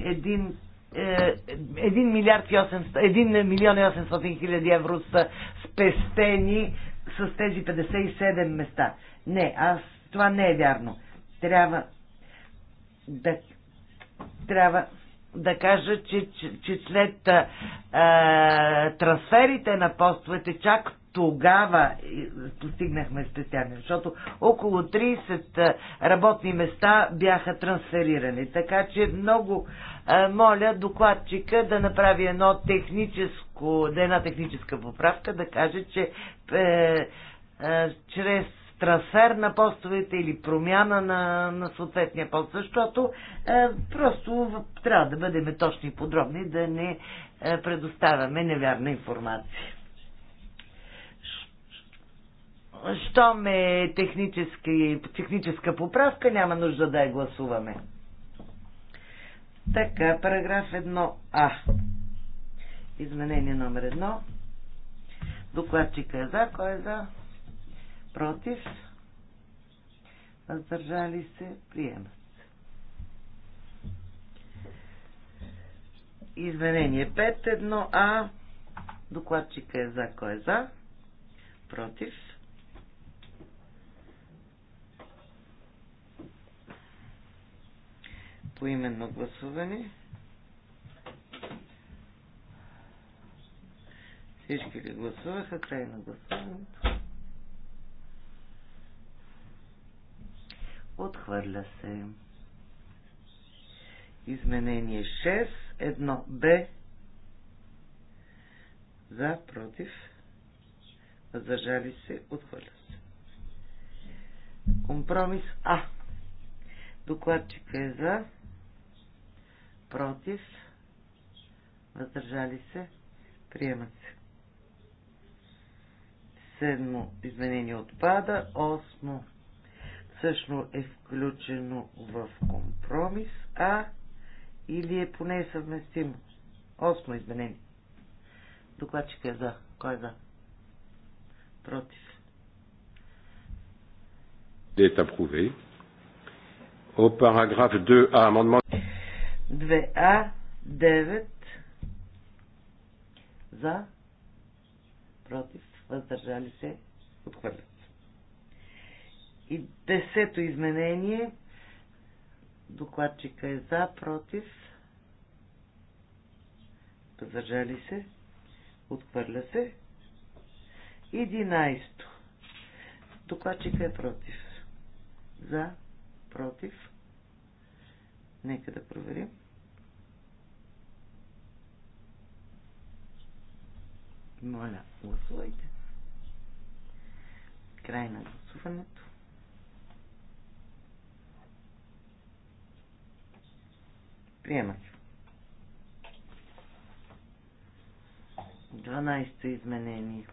един 1 е, милиард и 800, един милион и 800 хиляди евро са спестени с тези 57 места. Не, аз това не е вярно. Трябва да трябва да кажа, че, че, че след а, трансферите на постовете, чак тогава постигнахме специално, защото около 30 работни места бяха трансферирани. Така че много а, моля докладчика да направи едно техническо, да една техническа поправка, да каже, че е, е, чрез трансфер на постовете или промяна на, на съответния пост, защото е, просто трябва да бъдем точни и подробни, да не е, предоставяме невярна информация. Щом е техническа поправка, няма нужда да я гласуваме. Така, параграф 1а. Изменение номер 1. Докладчика е за. Кой е за? против, въздържали се, приемат се. Изменение 5.1а. Докладчика е за, кой е за, против. Поименно гласуване. Всички ли гласуваха? Край на гласуването. Отхвърля се. Изменение 6, Едно Б. За, против. Въздържали се. Отхвърля се. Компромис А. Докладчика е за. Против. Въздържали се. Приемат се. Седмо изменение отпада. Осмо всъщност е включено в компромис А или е поне съвместимо. Осмо изменение. Докладчик е за. Кой е за? Против.
Е прове. О параграф 2 а амандмент.
2 А, 9 за, против, въздържали се, Отхвърля. И десето изменение. Докладчика е за, против. Въздържали се. Отхвърля се. Единайсто. Докладчика е против. За, против. Нека да проверим. Моля, гласувайте. Край на гласуването. Приема 12 изменение.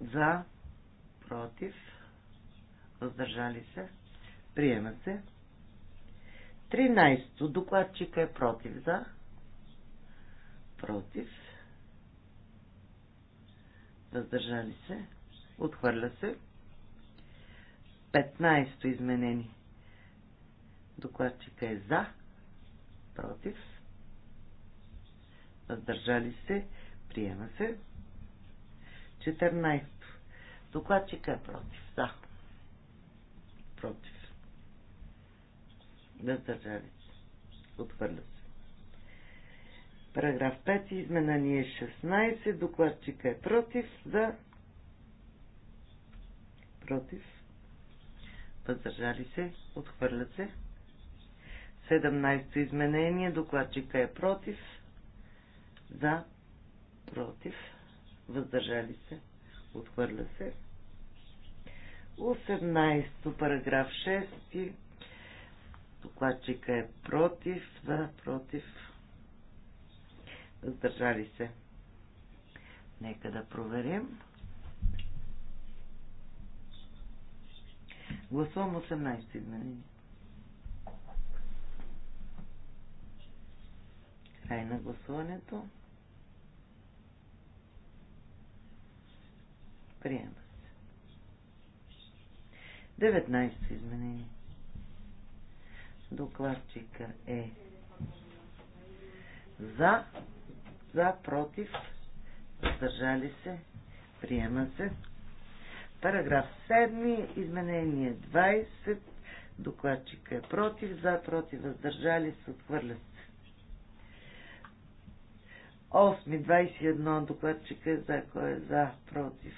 За, против, въздържали се, приема се. 13. Докладчика е против за. Против. Въздържали се. Отхвърля се. 15. Изменени. Докладчика е за, против, въздържали се, приема се. 14. Докладчика е против, за, против, въздържали се, отхвърля се. Параграф 5, изменение 16, докладчика е против, за, против, въздържали се, отхвърля се. 17 изменение. Докладчика е против. За. Против. Въздържали се. Отхвърля се. 18 параграф 6. Докладчика е против. За. Против. Въздържали се. Нека да проверим. Гласувам 18 изменения. Край на гласуването. Приема се. 19 изменение. Докладчика е за, за, против, въздържали се, приема се. Параграф 7, изменение 20, докладчика е против, за, против, въздържали се, отхвърля се. 8.21 докладчика е за, кой е за, против,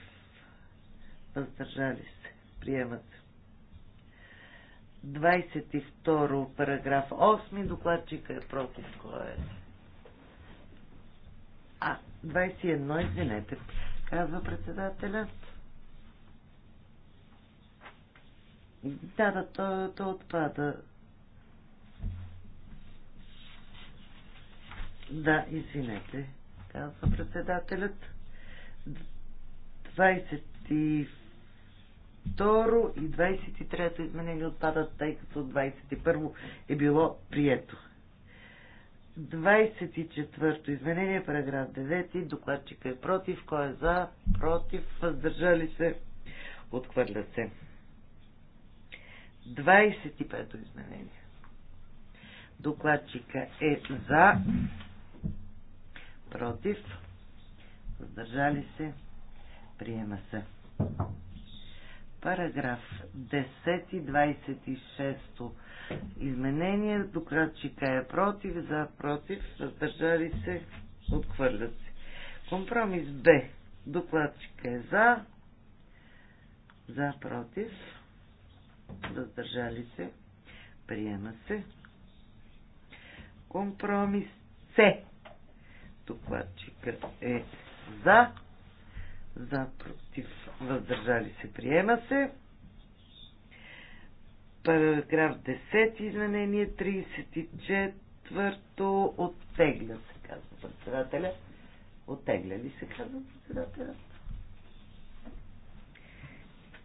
въздържали се, приемат. 22 параграф 8 докладчика е против, кой е. А, 21, извинете, казва председателят. Да, да, то, то отпада. Да, извинете, казва председателят. 22 и 23 изменение отпадат, тъй като 21 е било прието. 24 изменение, параграф 9. Докладчика е против. Кой е за? Против. Въздържали се. Отхвърля се. 25 изменение. Докладчика е за против, въздържали се, приема се. Параграф 10 26 изменение, докладчика е против, за против, въздържали се, отхвърлят се. Компромис Б, докладчика е за, за против, въздържали се, приема се. Компромис С, Докладчика е за. За, против, въздържали се, приема се. Параграф 10, изменение 34, оттегля се, казва председателя. Оттегля ли се, казва председателя?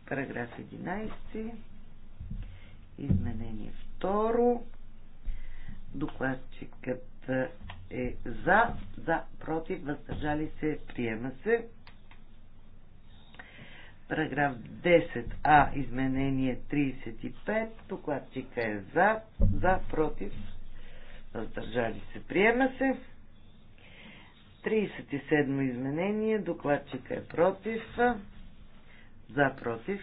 Параграф 11, изменение 2. Докладчикът е за, за, против, въздържали се, приема се. Параграф 10а, изменение 35, докладчика е за, за, против, въздържали се, приема се. 37 изменение, докладчика е против, за, против.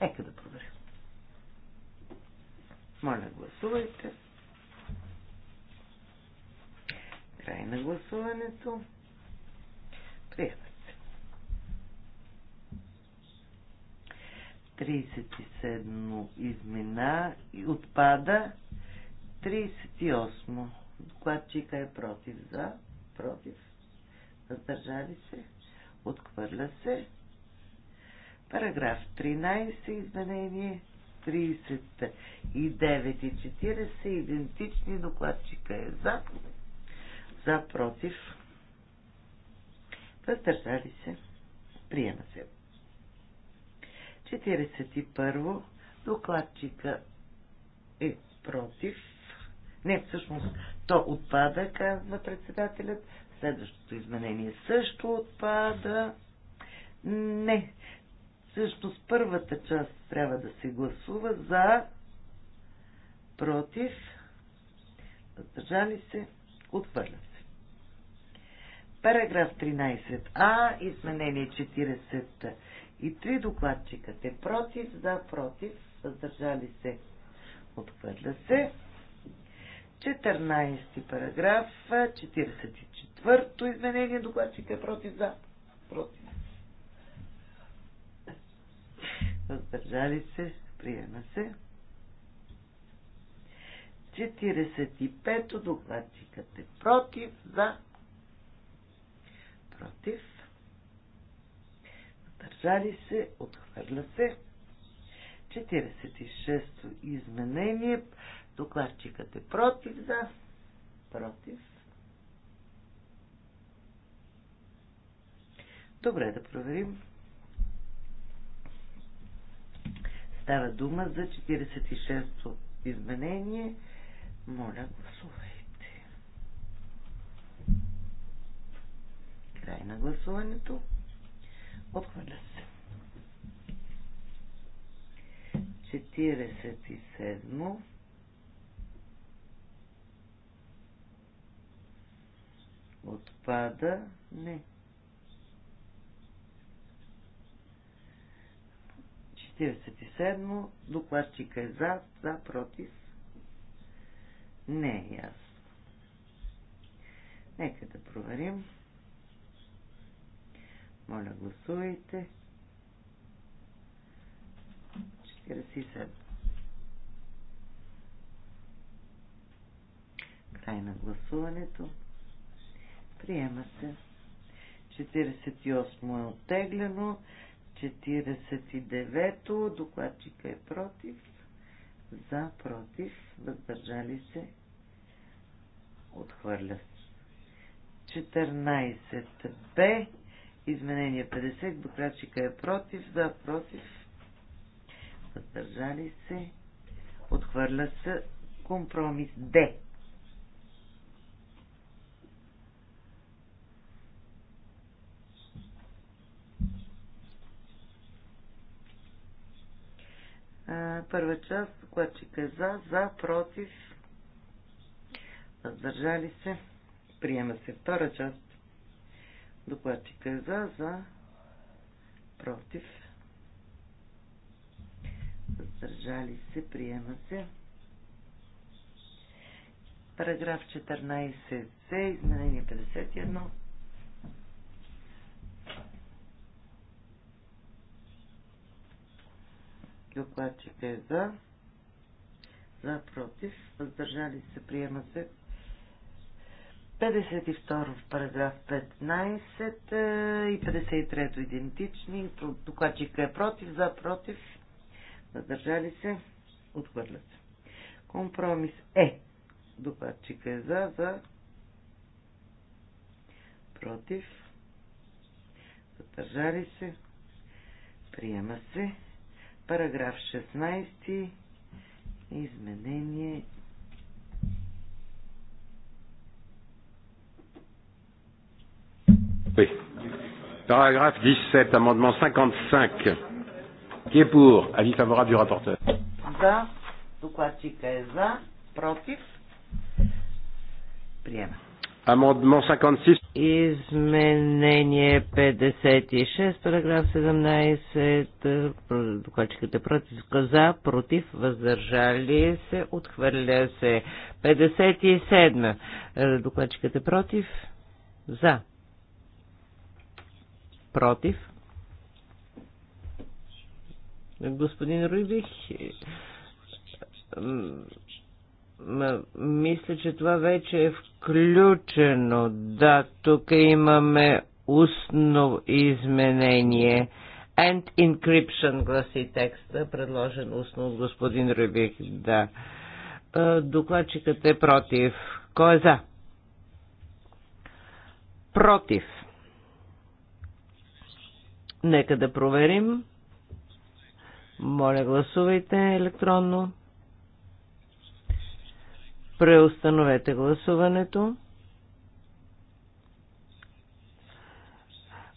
Нека да проверим. Моля, гласувайте. Край на гласуването. Приема се. 37 измина и отпада. 38. Докладчика е против. За. Против. Въздържали се. Отхвърля се. Параграф 13. Изменение 39 и 40 идентични. Докладчика е за. За, против. Въздържали се. Приема се. 41. Докладчика е против. Не, всъщност, то отпада, казва председателят. Следващото изменение също отпада. Не с първата част трябва да се гласува за, против, въздържали се, отхвърля се. Параграф 13а, изменение 43, докладчикът е против, за, против, въздържали се, отхвърля се. 14 параграф, 44-то изменение, докладчик е против, за, против въздържали се, приема се. 45-то докладчикът е против, за, против, въздържали се, отхвърля се. 46-то изменение, докладчикът е против, за, против. Добре, да проверим. Става дума за 46-то изменение. Моля, гласувайте. Край на гласуването. Отхвърля се. 47 отпада. Не, 47. Докладчика е за, за, против. Не е ясно. Нека да проверим. Моля, гласувайте. 47. Край на гласуването. Приема се. 48 е оттеглено. 49-то. Докладчика е против. За, против. Въздържали се. Отхвърля се. 14 Б. Изменение 50. Докладчика е против. За, против. Въздържали се. Отхвърля се. Компромис Д. Първа част, докладчика е за, за, против, въздържали се, приема се. Втора част, докладчика е за, за, против, въздържали се, приема се. Параграф 14 се, изменение 51 докладчика е за. За, против. Въздържали се, приема се. 52 в параграф 15 е, и 53 идентични. Докладчика е против, за, против. Въздържали се, отхвърлят се. Компромис е. Докладчика е за, за. Против. Въздържали се. Приема се. Параграф 16. Изменение.
Oui. Paragraphe 17, amendement 55. Qui est pour Avis favorable du rapporteur.
За. Докладчика е за. Против. Приема. Амендмент 56. Изменение 56, параграф 17. Докладчиката е против, за, против, въздържали се, отхвърля се. 57. Докладчиката е против, за, против. Господин Рубих, мисля, че това вече е включено. Да, тук имаме устно изменение. And encryption гласи текста, предложен устно от господин Рубик. Да. Е, докладчикът е против. Кой е за? Против. Нека да проверим. Моля, гласувайте електронно. Преустановете гласуването.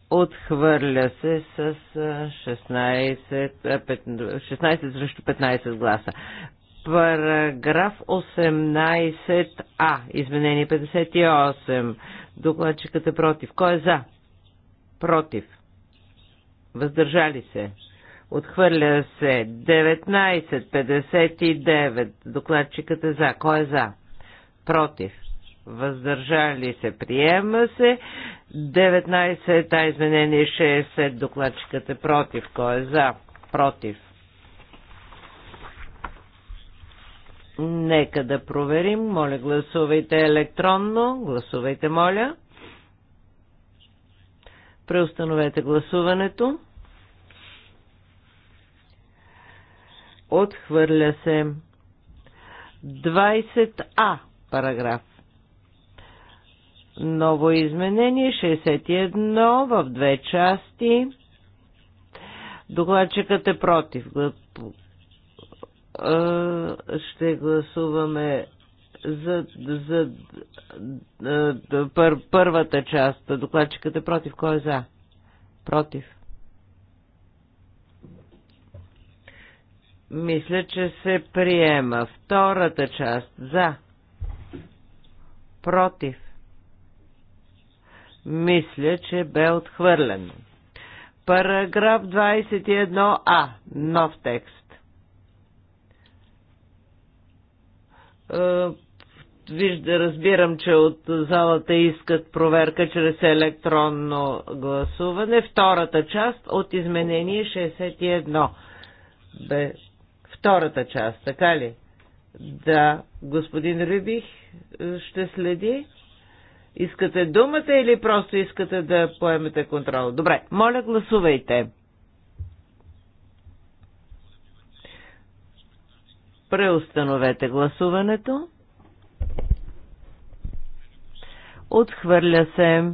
Отхвърля се с 16, 16 срещу 15 гласа. Параграф 18а, изменение 58. Докладчикът е против. Кой е за? Против. Въздържали се. Отхвърля се 19.59. Докладчикът е за. Кой е за? Против. Въздържали се. Приема се. 19. А изменение 60. Докладчикът е против. Кой е за? Против. Нека да проверим. Моля, гласувайте електронно. Гласувайте, моля. Преустановете гласуването. Отхвърля се. 20а параграф. Ново изменение 61 в две части. Докладчикът е против. Е, ще гласуваме за, за е, пър, първата част. Докладчикът е против. Кой е за? Против. Мисля, че се приема. Втората част. За. Против. Мисля, че бе отхвърлен. Параграф 21а. Нов текст. Е, вижда, разбирам, че от залата искат проверка чрез електронно гласуване. Втората част от изменение 61 бе втората част, така ли? Да, господин Рибих ще следи. Искате думата или просто искате да поемете контрол? Добре, моля гласувайте. Преустановете гласуването. Отхвърля се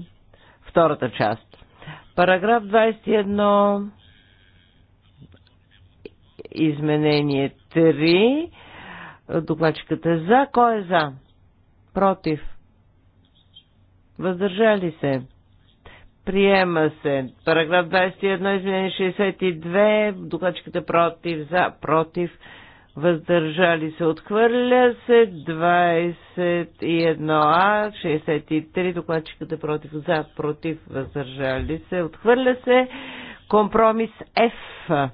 втората част. Параграф 21 Изменение 3. Докладчиката е за. Кой е за? Против. Въздържали се. Приема се. Параграф 21, изменение 62. Докладчиката е против, за, против. Въздържали се. Отхвърля се. 21А, 63. Докладчиката е против, за, против. Въздържали се. Отхвърля се. Компромис F.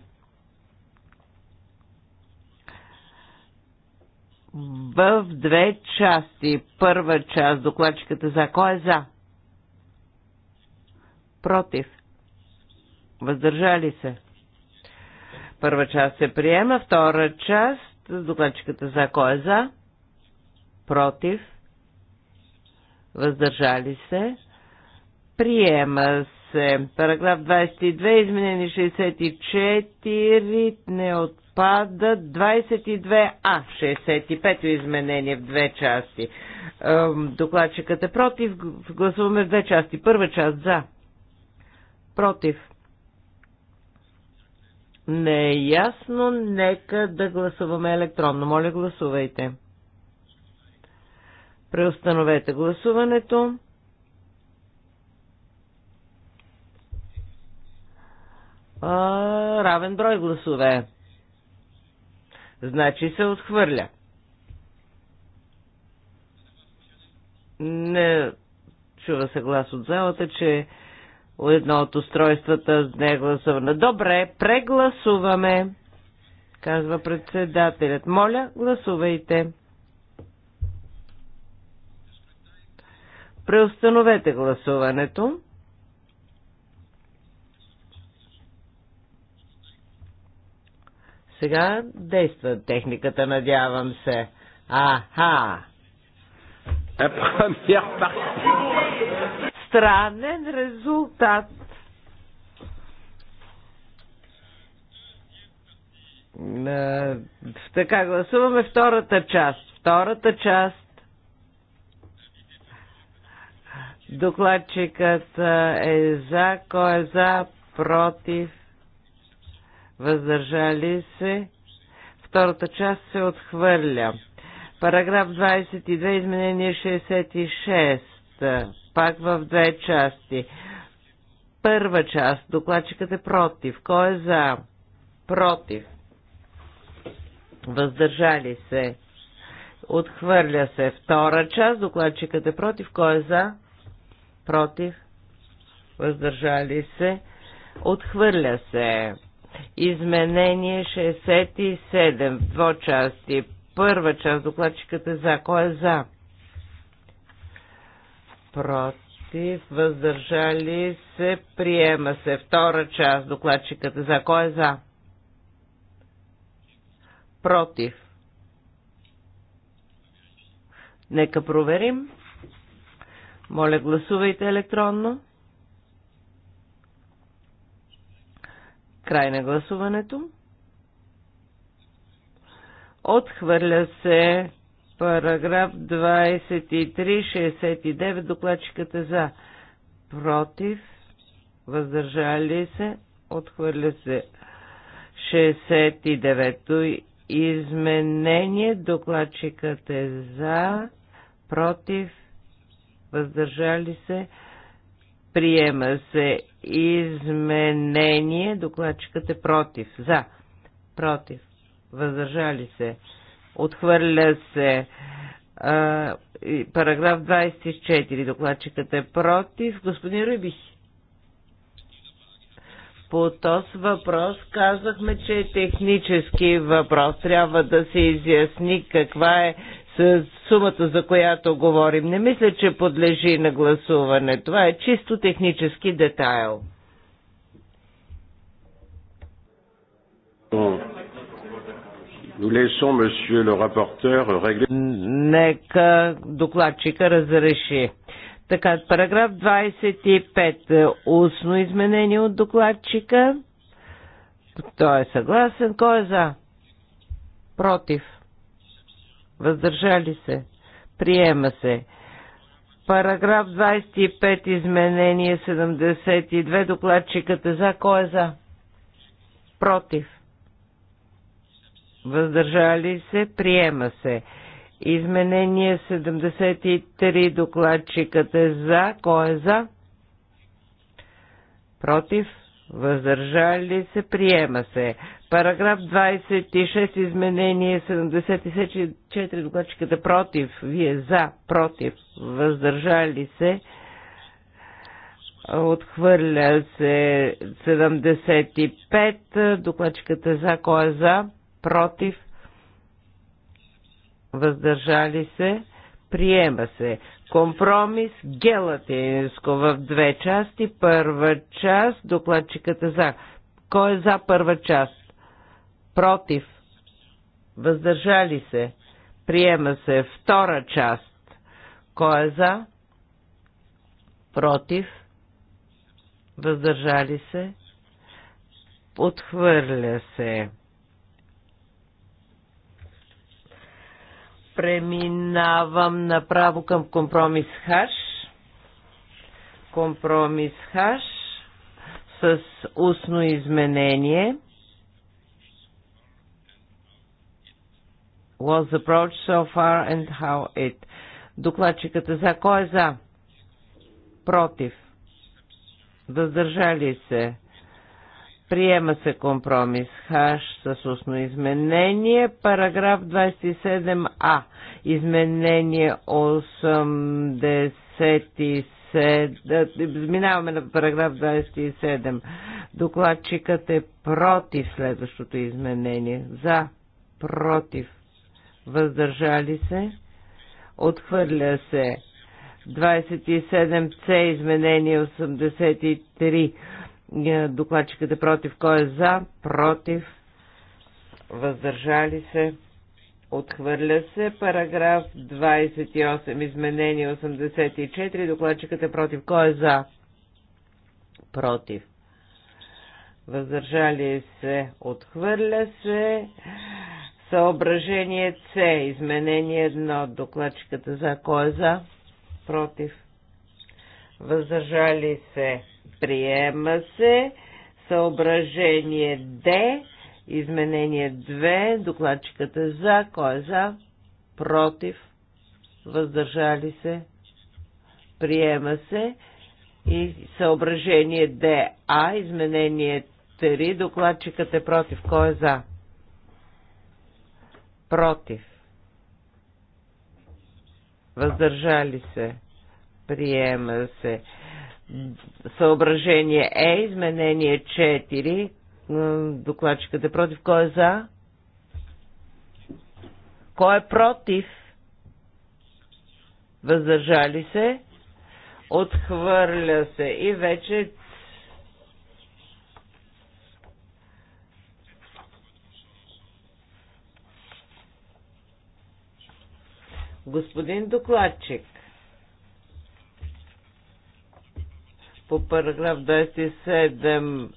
в две части. Първа част докладчиката за. Кой е за? Против. Въздържали се. Първа част се приема, втора част докладчиката за. Кой е за? Против. Въздържали се. Приема се. Параграф 22, изменени 64, не от Пада 22А, 65-то изменение в две части. Докладчикът е против, гласуваме в две части. Първа част за, против. Не е ясно, нека да гласуваме електронно. Моля, гласувайте. Преустановете гласуването. А, равен брой гласове. Значи се отхвърля. Не чува се глас от залата, че едно от устройствата не е гласувано. Добре, прегласуваме, казва председателят. Моля, гласувайте. Преустановете гласуването. Сега действа техниката, надявам се. Аха! Странен резултат. Така, гласуваме втората част. Втората част Докладчикът е за, кой е за, против, въздържали се. Втората част се отхвърля. Параграф 22, изменение 66, пак в две части. Първа част, докладчикът е против. Кой е за? Против. Въздържали се. Отхвърля се. Втора част, докладчикът е против. Кой е за? Против. Въздържали се. Отхвърля се. Изменение 67 в две части. Първа част докладчиката е за. Кой е за? Против. Въздържали се. Приема се. Втора част докладчиката е за. Кой е за? Против. Нека проверим. Моля, гласувайте електронно. Край на гласуването. Отхвърля се параграф 2369. Докладчиката за. Против. Въздържали се. Отхвърля се 69-то изменение. Докладчикът е за. Против. Въздържали се. Приема се изменение. Докладчикът е против. За. Против. Въздържали се. Отхвърля се. А, параграф 24. Докладчикът е против. Господин Рибих. По този въпрос казахме, че е технически въпрос. Трябва да се изясни каква е сумата, за която говорим, не мисля, че подлежи на гласуване. Това е чисто технически детайл.
Нека
докладчика разреши. Така, параграф 25. Устно изменение от докладчика. Той е съгласен. Кой е за? Против. Въздържали се. Приема се. Параграф 25, изменение 72, докладчикът е за. Кой е за? Против. Въздържали се. Приема се. Изменение 73, докладчикът е за. Кой е за? Против. Въздържали се, приема се. Параграф 26, изменение 74, докладчиката против, вие за, против, въздържали се. Отхвърля се 75, докладчиката за, кой е за, против, въздържали се, приема се. Компромис гелатинско в две части. Първа част, докладчиката за. Кой е за първа част? Против. Въздържали се. Приема се втора част. Кой е за? Против. Въздържали се. Отхвърля се. Преминавам направо към компромис хаш. Компромис хаш с устно изменение. Was approach, so far and how it. Докладчиката за кой е за? Против. Въздържали се. Приема се компромис ХАШ с устно изменение. Параграф 27а. Изменение 87. Минаваме на параграф 27. Докладчикът е против следващото изменение. За. Против. Въздържали се. Отхвърля се. 27c изменение 83 е, докладчикът е против. Кой е за? Против. Въздържали се. Отхвърля се. Параграф 28. Изменение 84. Докладчикът е против. Кой е за? Против. Въздържали се. Отхвърля се. Съображение С. Изменение 1. Докладчиката е за. Кой е за? Против. Въздържали се. Приема се съображение Д, изменение 2, докладчикът е за, кой е за, против, въздържали се, приема се и съображение ДА, изменение 3, докладчикът е против, кой е за, против, въздържали се, приема се. Съображение Е, изменение 4. Докладчикът е против. Кой е за? Кой е против? Въздържали се? Отхвърля се. И вече Господин докладчик, по параграф 27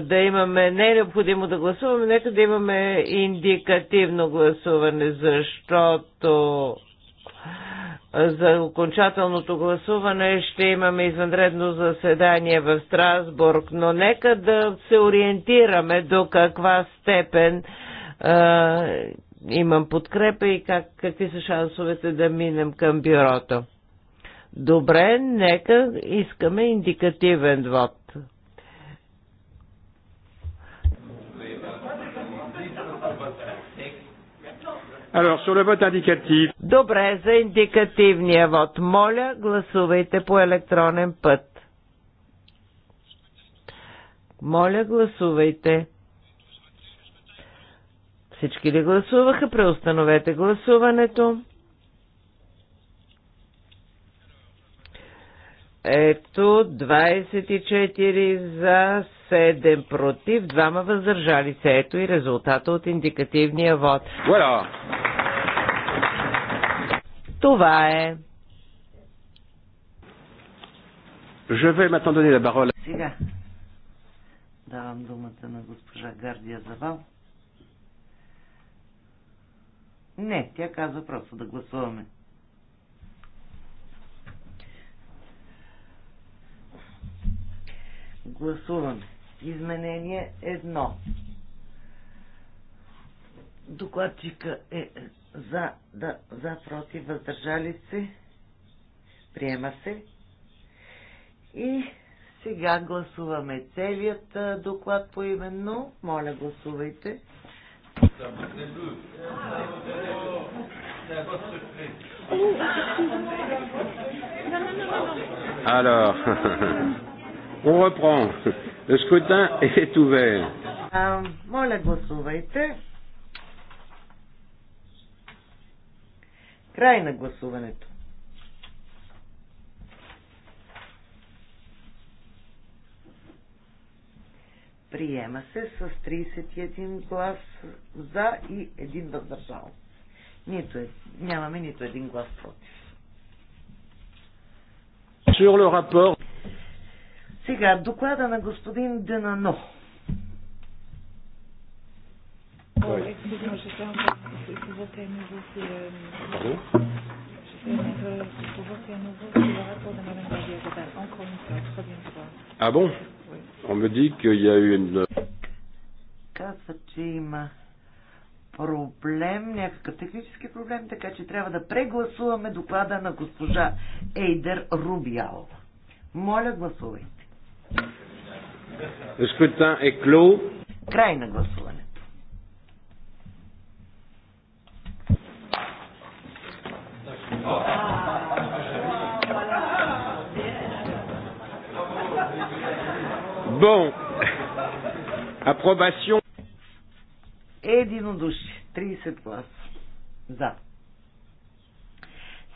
да имаме, не е необходимо да гласуваме, нека да имаме индикативно гласуване, защото за окончателното гласуване ще имаме извънредно заседание в Страсбург, но нека да се ориентираме до каква степен а, имам подкрепа и как, какви са шансовете да минем към бюрото. Добре, нека искаме индикативен вод. Добре, за индикативния вод. Моля, гласувайте по електронен път. Моля, гласувайте. Всички ли гласуваха? Преустановете гласуването. Ето 24 за 7 против, двама въздържали се. Ето и резултата от индикативния вод. Voilà. Това е.
Je vais maintenant donner la parole.
Сега давам думата на госпожа Гардия Завал. Не, тя каза просто да гласуваме. Гласуваме. Изменение едно. Докладчика е за, да, за, против, въздържали се. Приема се. И сега гласуваме целият доклад по именно. Моля, гласувайте.
Alors. On reprend. Le scrutin est ouvert.
моля, гласувайте. Край на гласуването. Приема се с 31 глас за и един въздържал. Нито е, нямаме нито един глас против. Sur le rapport сега, доклада на господин Денано.
А бон? On me dit qu'il y a eu une...
Казва, че има проблем, някакъв технически проблем, така че трябва да прегласуваме доклада на госпожа Ейдер Рубиал. Моля, гласувайте. Le scrutin е клю. Край на гласуване. Бон. Апробацион. Единодушие. 30 гласа. За.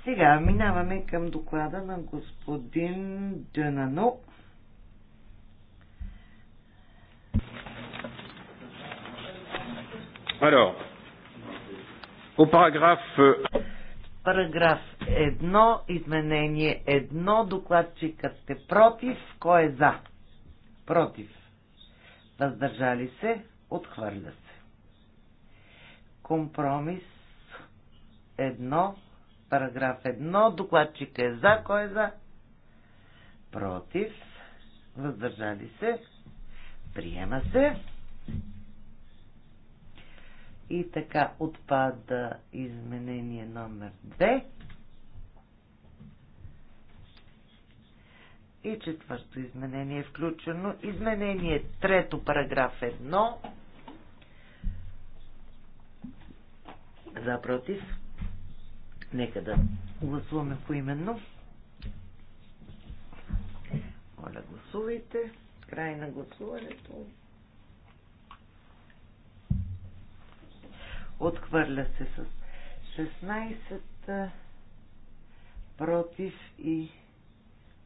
Сега минаваме към доклада на господин Дънанов.
Alors, au paragraphe... Euh,
параграф 1, изменение 1, докладчикът е против, кой е за? Против. Въздържали се, отхвърля се. Компромис 1, параграф 1, докладчик е за, кой е за? Против, въздържали се, приема се. И така отпада изменение номер 2. И четвърто изменение е включено. Изменение трето, параграф 1. За против. Нека да гласуваме поименно. Моля, гласувайте. Край на гласуването. Отхвърля се с 16 против и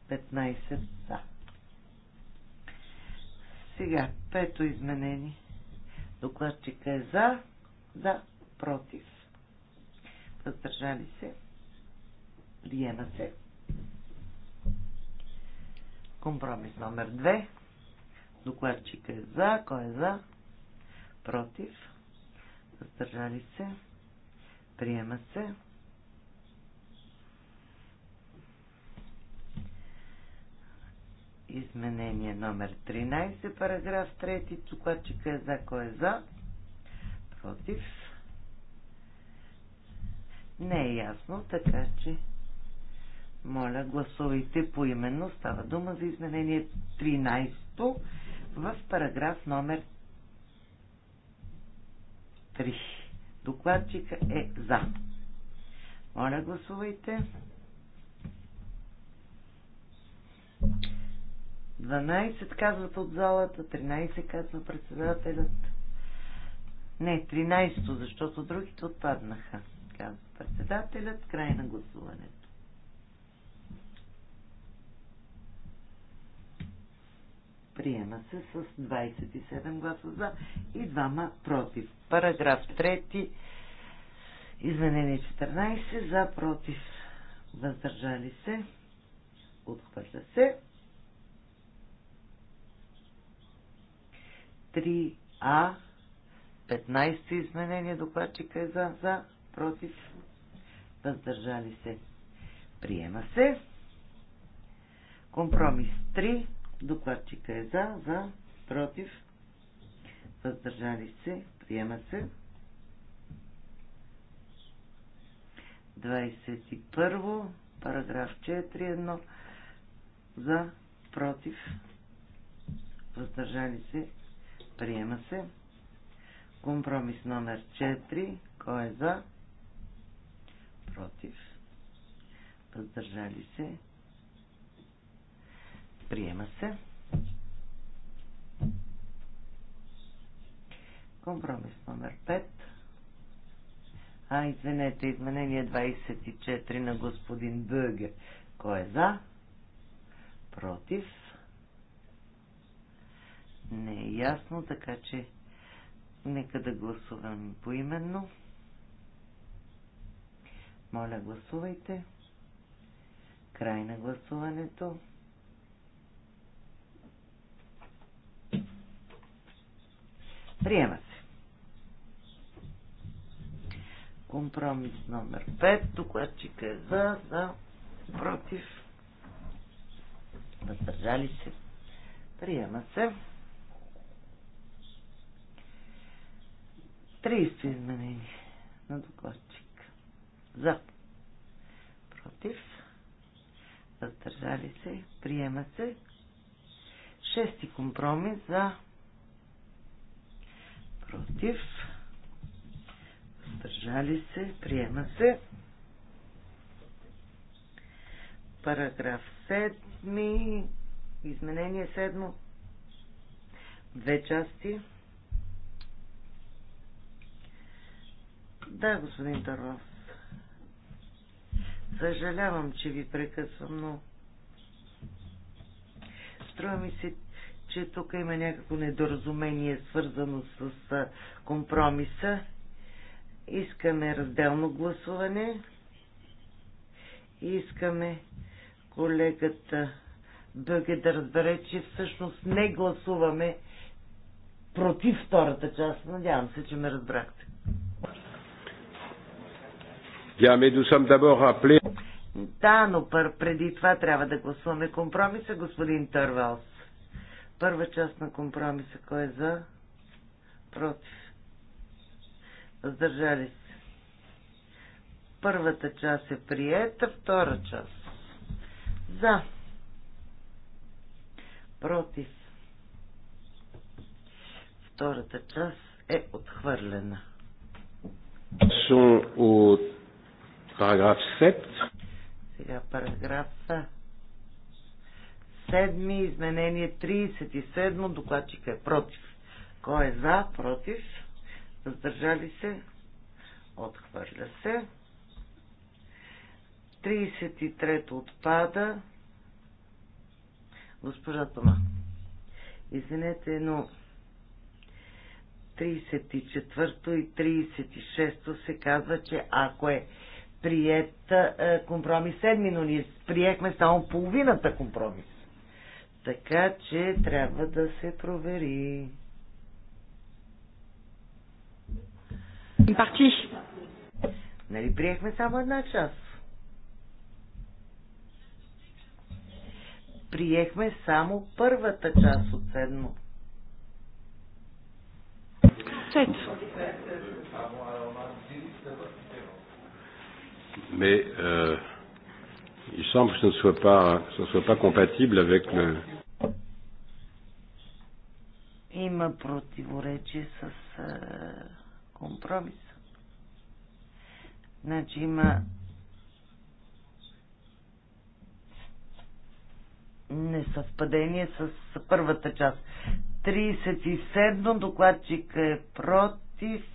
15 за. Сега, пето изменение. Докладчика е за, за, против. Въздържали се. Приема се. Компромис номер 2. Докладчика е за, кой е за, против въздържали се, приема се. Изменение номер 13, параграф 3, докладчика е за, кой е за, против. Не е ясно, така че моля, гласувайте поименно. Става дума за изменение 13 в параграф номер 3. 3. Докладчика е за. Моля, гласувайте. 12 казват от залата, 13 казва председателят. Не, 13, защото другите отпаднаха, казва председателят. Край на гласуването. Приема се с 27 гласа за и 2 против. Параграф 3. Изменение 14. За против. Въздържали се. Отхвърля се. 3А. 15 изменение докладчика е за, за, против, въздържали се. Приема се. Компромис 3 Докладчика е за, за, против, въздържали се, приема се. 21, параграф 4.1, за, против, въздържали се, приема се. Компромис номер 4, кой е за, против, въздържали се, Приема се. Компромис номер 5. А, извинете, изменение 24 на господин Бъге. Кой е за? Против? Не е ясно, така че нека да гласуваме поименно. Моля, гласувайте. Край на гласуването. Приема се. Компромис номер 5. тук е за, за, против. Въздържали се. Приема се. 30 изменения на докладчик. За. Против. Въздържали се. Приема се. Шести компромис за против, въздържали се, приема се. Параграф 7, изменение 7, две части. Да, господин Тарлов. Съжалявам, че ви прекъсвам, но струва ми се, че тук има някакво недоразумение, свързано с компромиса. Искаме разделно гласуване. Искаме колегата Бъге да разбере, че всъщност не гласуваме против втората част. Надявам се, че ме разбрахте.
Bien, mais nous sommes
Да, но преди това трябва да гласуваме компромиса, господин Тървалс. Първа част на компромиса, кой е за? Против. Въздържали се. Първата част е приета, втора част. За. Против. Втората част е отхвърлена.
От параграф 7.
Сега параграф 7 седми, изменение 37, докладчика е против. Кой е за, против, въздържали се, отхвърля се. 33 отпада. Госпожа Тома. Извинете, но 34 и 36 се казва, че ако е прият е, компромис 7, но ние приехме само половината компромис. Така че трябва да се провери. Парти. Нали приехме само една част? Приехме само първата част от седмо. Чето.
Mais euh, il semble que ce ne soit pas, ce ne soit pas compatible avec le,
има противоречие с а, е, компромиса. Значи има несъвпадение с първата част. 37 докладчик е против.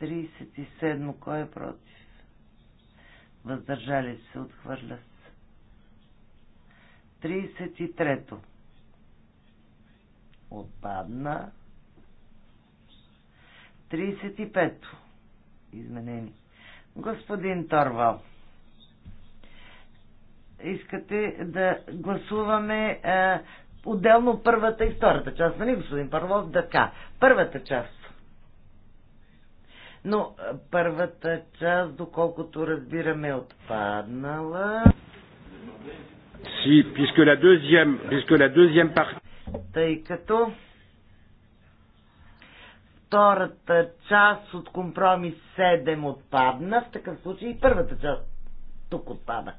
37 кой е против? Въздържали се, отхвърля се. 33-то отпадна. 35-то изменение. Господин Торвал, искате да гласуваме е, отделно първата и втората част, нали, господин Парлов? Така, първата част. Но е, първата част, доколкото разбираме, е отпаднала.
Си, puisque la deuxième, puisque la
deuxième partie тъй като втората част от компромис 7 отпадна, в такъв случай и първата част тук отпада.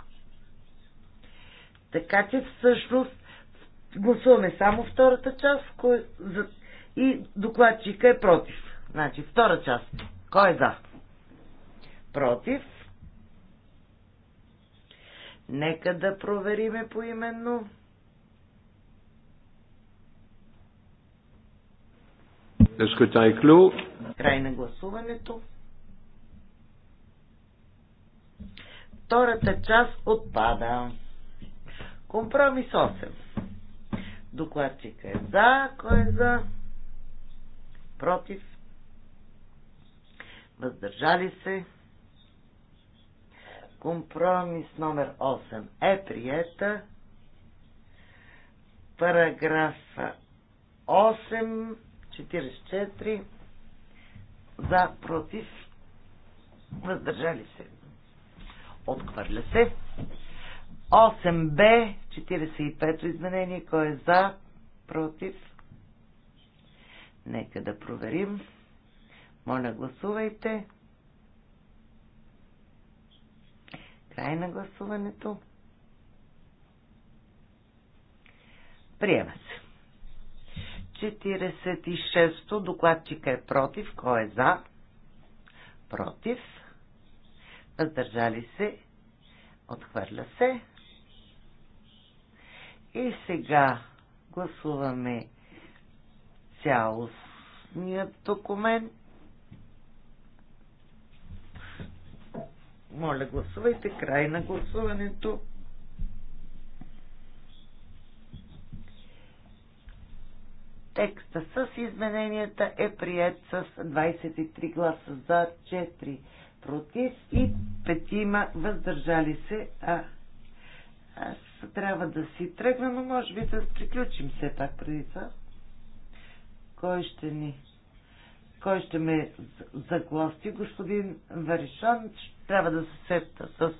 Така че всъщност гласуваме само втората част кой, за, и докладчика е против. Значи втора част. Кой е за? Против. Нека да провериме поименно. именно.
Le scrutin est clos.
Край на гласуването. Втората част отпада. Компромис 8. Докладчика е за, кой е за? Против? Въздържали се? Компромис номер 8 е приета. Параграф 8 44 за, против, въздържали се. Отхвърля се. 8Б, 45 изменение, кой е за, против. Нека да проверим. Моля, гласувайте. Край на гласуването. Приема се. 46-то докладчика е против. Кой е за? Против. Въздържали се. Отхвърля се. И сега гласуваме цялостният документ. Моля, гласувайте край на гласуването. Текста с измененията е прият с 23 гласа за 4 против и 5. въздържали се. А, аз трябва да си тръгна, но може би да приключим все пак преди това. Кой ще ни кой ще ме загласти, господин Варишан. Трябва да се сета с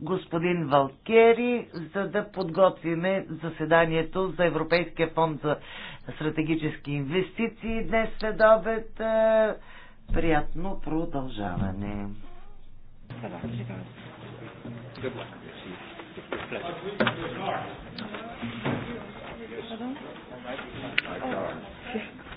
господин Валкери, за да подготвиме заседанието за Европейския фонд за стратегически инвестиции днес след обед. Е, приятно продължаване.
Good luck.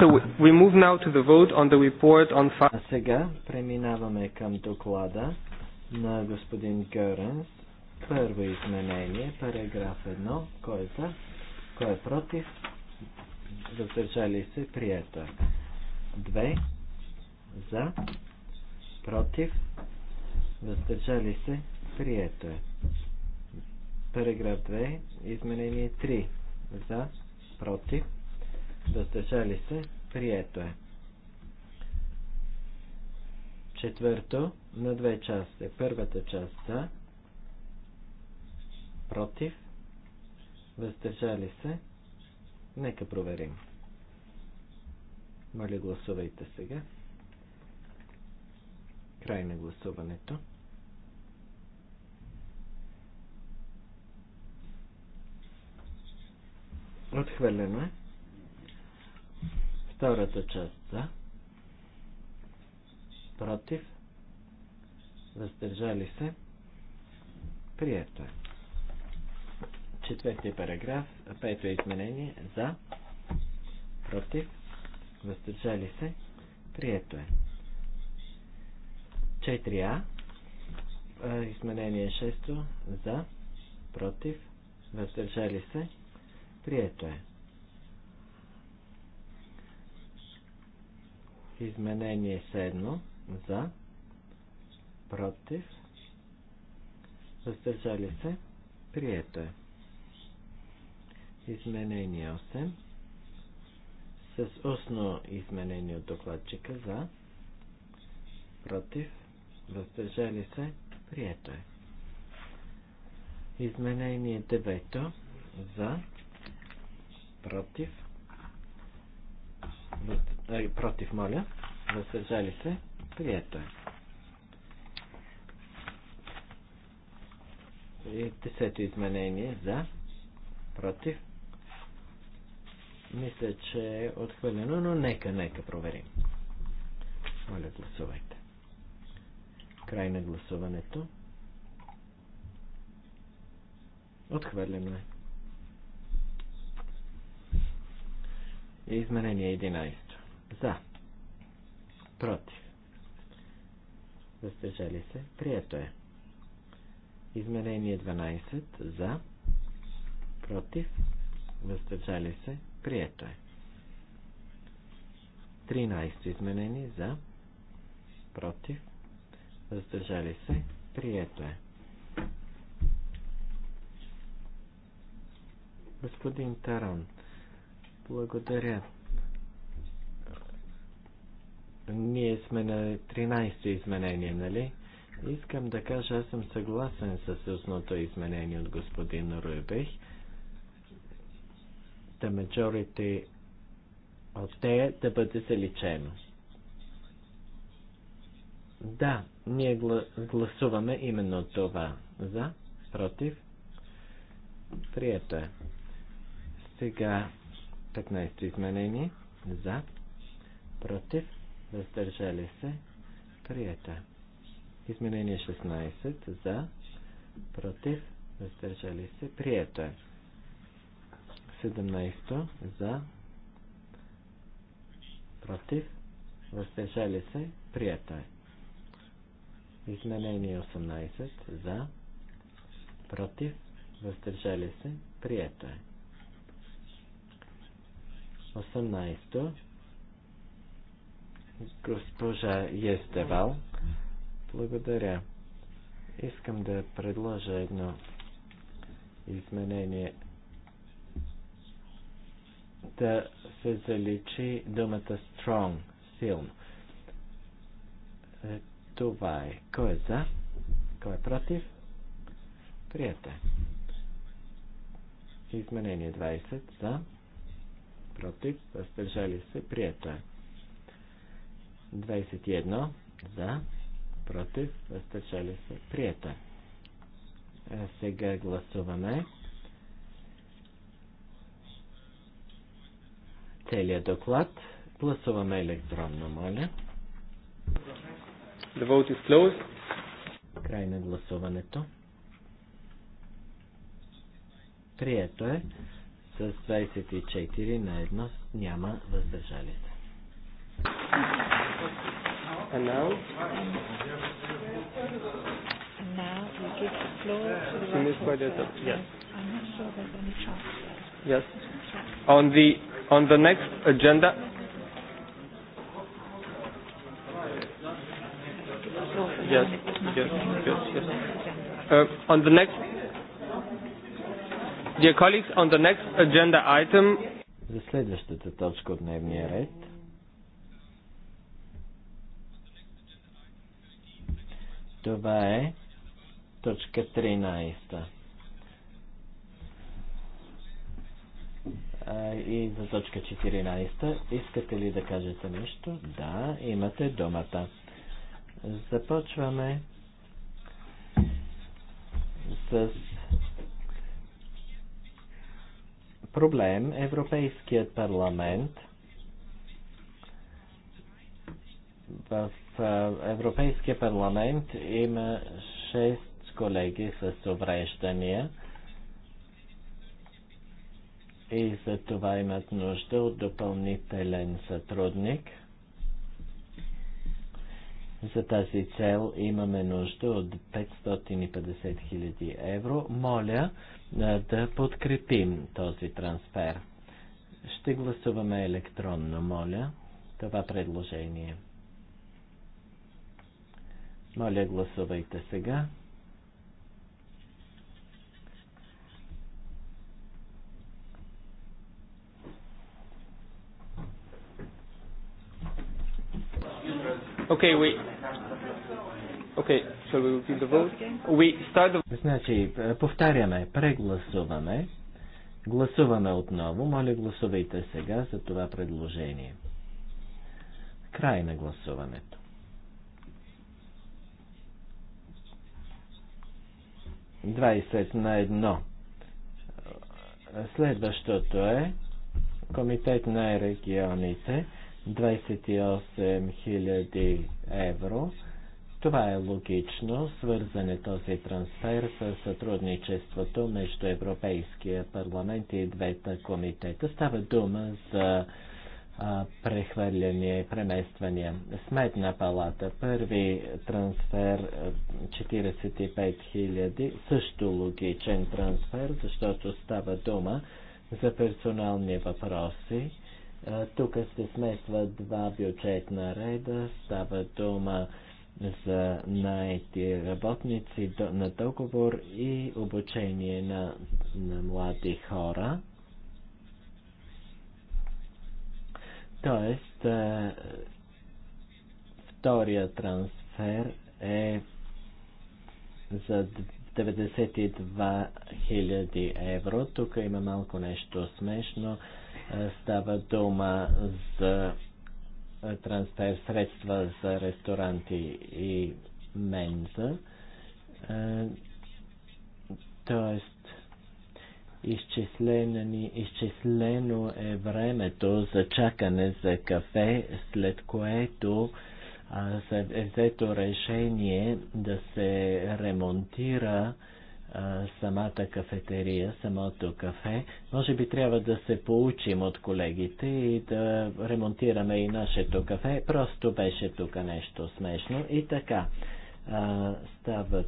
So we move now to the vote on the report on... А сега преминаваме към доклада на господин Гъренс. Първо изменение, параграф 1. Кой е за? Кой е против? Въздържали се, прието. 2. За. Против. Въздържали се, прието е. Параграф 2. Изменение 3. За. Против въздържали се, прието е. Четвърто, на две части. Първата част за, против, въздържали се, нека проверим. Моля, гласувайте сега. Край на гласуването. Отхвърлено е. Втората част за. Против. Въздържали се. Прието е. Четвърти параграф. Пето е изменение. За. Против. Въздържали се. Прието е. 4А. Изменение 6. За. Против. Въздържали се. Прието е. Изменение 7 за, против, въздържали се, прието е. Изменение 8 с устно изменение от докладчика за, против, въздържали се, прието е. Изменение 9 за, против, е, против, моля, въздържали се, прието е. И десето изменение за, против, мисля, че е отхвърлено, но нека, нека проверим. Моля, гласувайте. Край на гласуването. Отхвърлено е. Изменение 11. За. Против. Въздържали се. Прието е. Изменение 12. За. Против. Въздържали се. Прието е. 13 изменение за, против, въздържали се, прието е. Господин Тарант. Благодаря. Ние сме на 13-то изменение, нали? Искам да кажа, аз съм съгласен с устното изменение от господин Руйбех. Да majority от те да бъде заличено. Да, ние гласуваме именно това. За, против, прието е. Сега 15 изменение. За. Против. Въздържали се. Приета. Изменение 16. За. Против. Въздържали се. Прието е. 17. За. Против. Въздържали се. Прието е. Изменение 18. За. Против. Въздържали се. Прието е. 18-то. Госпожа Естевал, благодаря. Искам да предложа едно изменение. Да се заличи думата strong, силно. Е, това е. Кой е за? Кой е против? Приятел. Изменение 20 за против, въздържали се, прието е. 21 за, против, въздържали се, прието е. А сега гласуваме целият доклад. Гласуваме електронно, моля. The vote is closed. Край на гласуването. Прието е с 24 на едно няма въздържали се.
And now? give the floor to the I'm not sure there's any chance.
Yes. On the on the next agenda.
Yes. Yes. Yes. Yes. Uh, on the next Dear colleagues, on the next
agenda item...
За следващата точка от дневния ред. Това е точка 13. и за точка 14. Искате ли да кажете нещо? Да, имате думата. Започваме с проблем Европейският парламент в Европейския парламент има 6 колеги с увреждания и за това имат нужда от допълнителен сътрудник. За тази цел имаме нужда от 550 000 евро. Моля, да подкрепим този трансфер. Ще гласуваме електронно, моля, това предложение. Моля, гласувайте сега. Okay, we Okay, shall we repeat the vote? We start the... Е, значи, е, повтаряме, прегласуваме. Гласуваме отново. Моля, гласувайте сега за това предложение. Край на гласуването. Двайсет на едно. Следващото е Комитет на регионите 28 000 евро това е логично, свързане този трансфер с сътрудничеството между Европейския парламент и двете комитета. Става дума за а, прехвърляне, премествания. Сметна палата, първи трансфер 45 000, също логичен трансфер, защото става дума за персонални въпроси. Тук се смесва два бюджетна реда, става дума за наети работници на договор и обучение на, на млади хора. Тоест, втория трансфер е за 92 000 евро. Тук има малко нещо смешно. Става дума за е, трансфер средства за ресторанти и менза. Е, тоест, изчислено е времето за чакане за кафе, след което е взето решение да се ремонтира самата кафетерия, самото кафе. Може би трябва да се получим от колегите и да ремонтираме и нашето кафе. Просто беше тук нещо смешно и така. А, става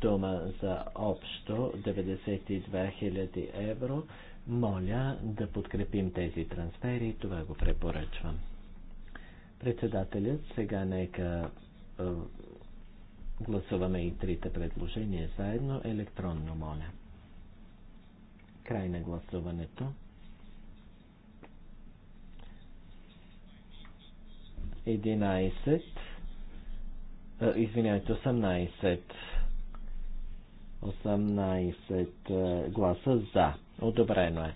дума за общо 92 000 евро. Моля да подкрепим тези трансфери, това го препоръчвам. Председателят сега нека Гласуваме и трите предложения заедно електронно, моля. Край на гласуването. Единайсет. Извинявайте, 18. 18 гласа за. Одобрено е.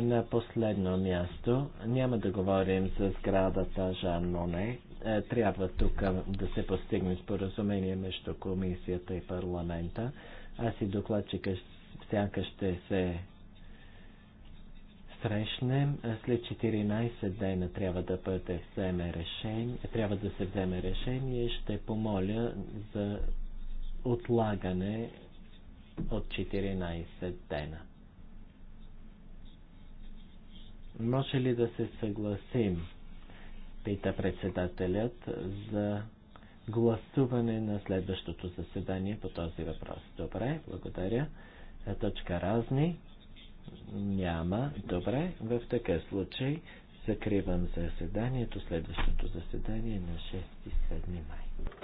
На последно място няма да говорим за сградата Жан Моне, е, трябва тук да се постигне споразумение между комисията и парламента. Аз и докладчика всяка ще се срещнем. Е, след 14 дена трябва да бъде вземе решение, трябва да се вземе решение. Ще помоля за отлагане от 14 дена. Може ли да се съгласим? пита председателят за гласуване на следващото заседание по този въпрос. Добре, благодаря. Е, точка разни. Няма. Добре, в такъв случай закривам заседанието. Следващото заседание на 6-7 май.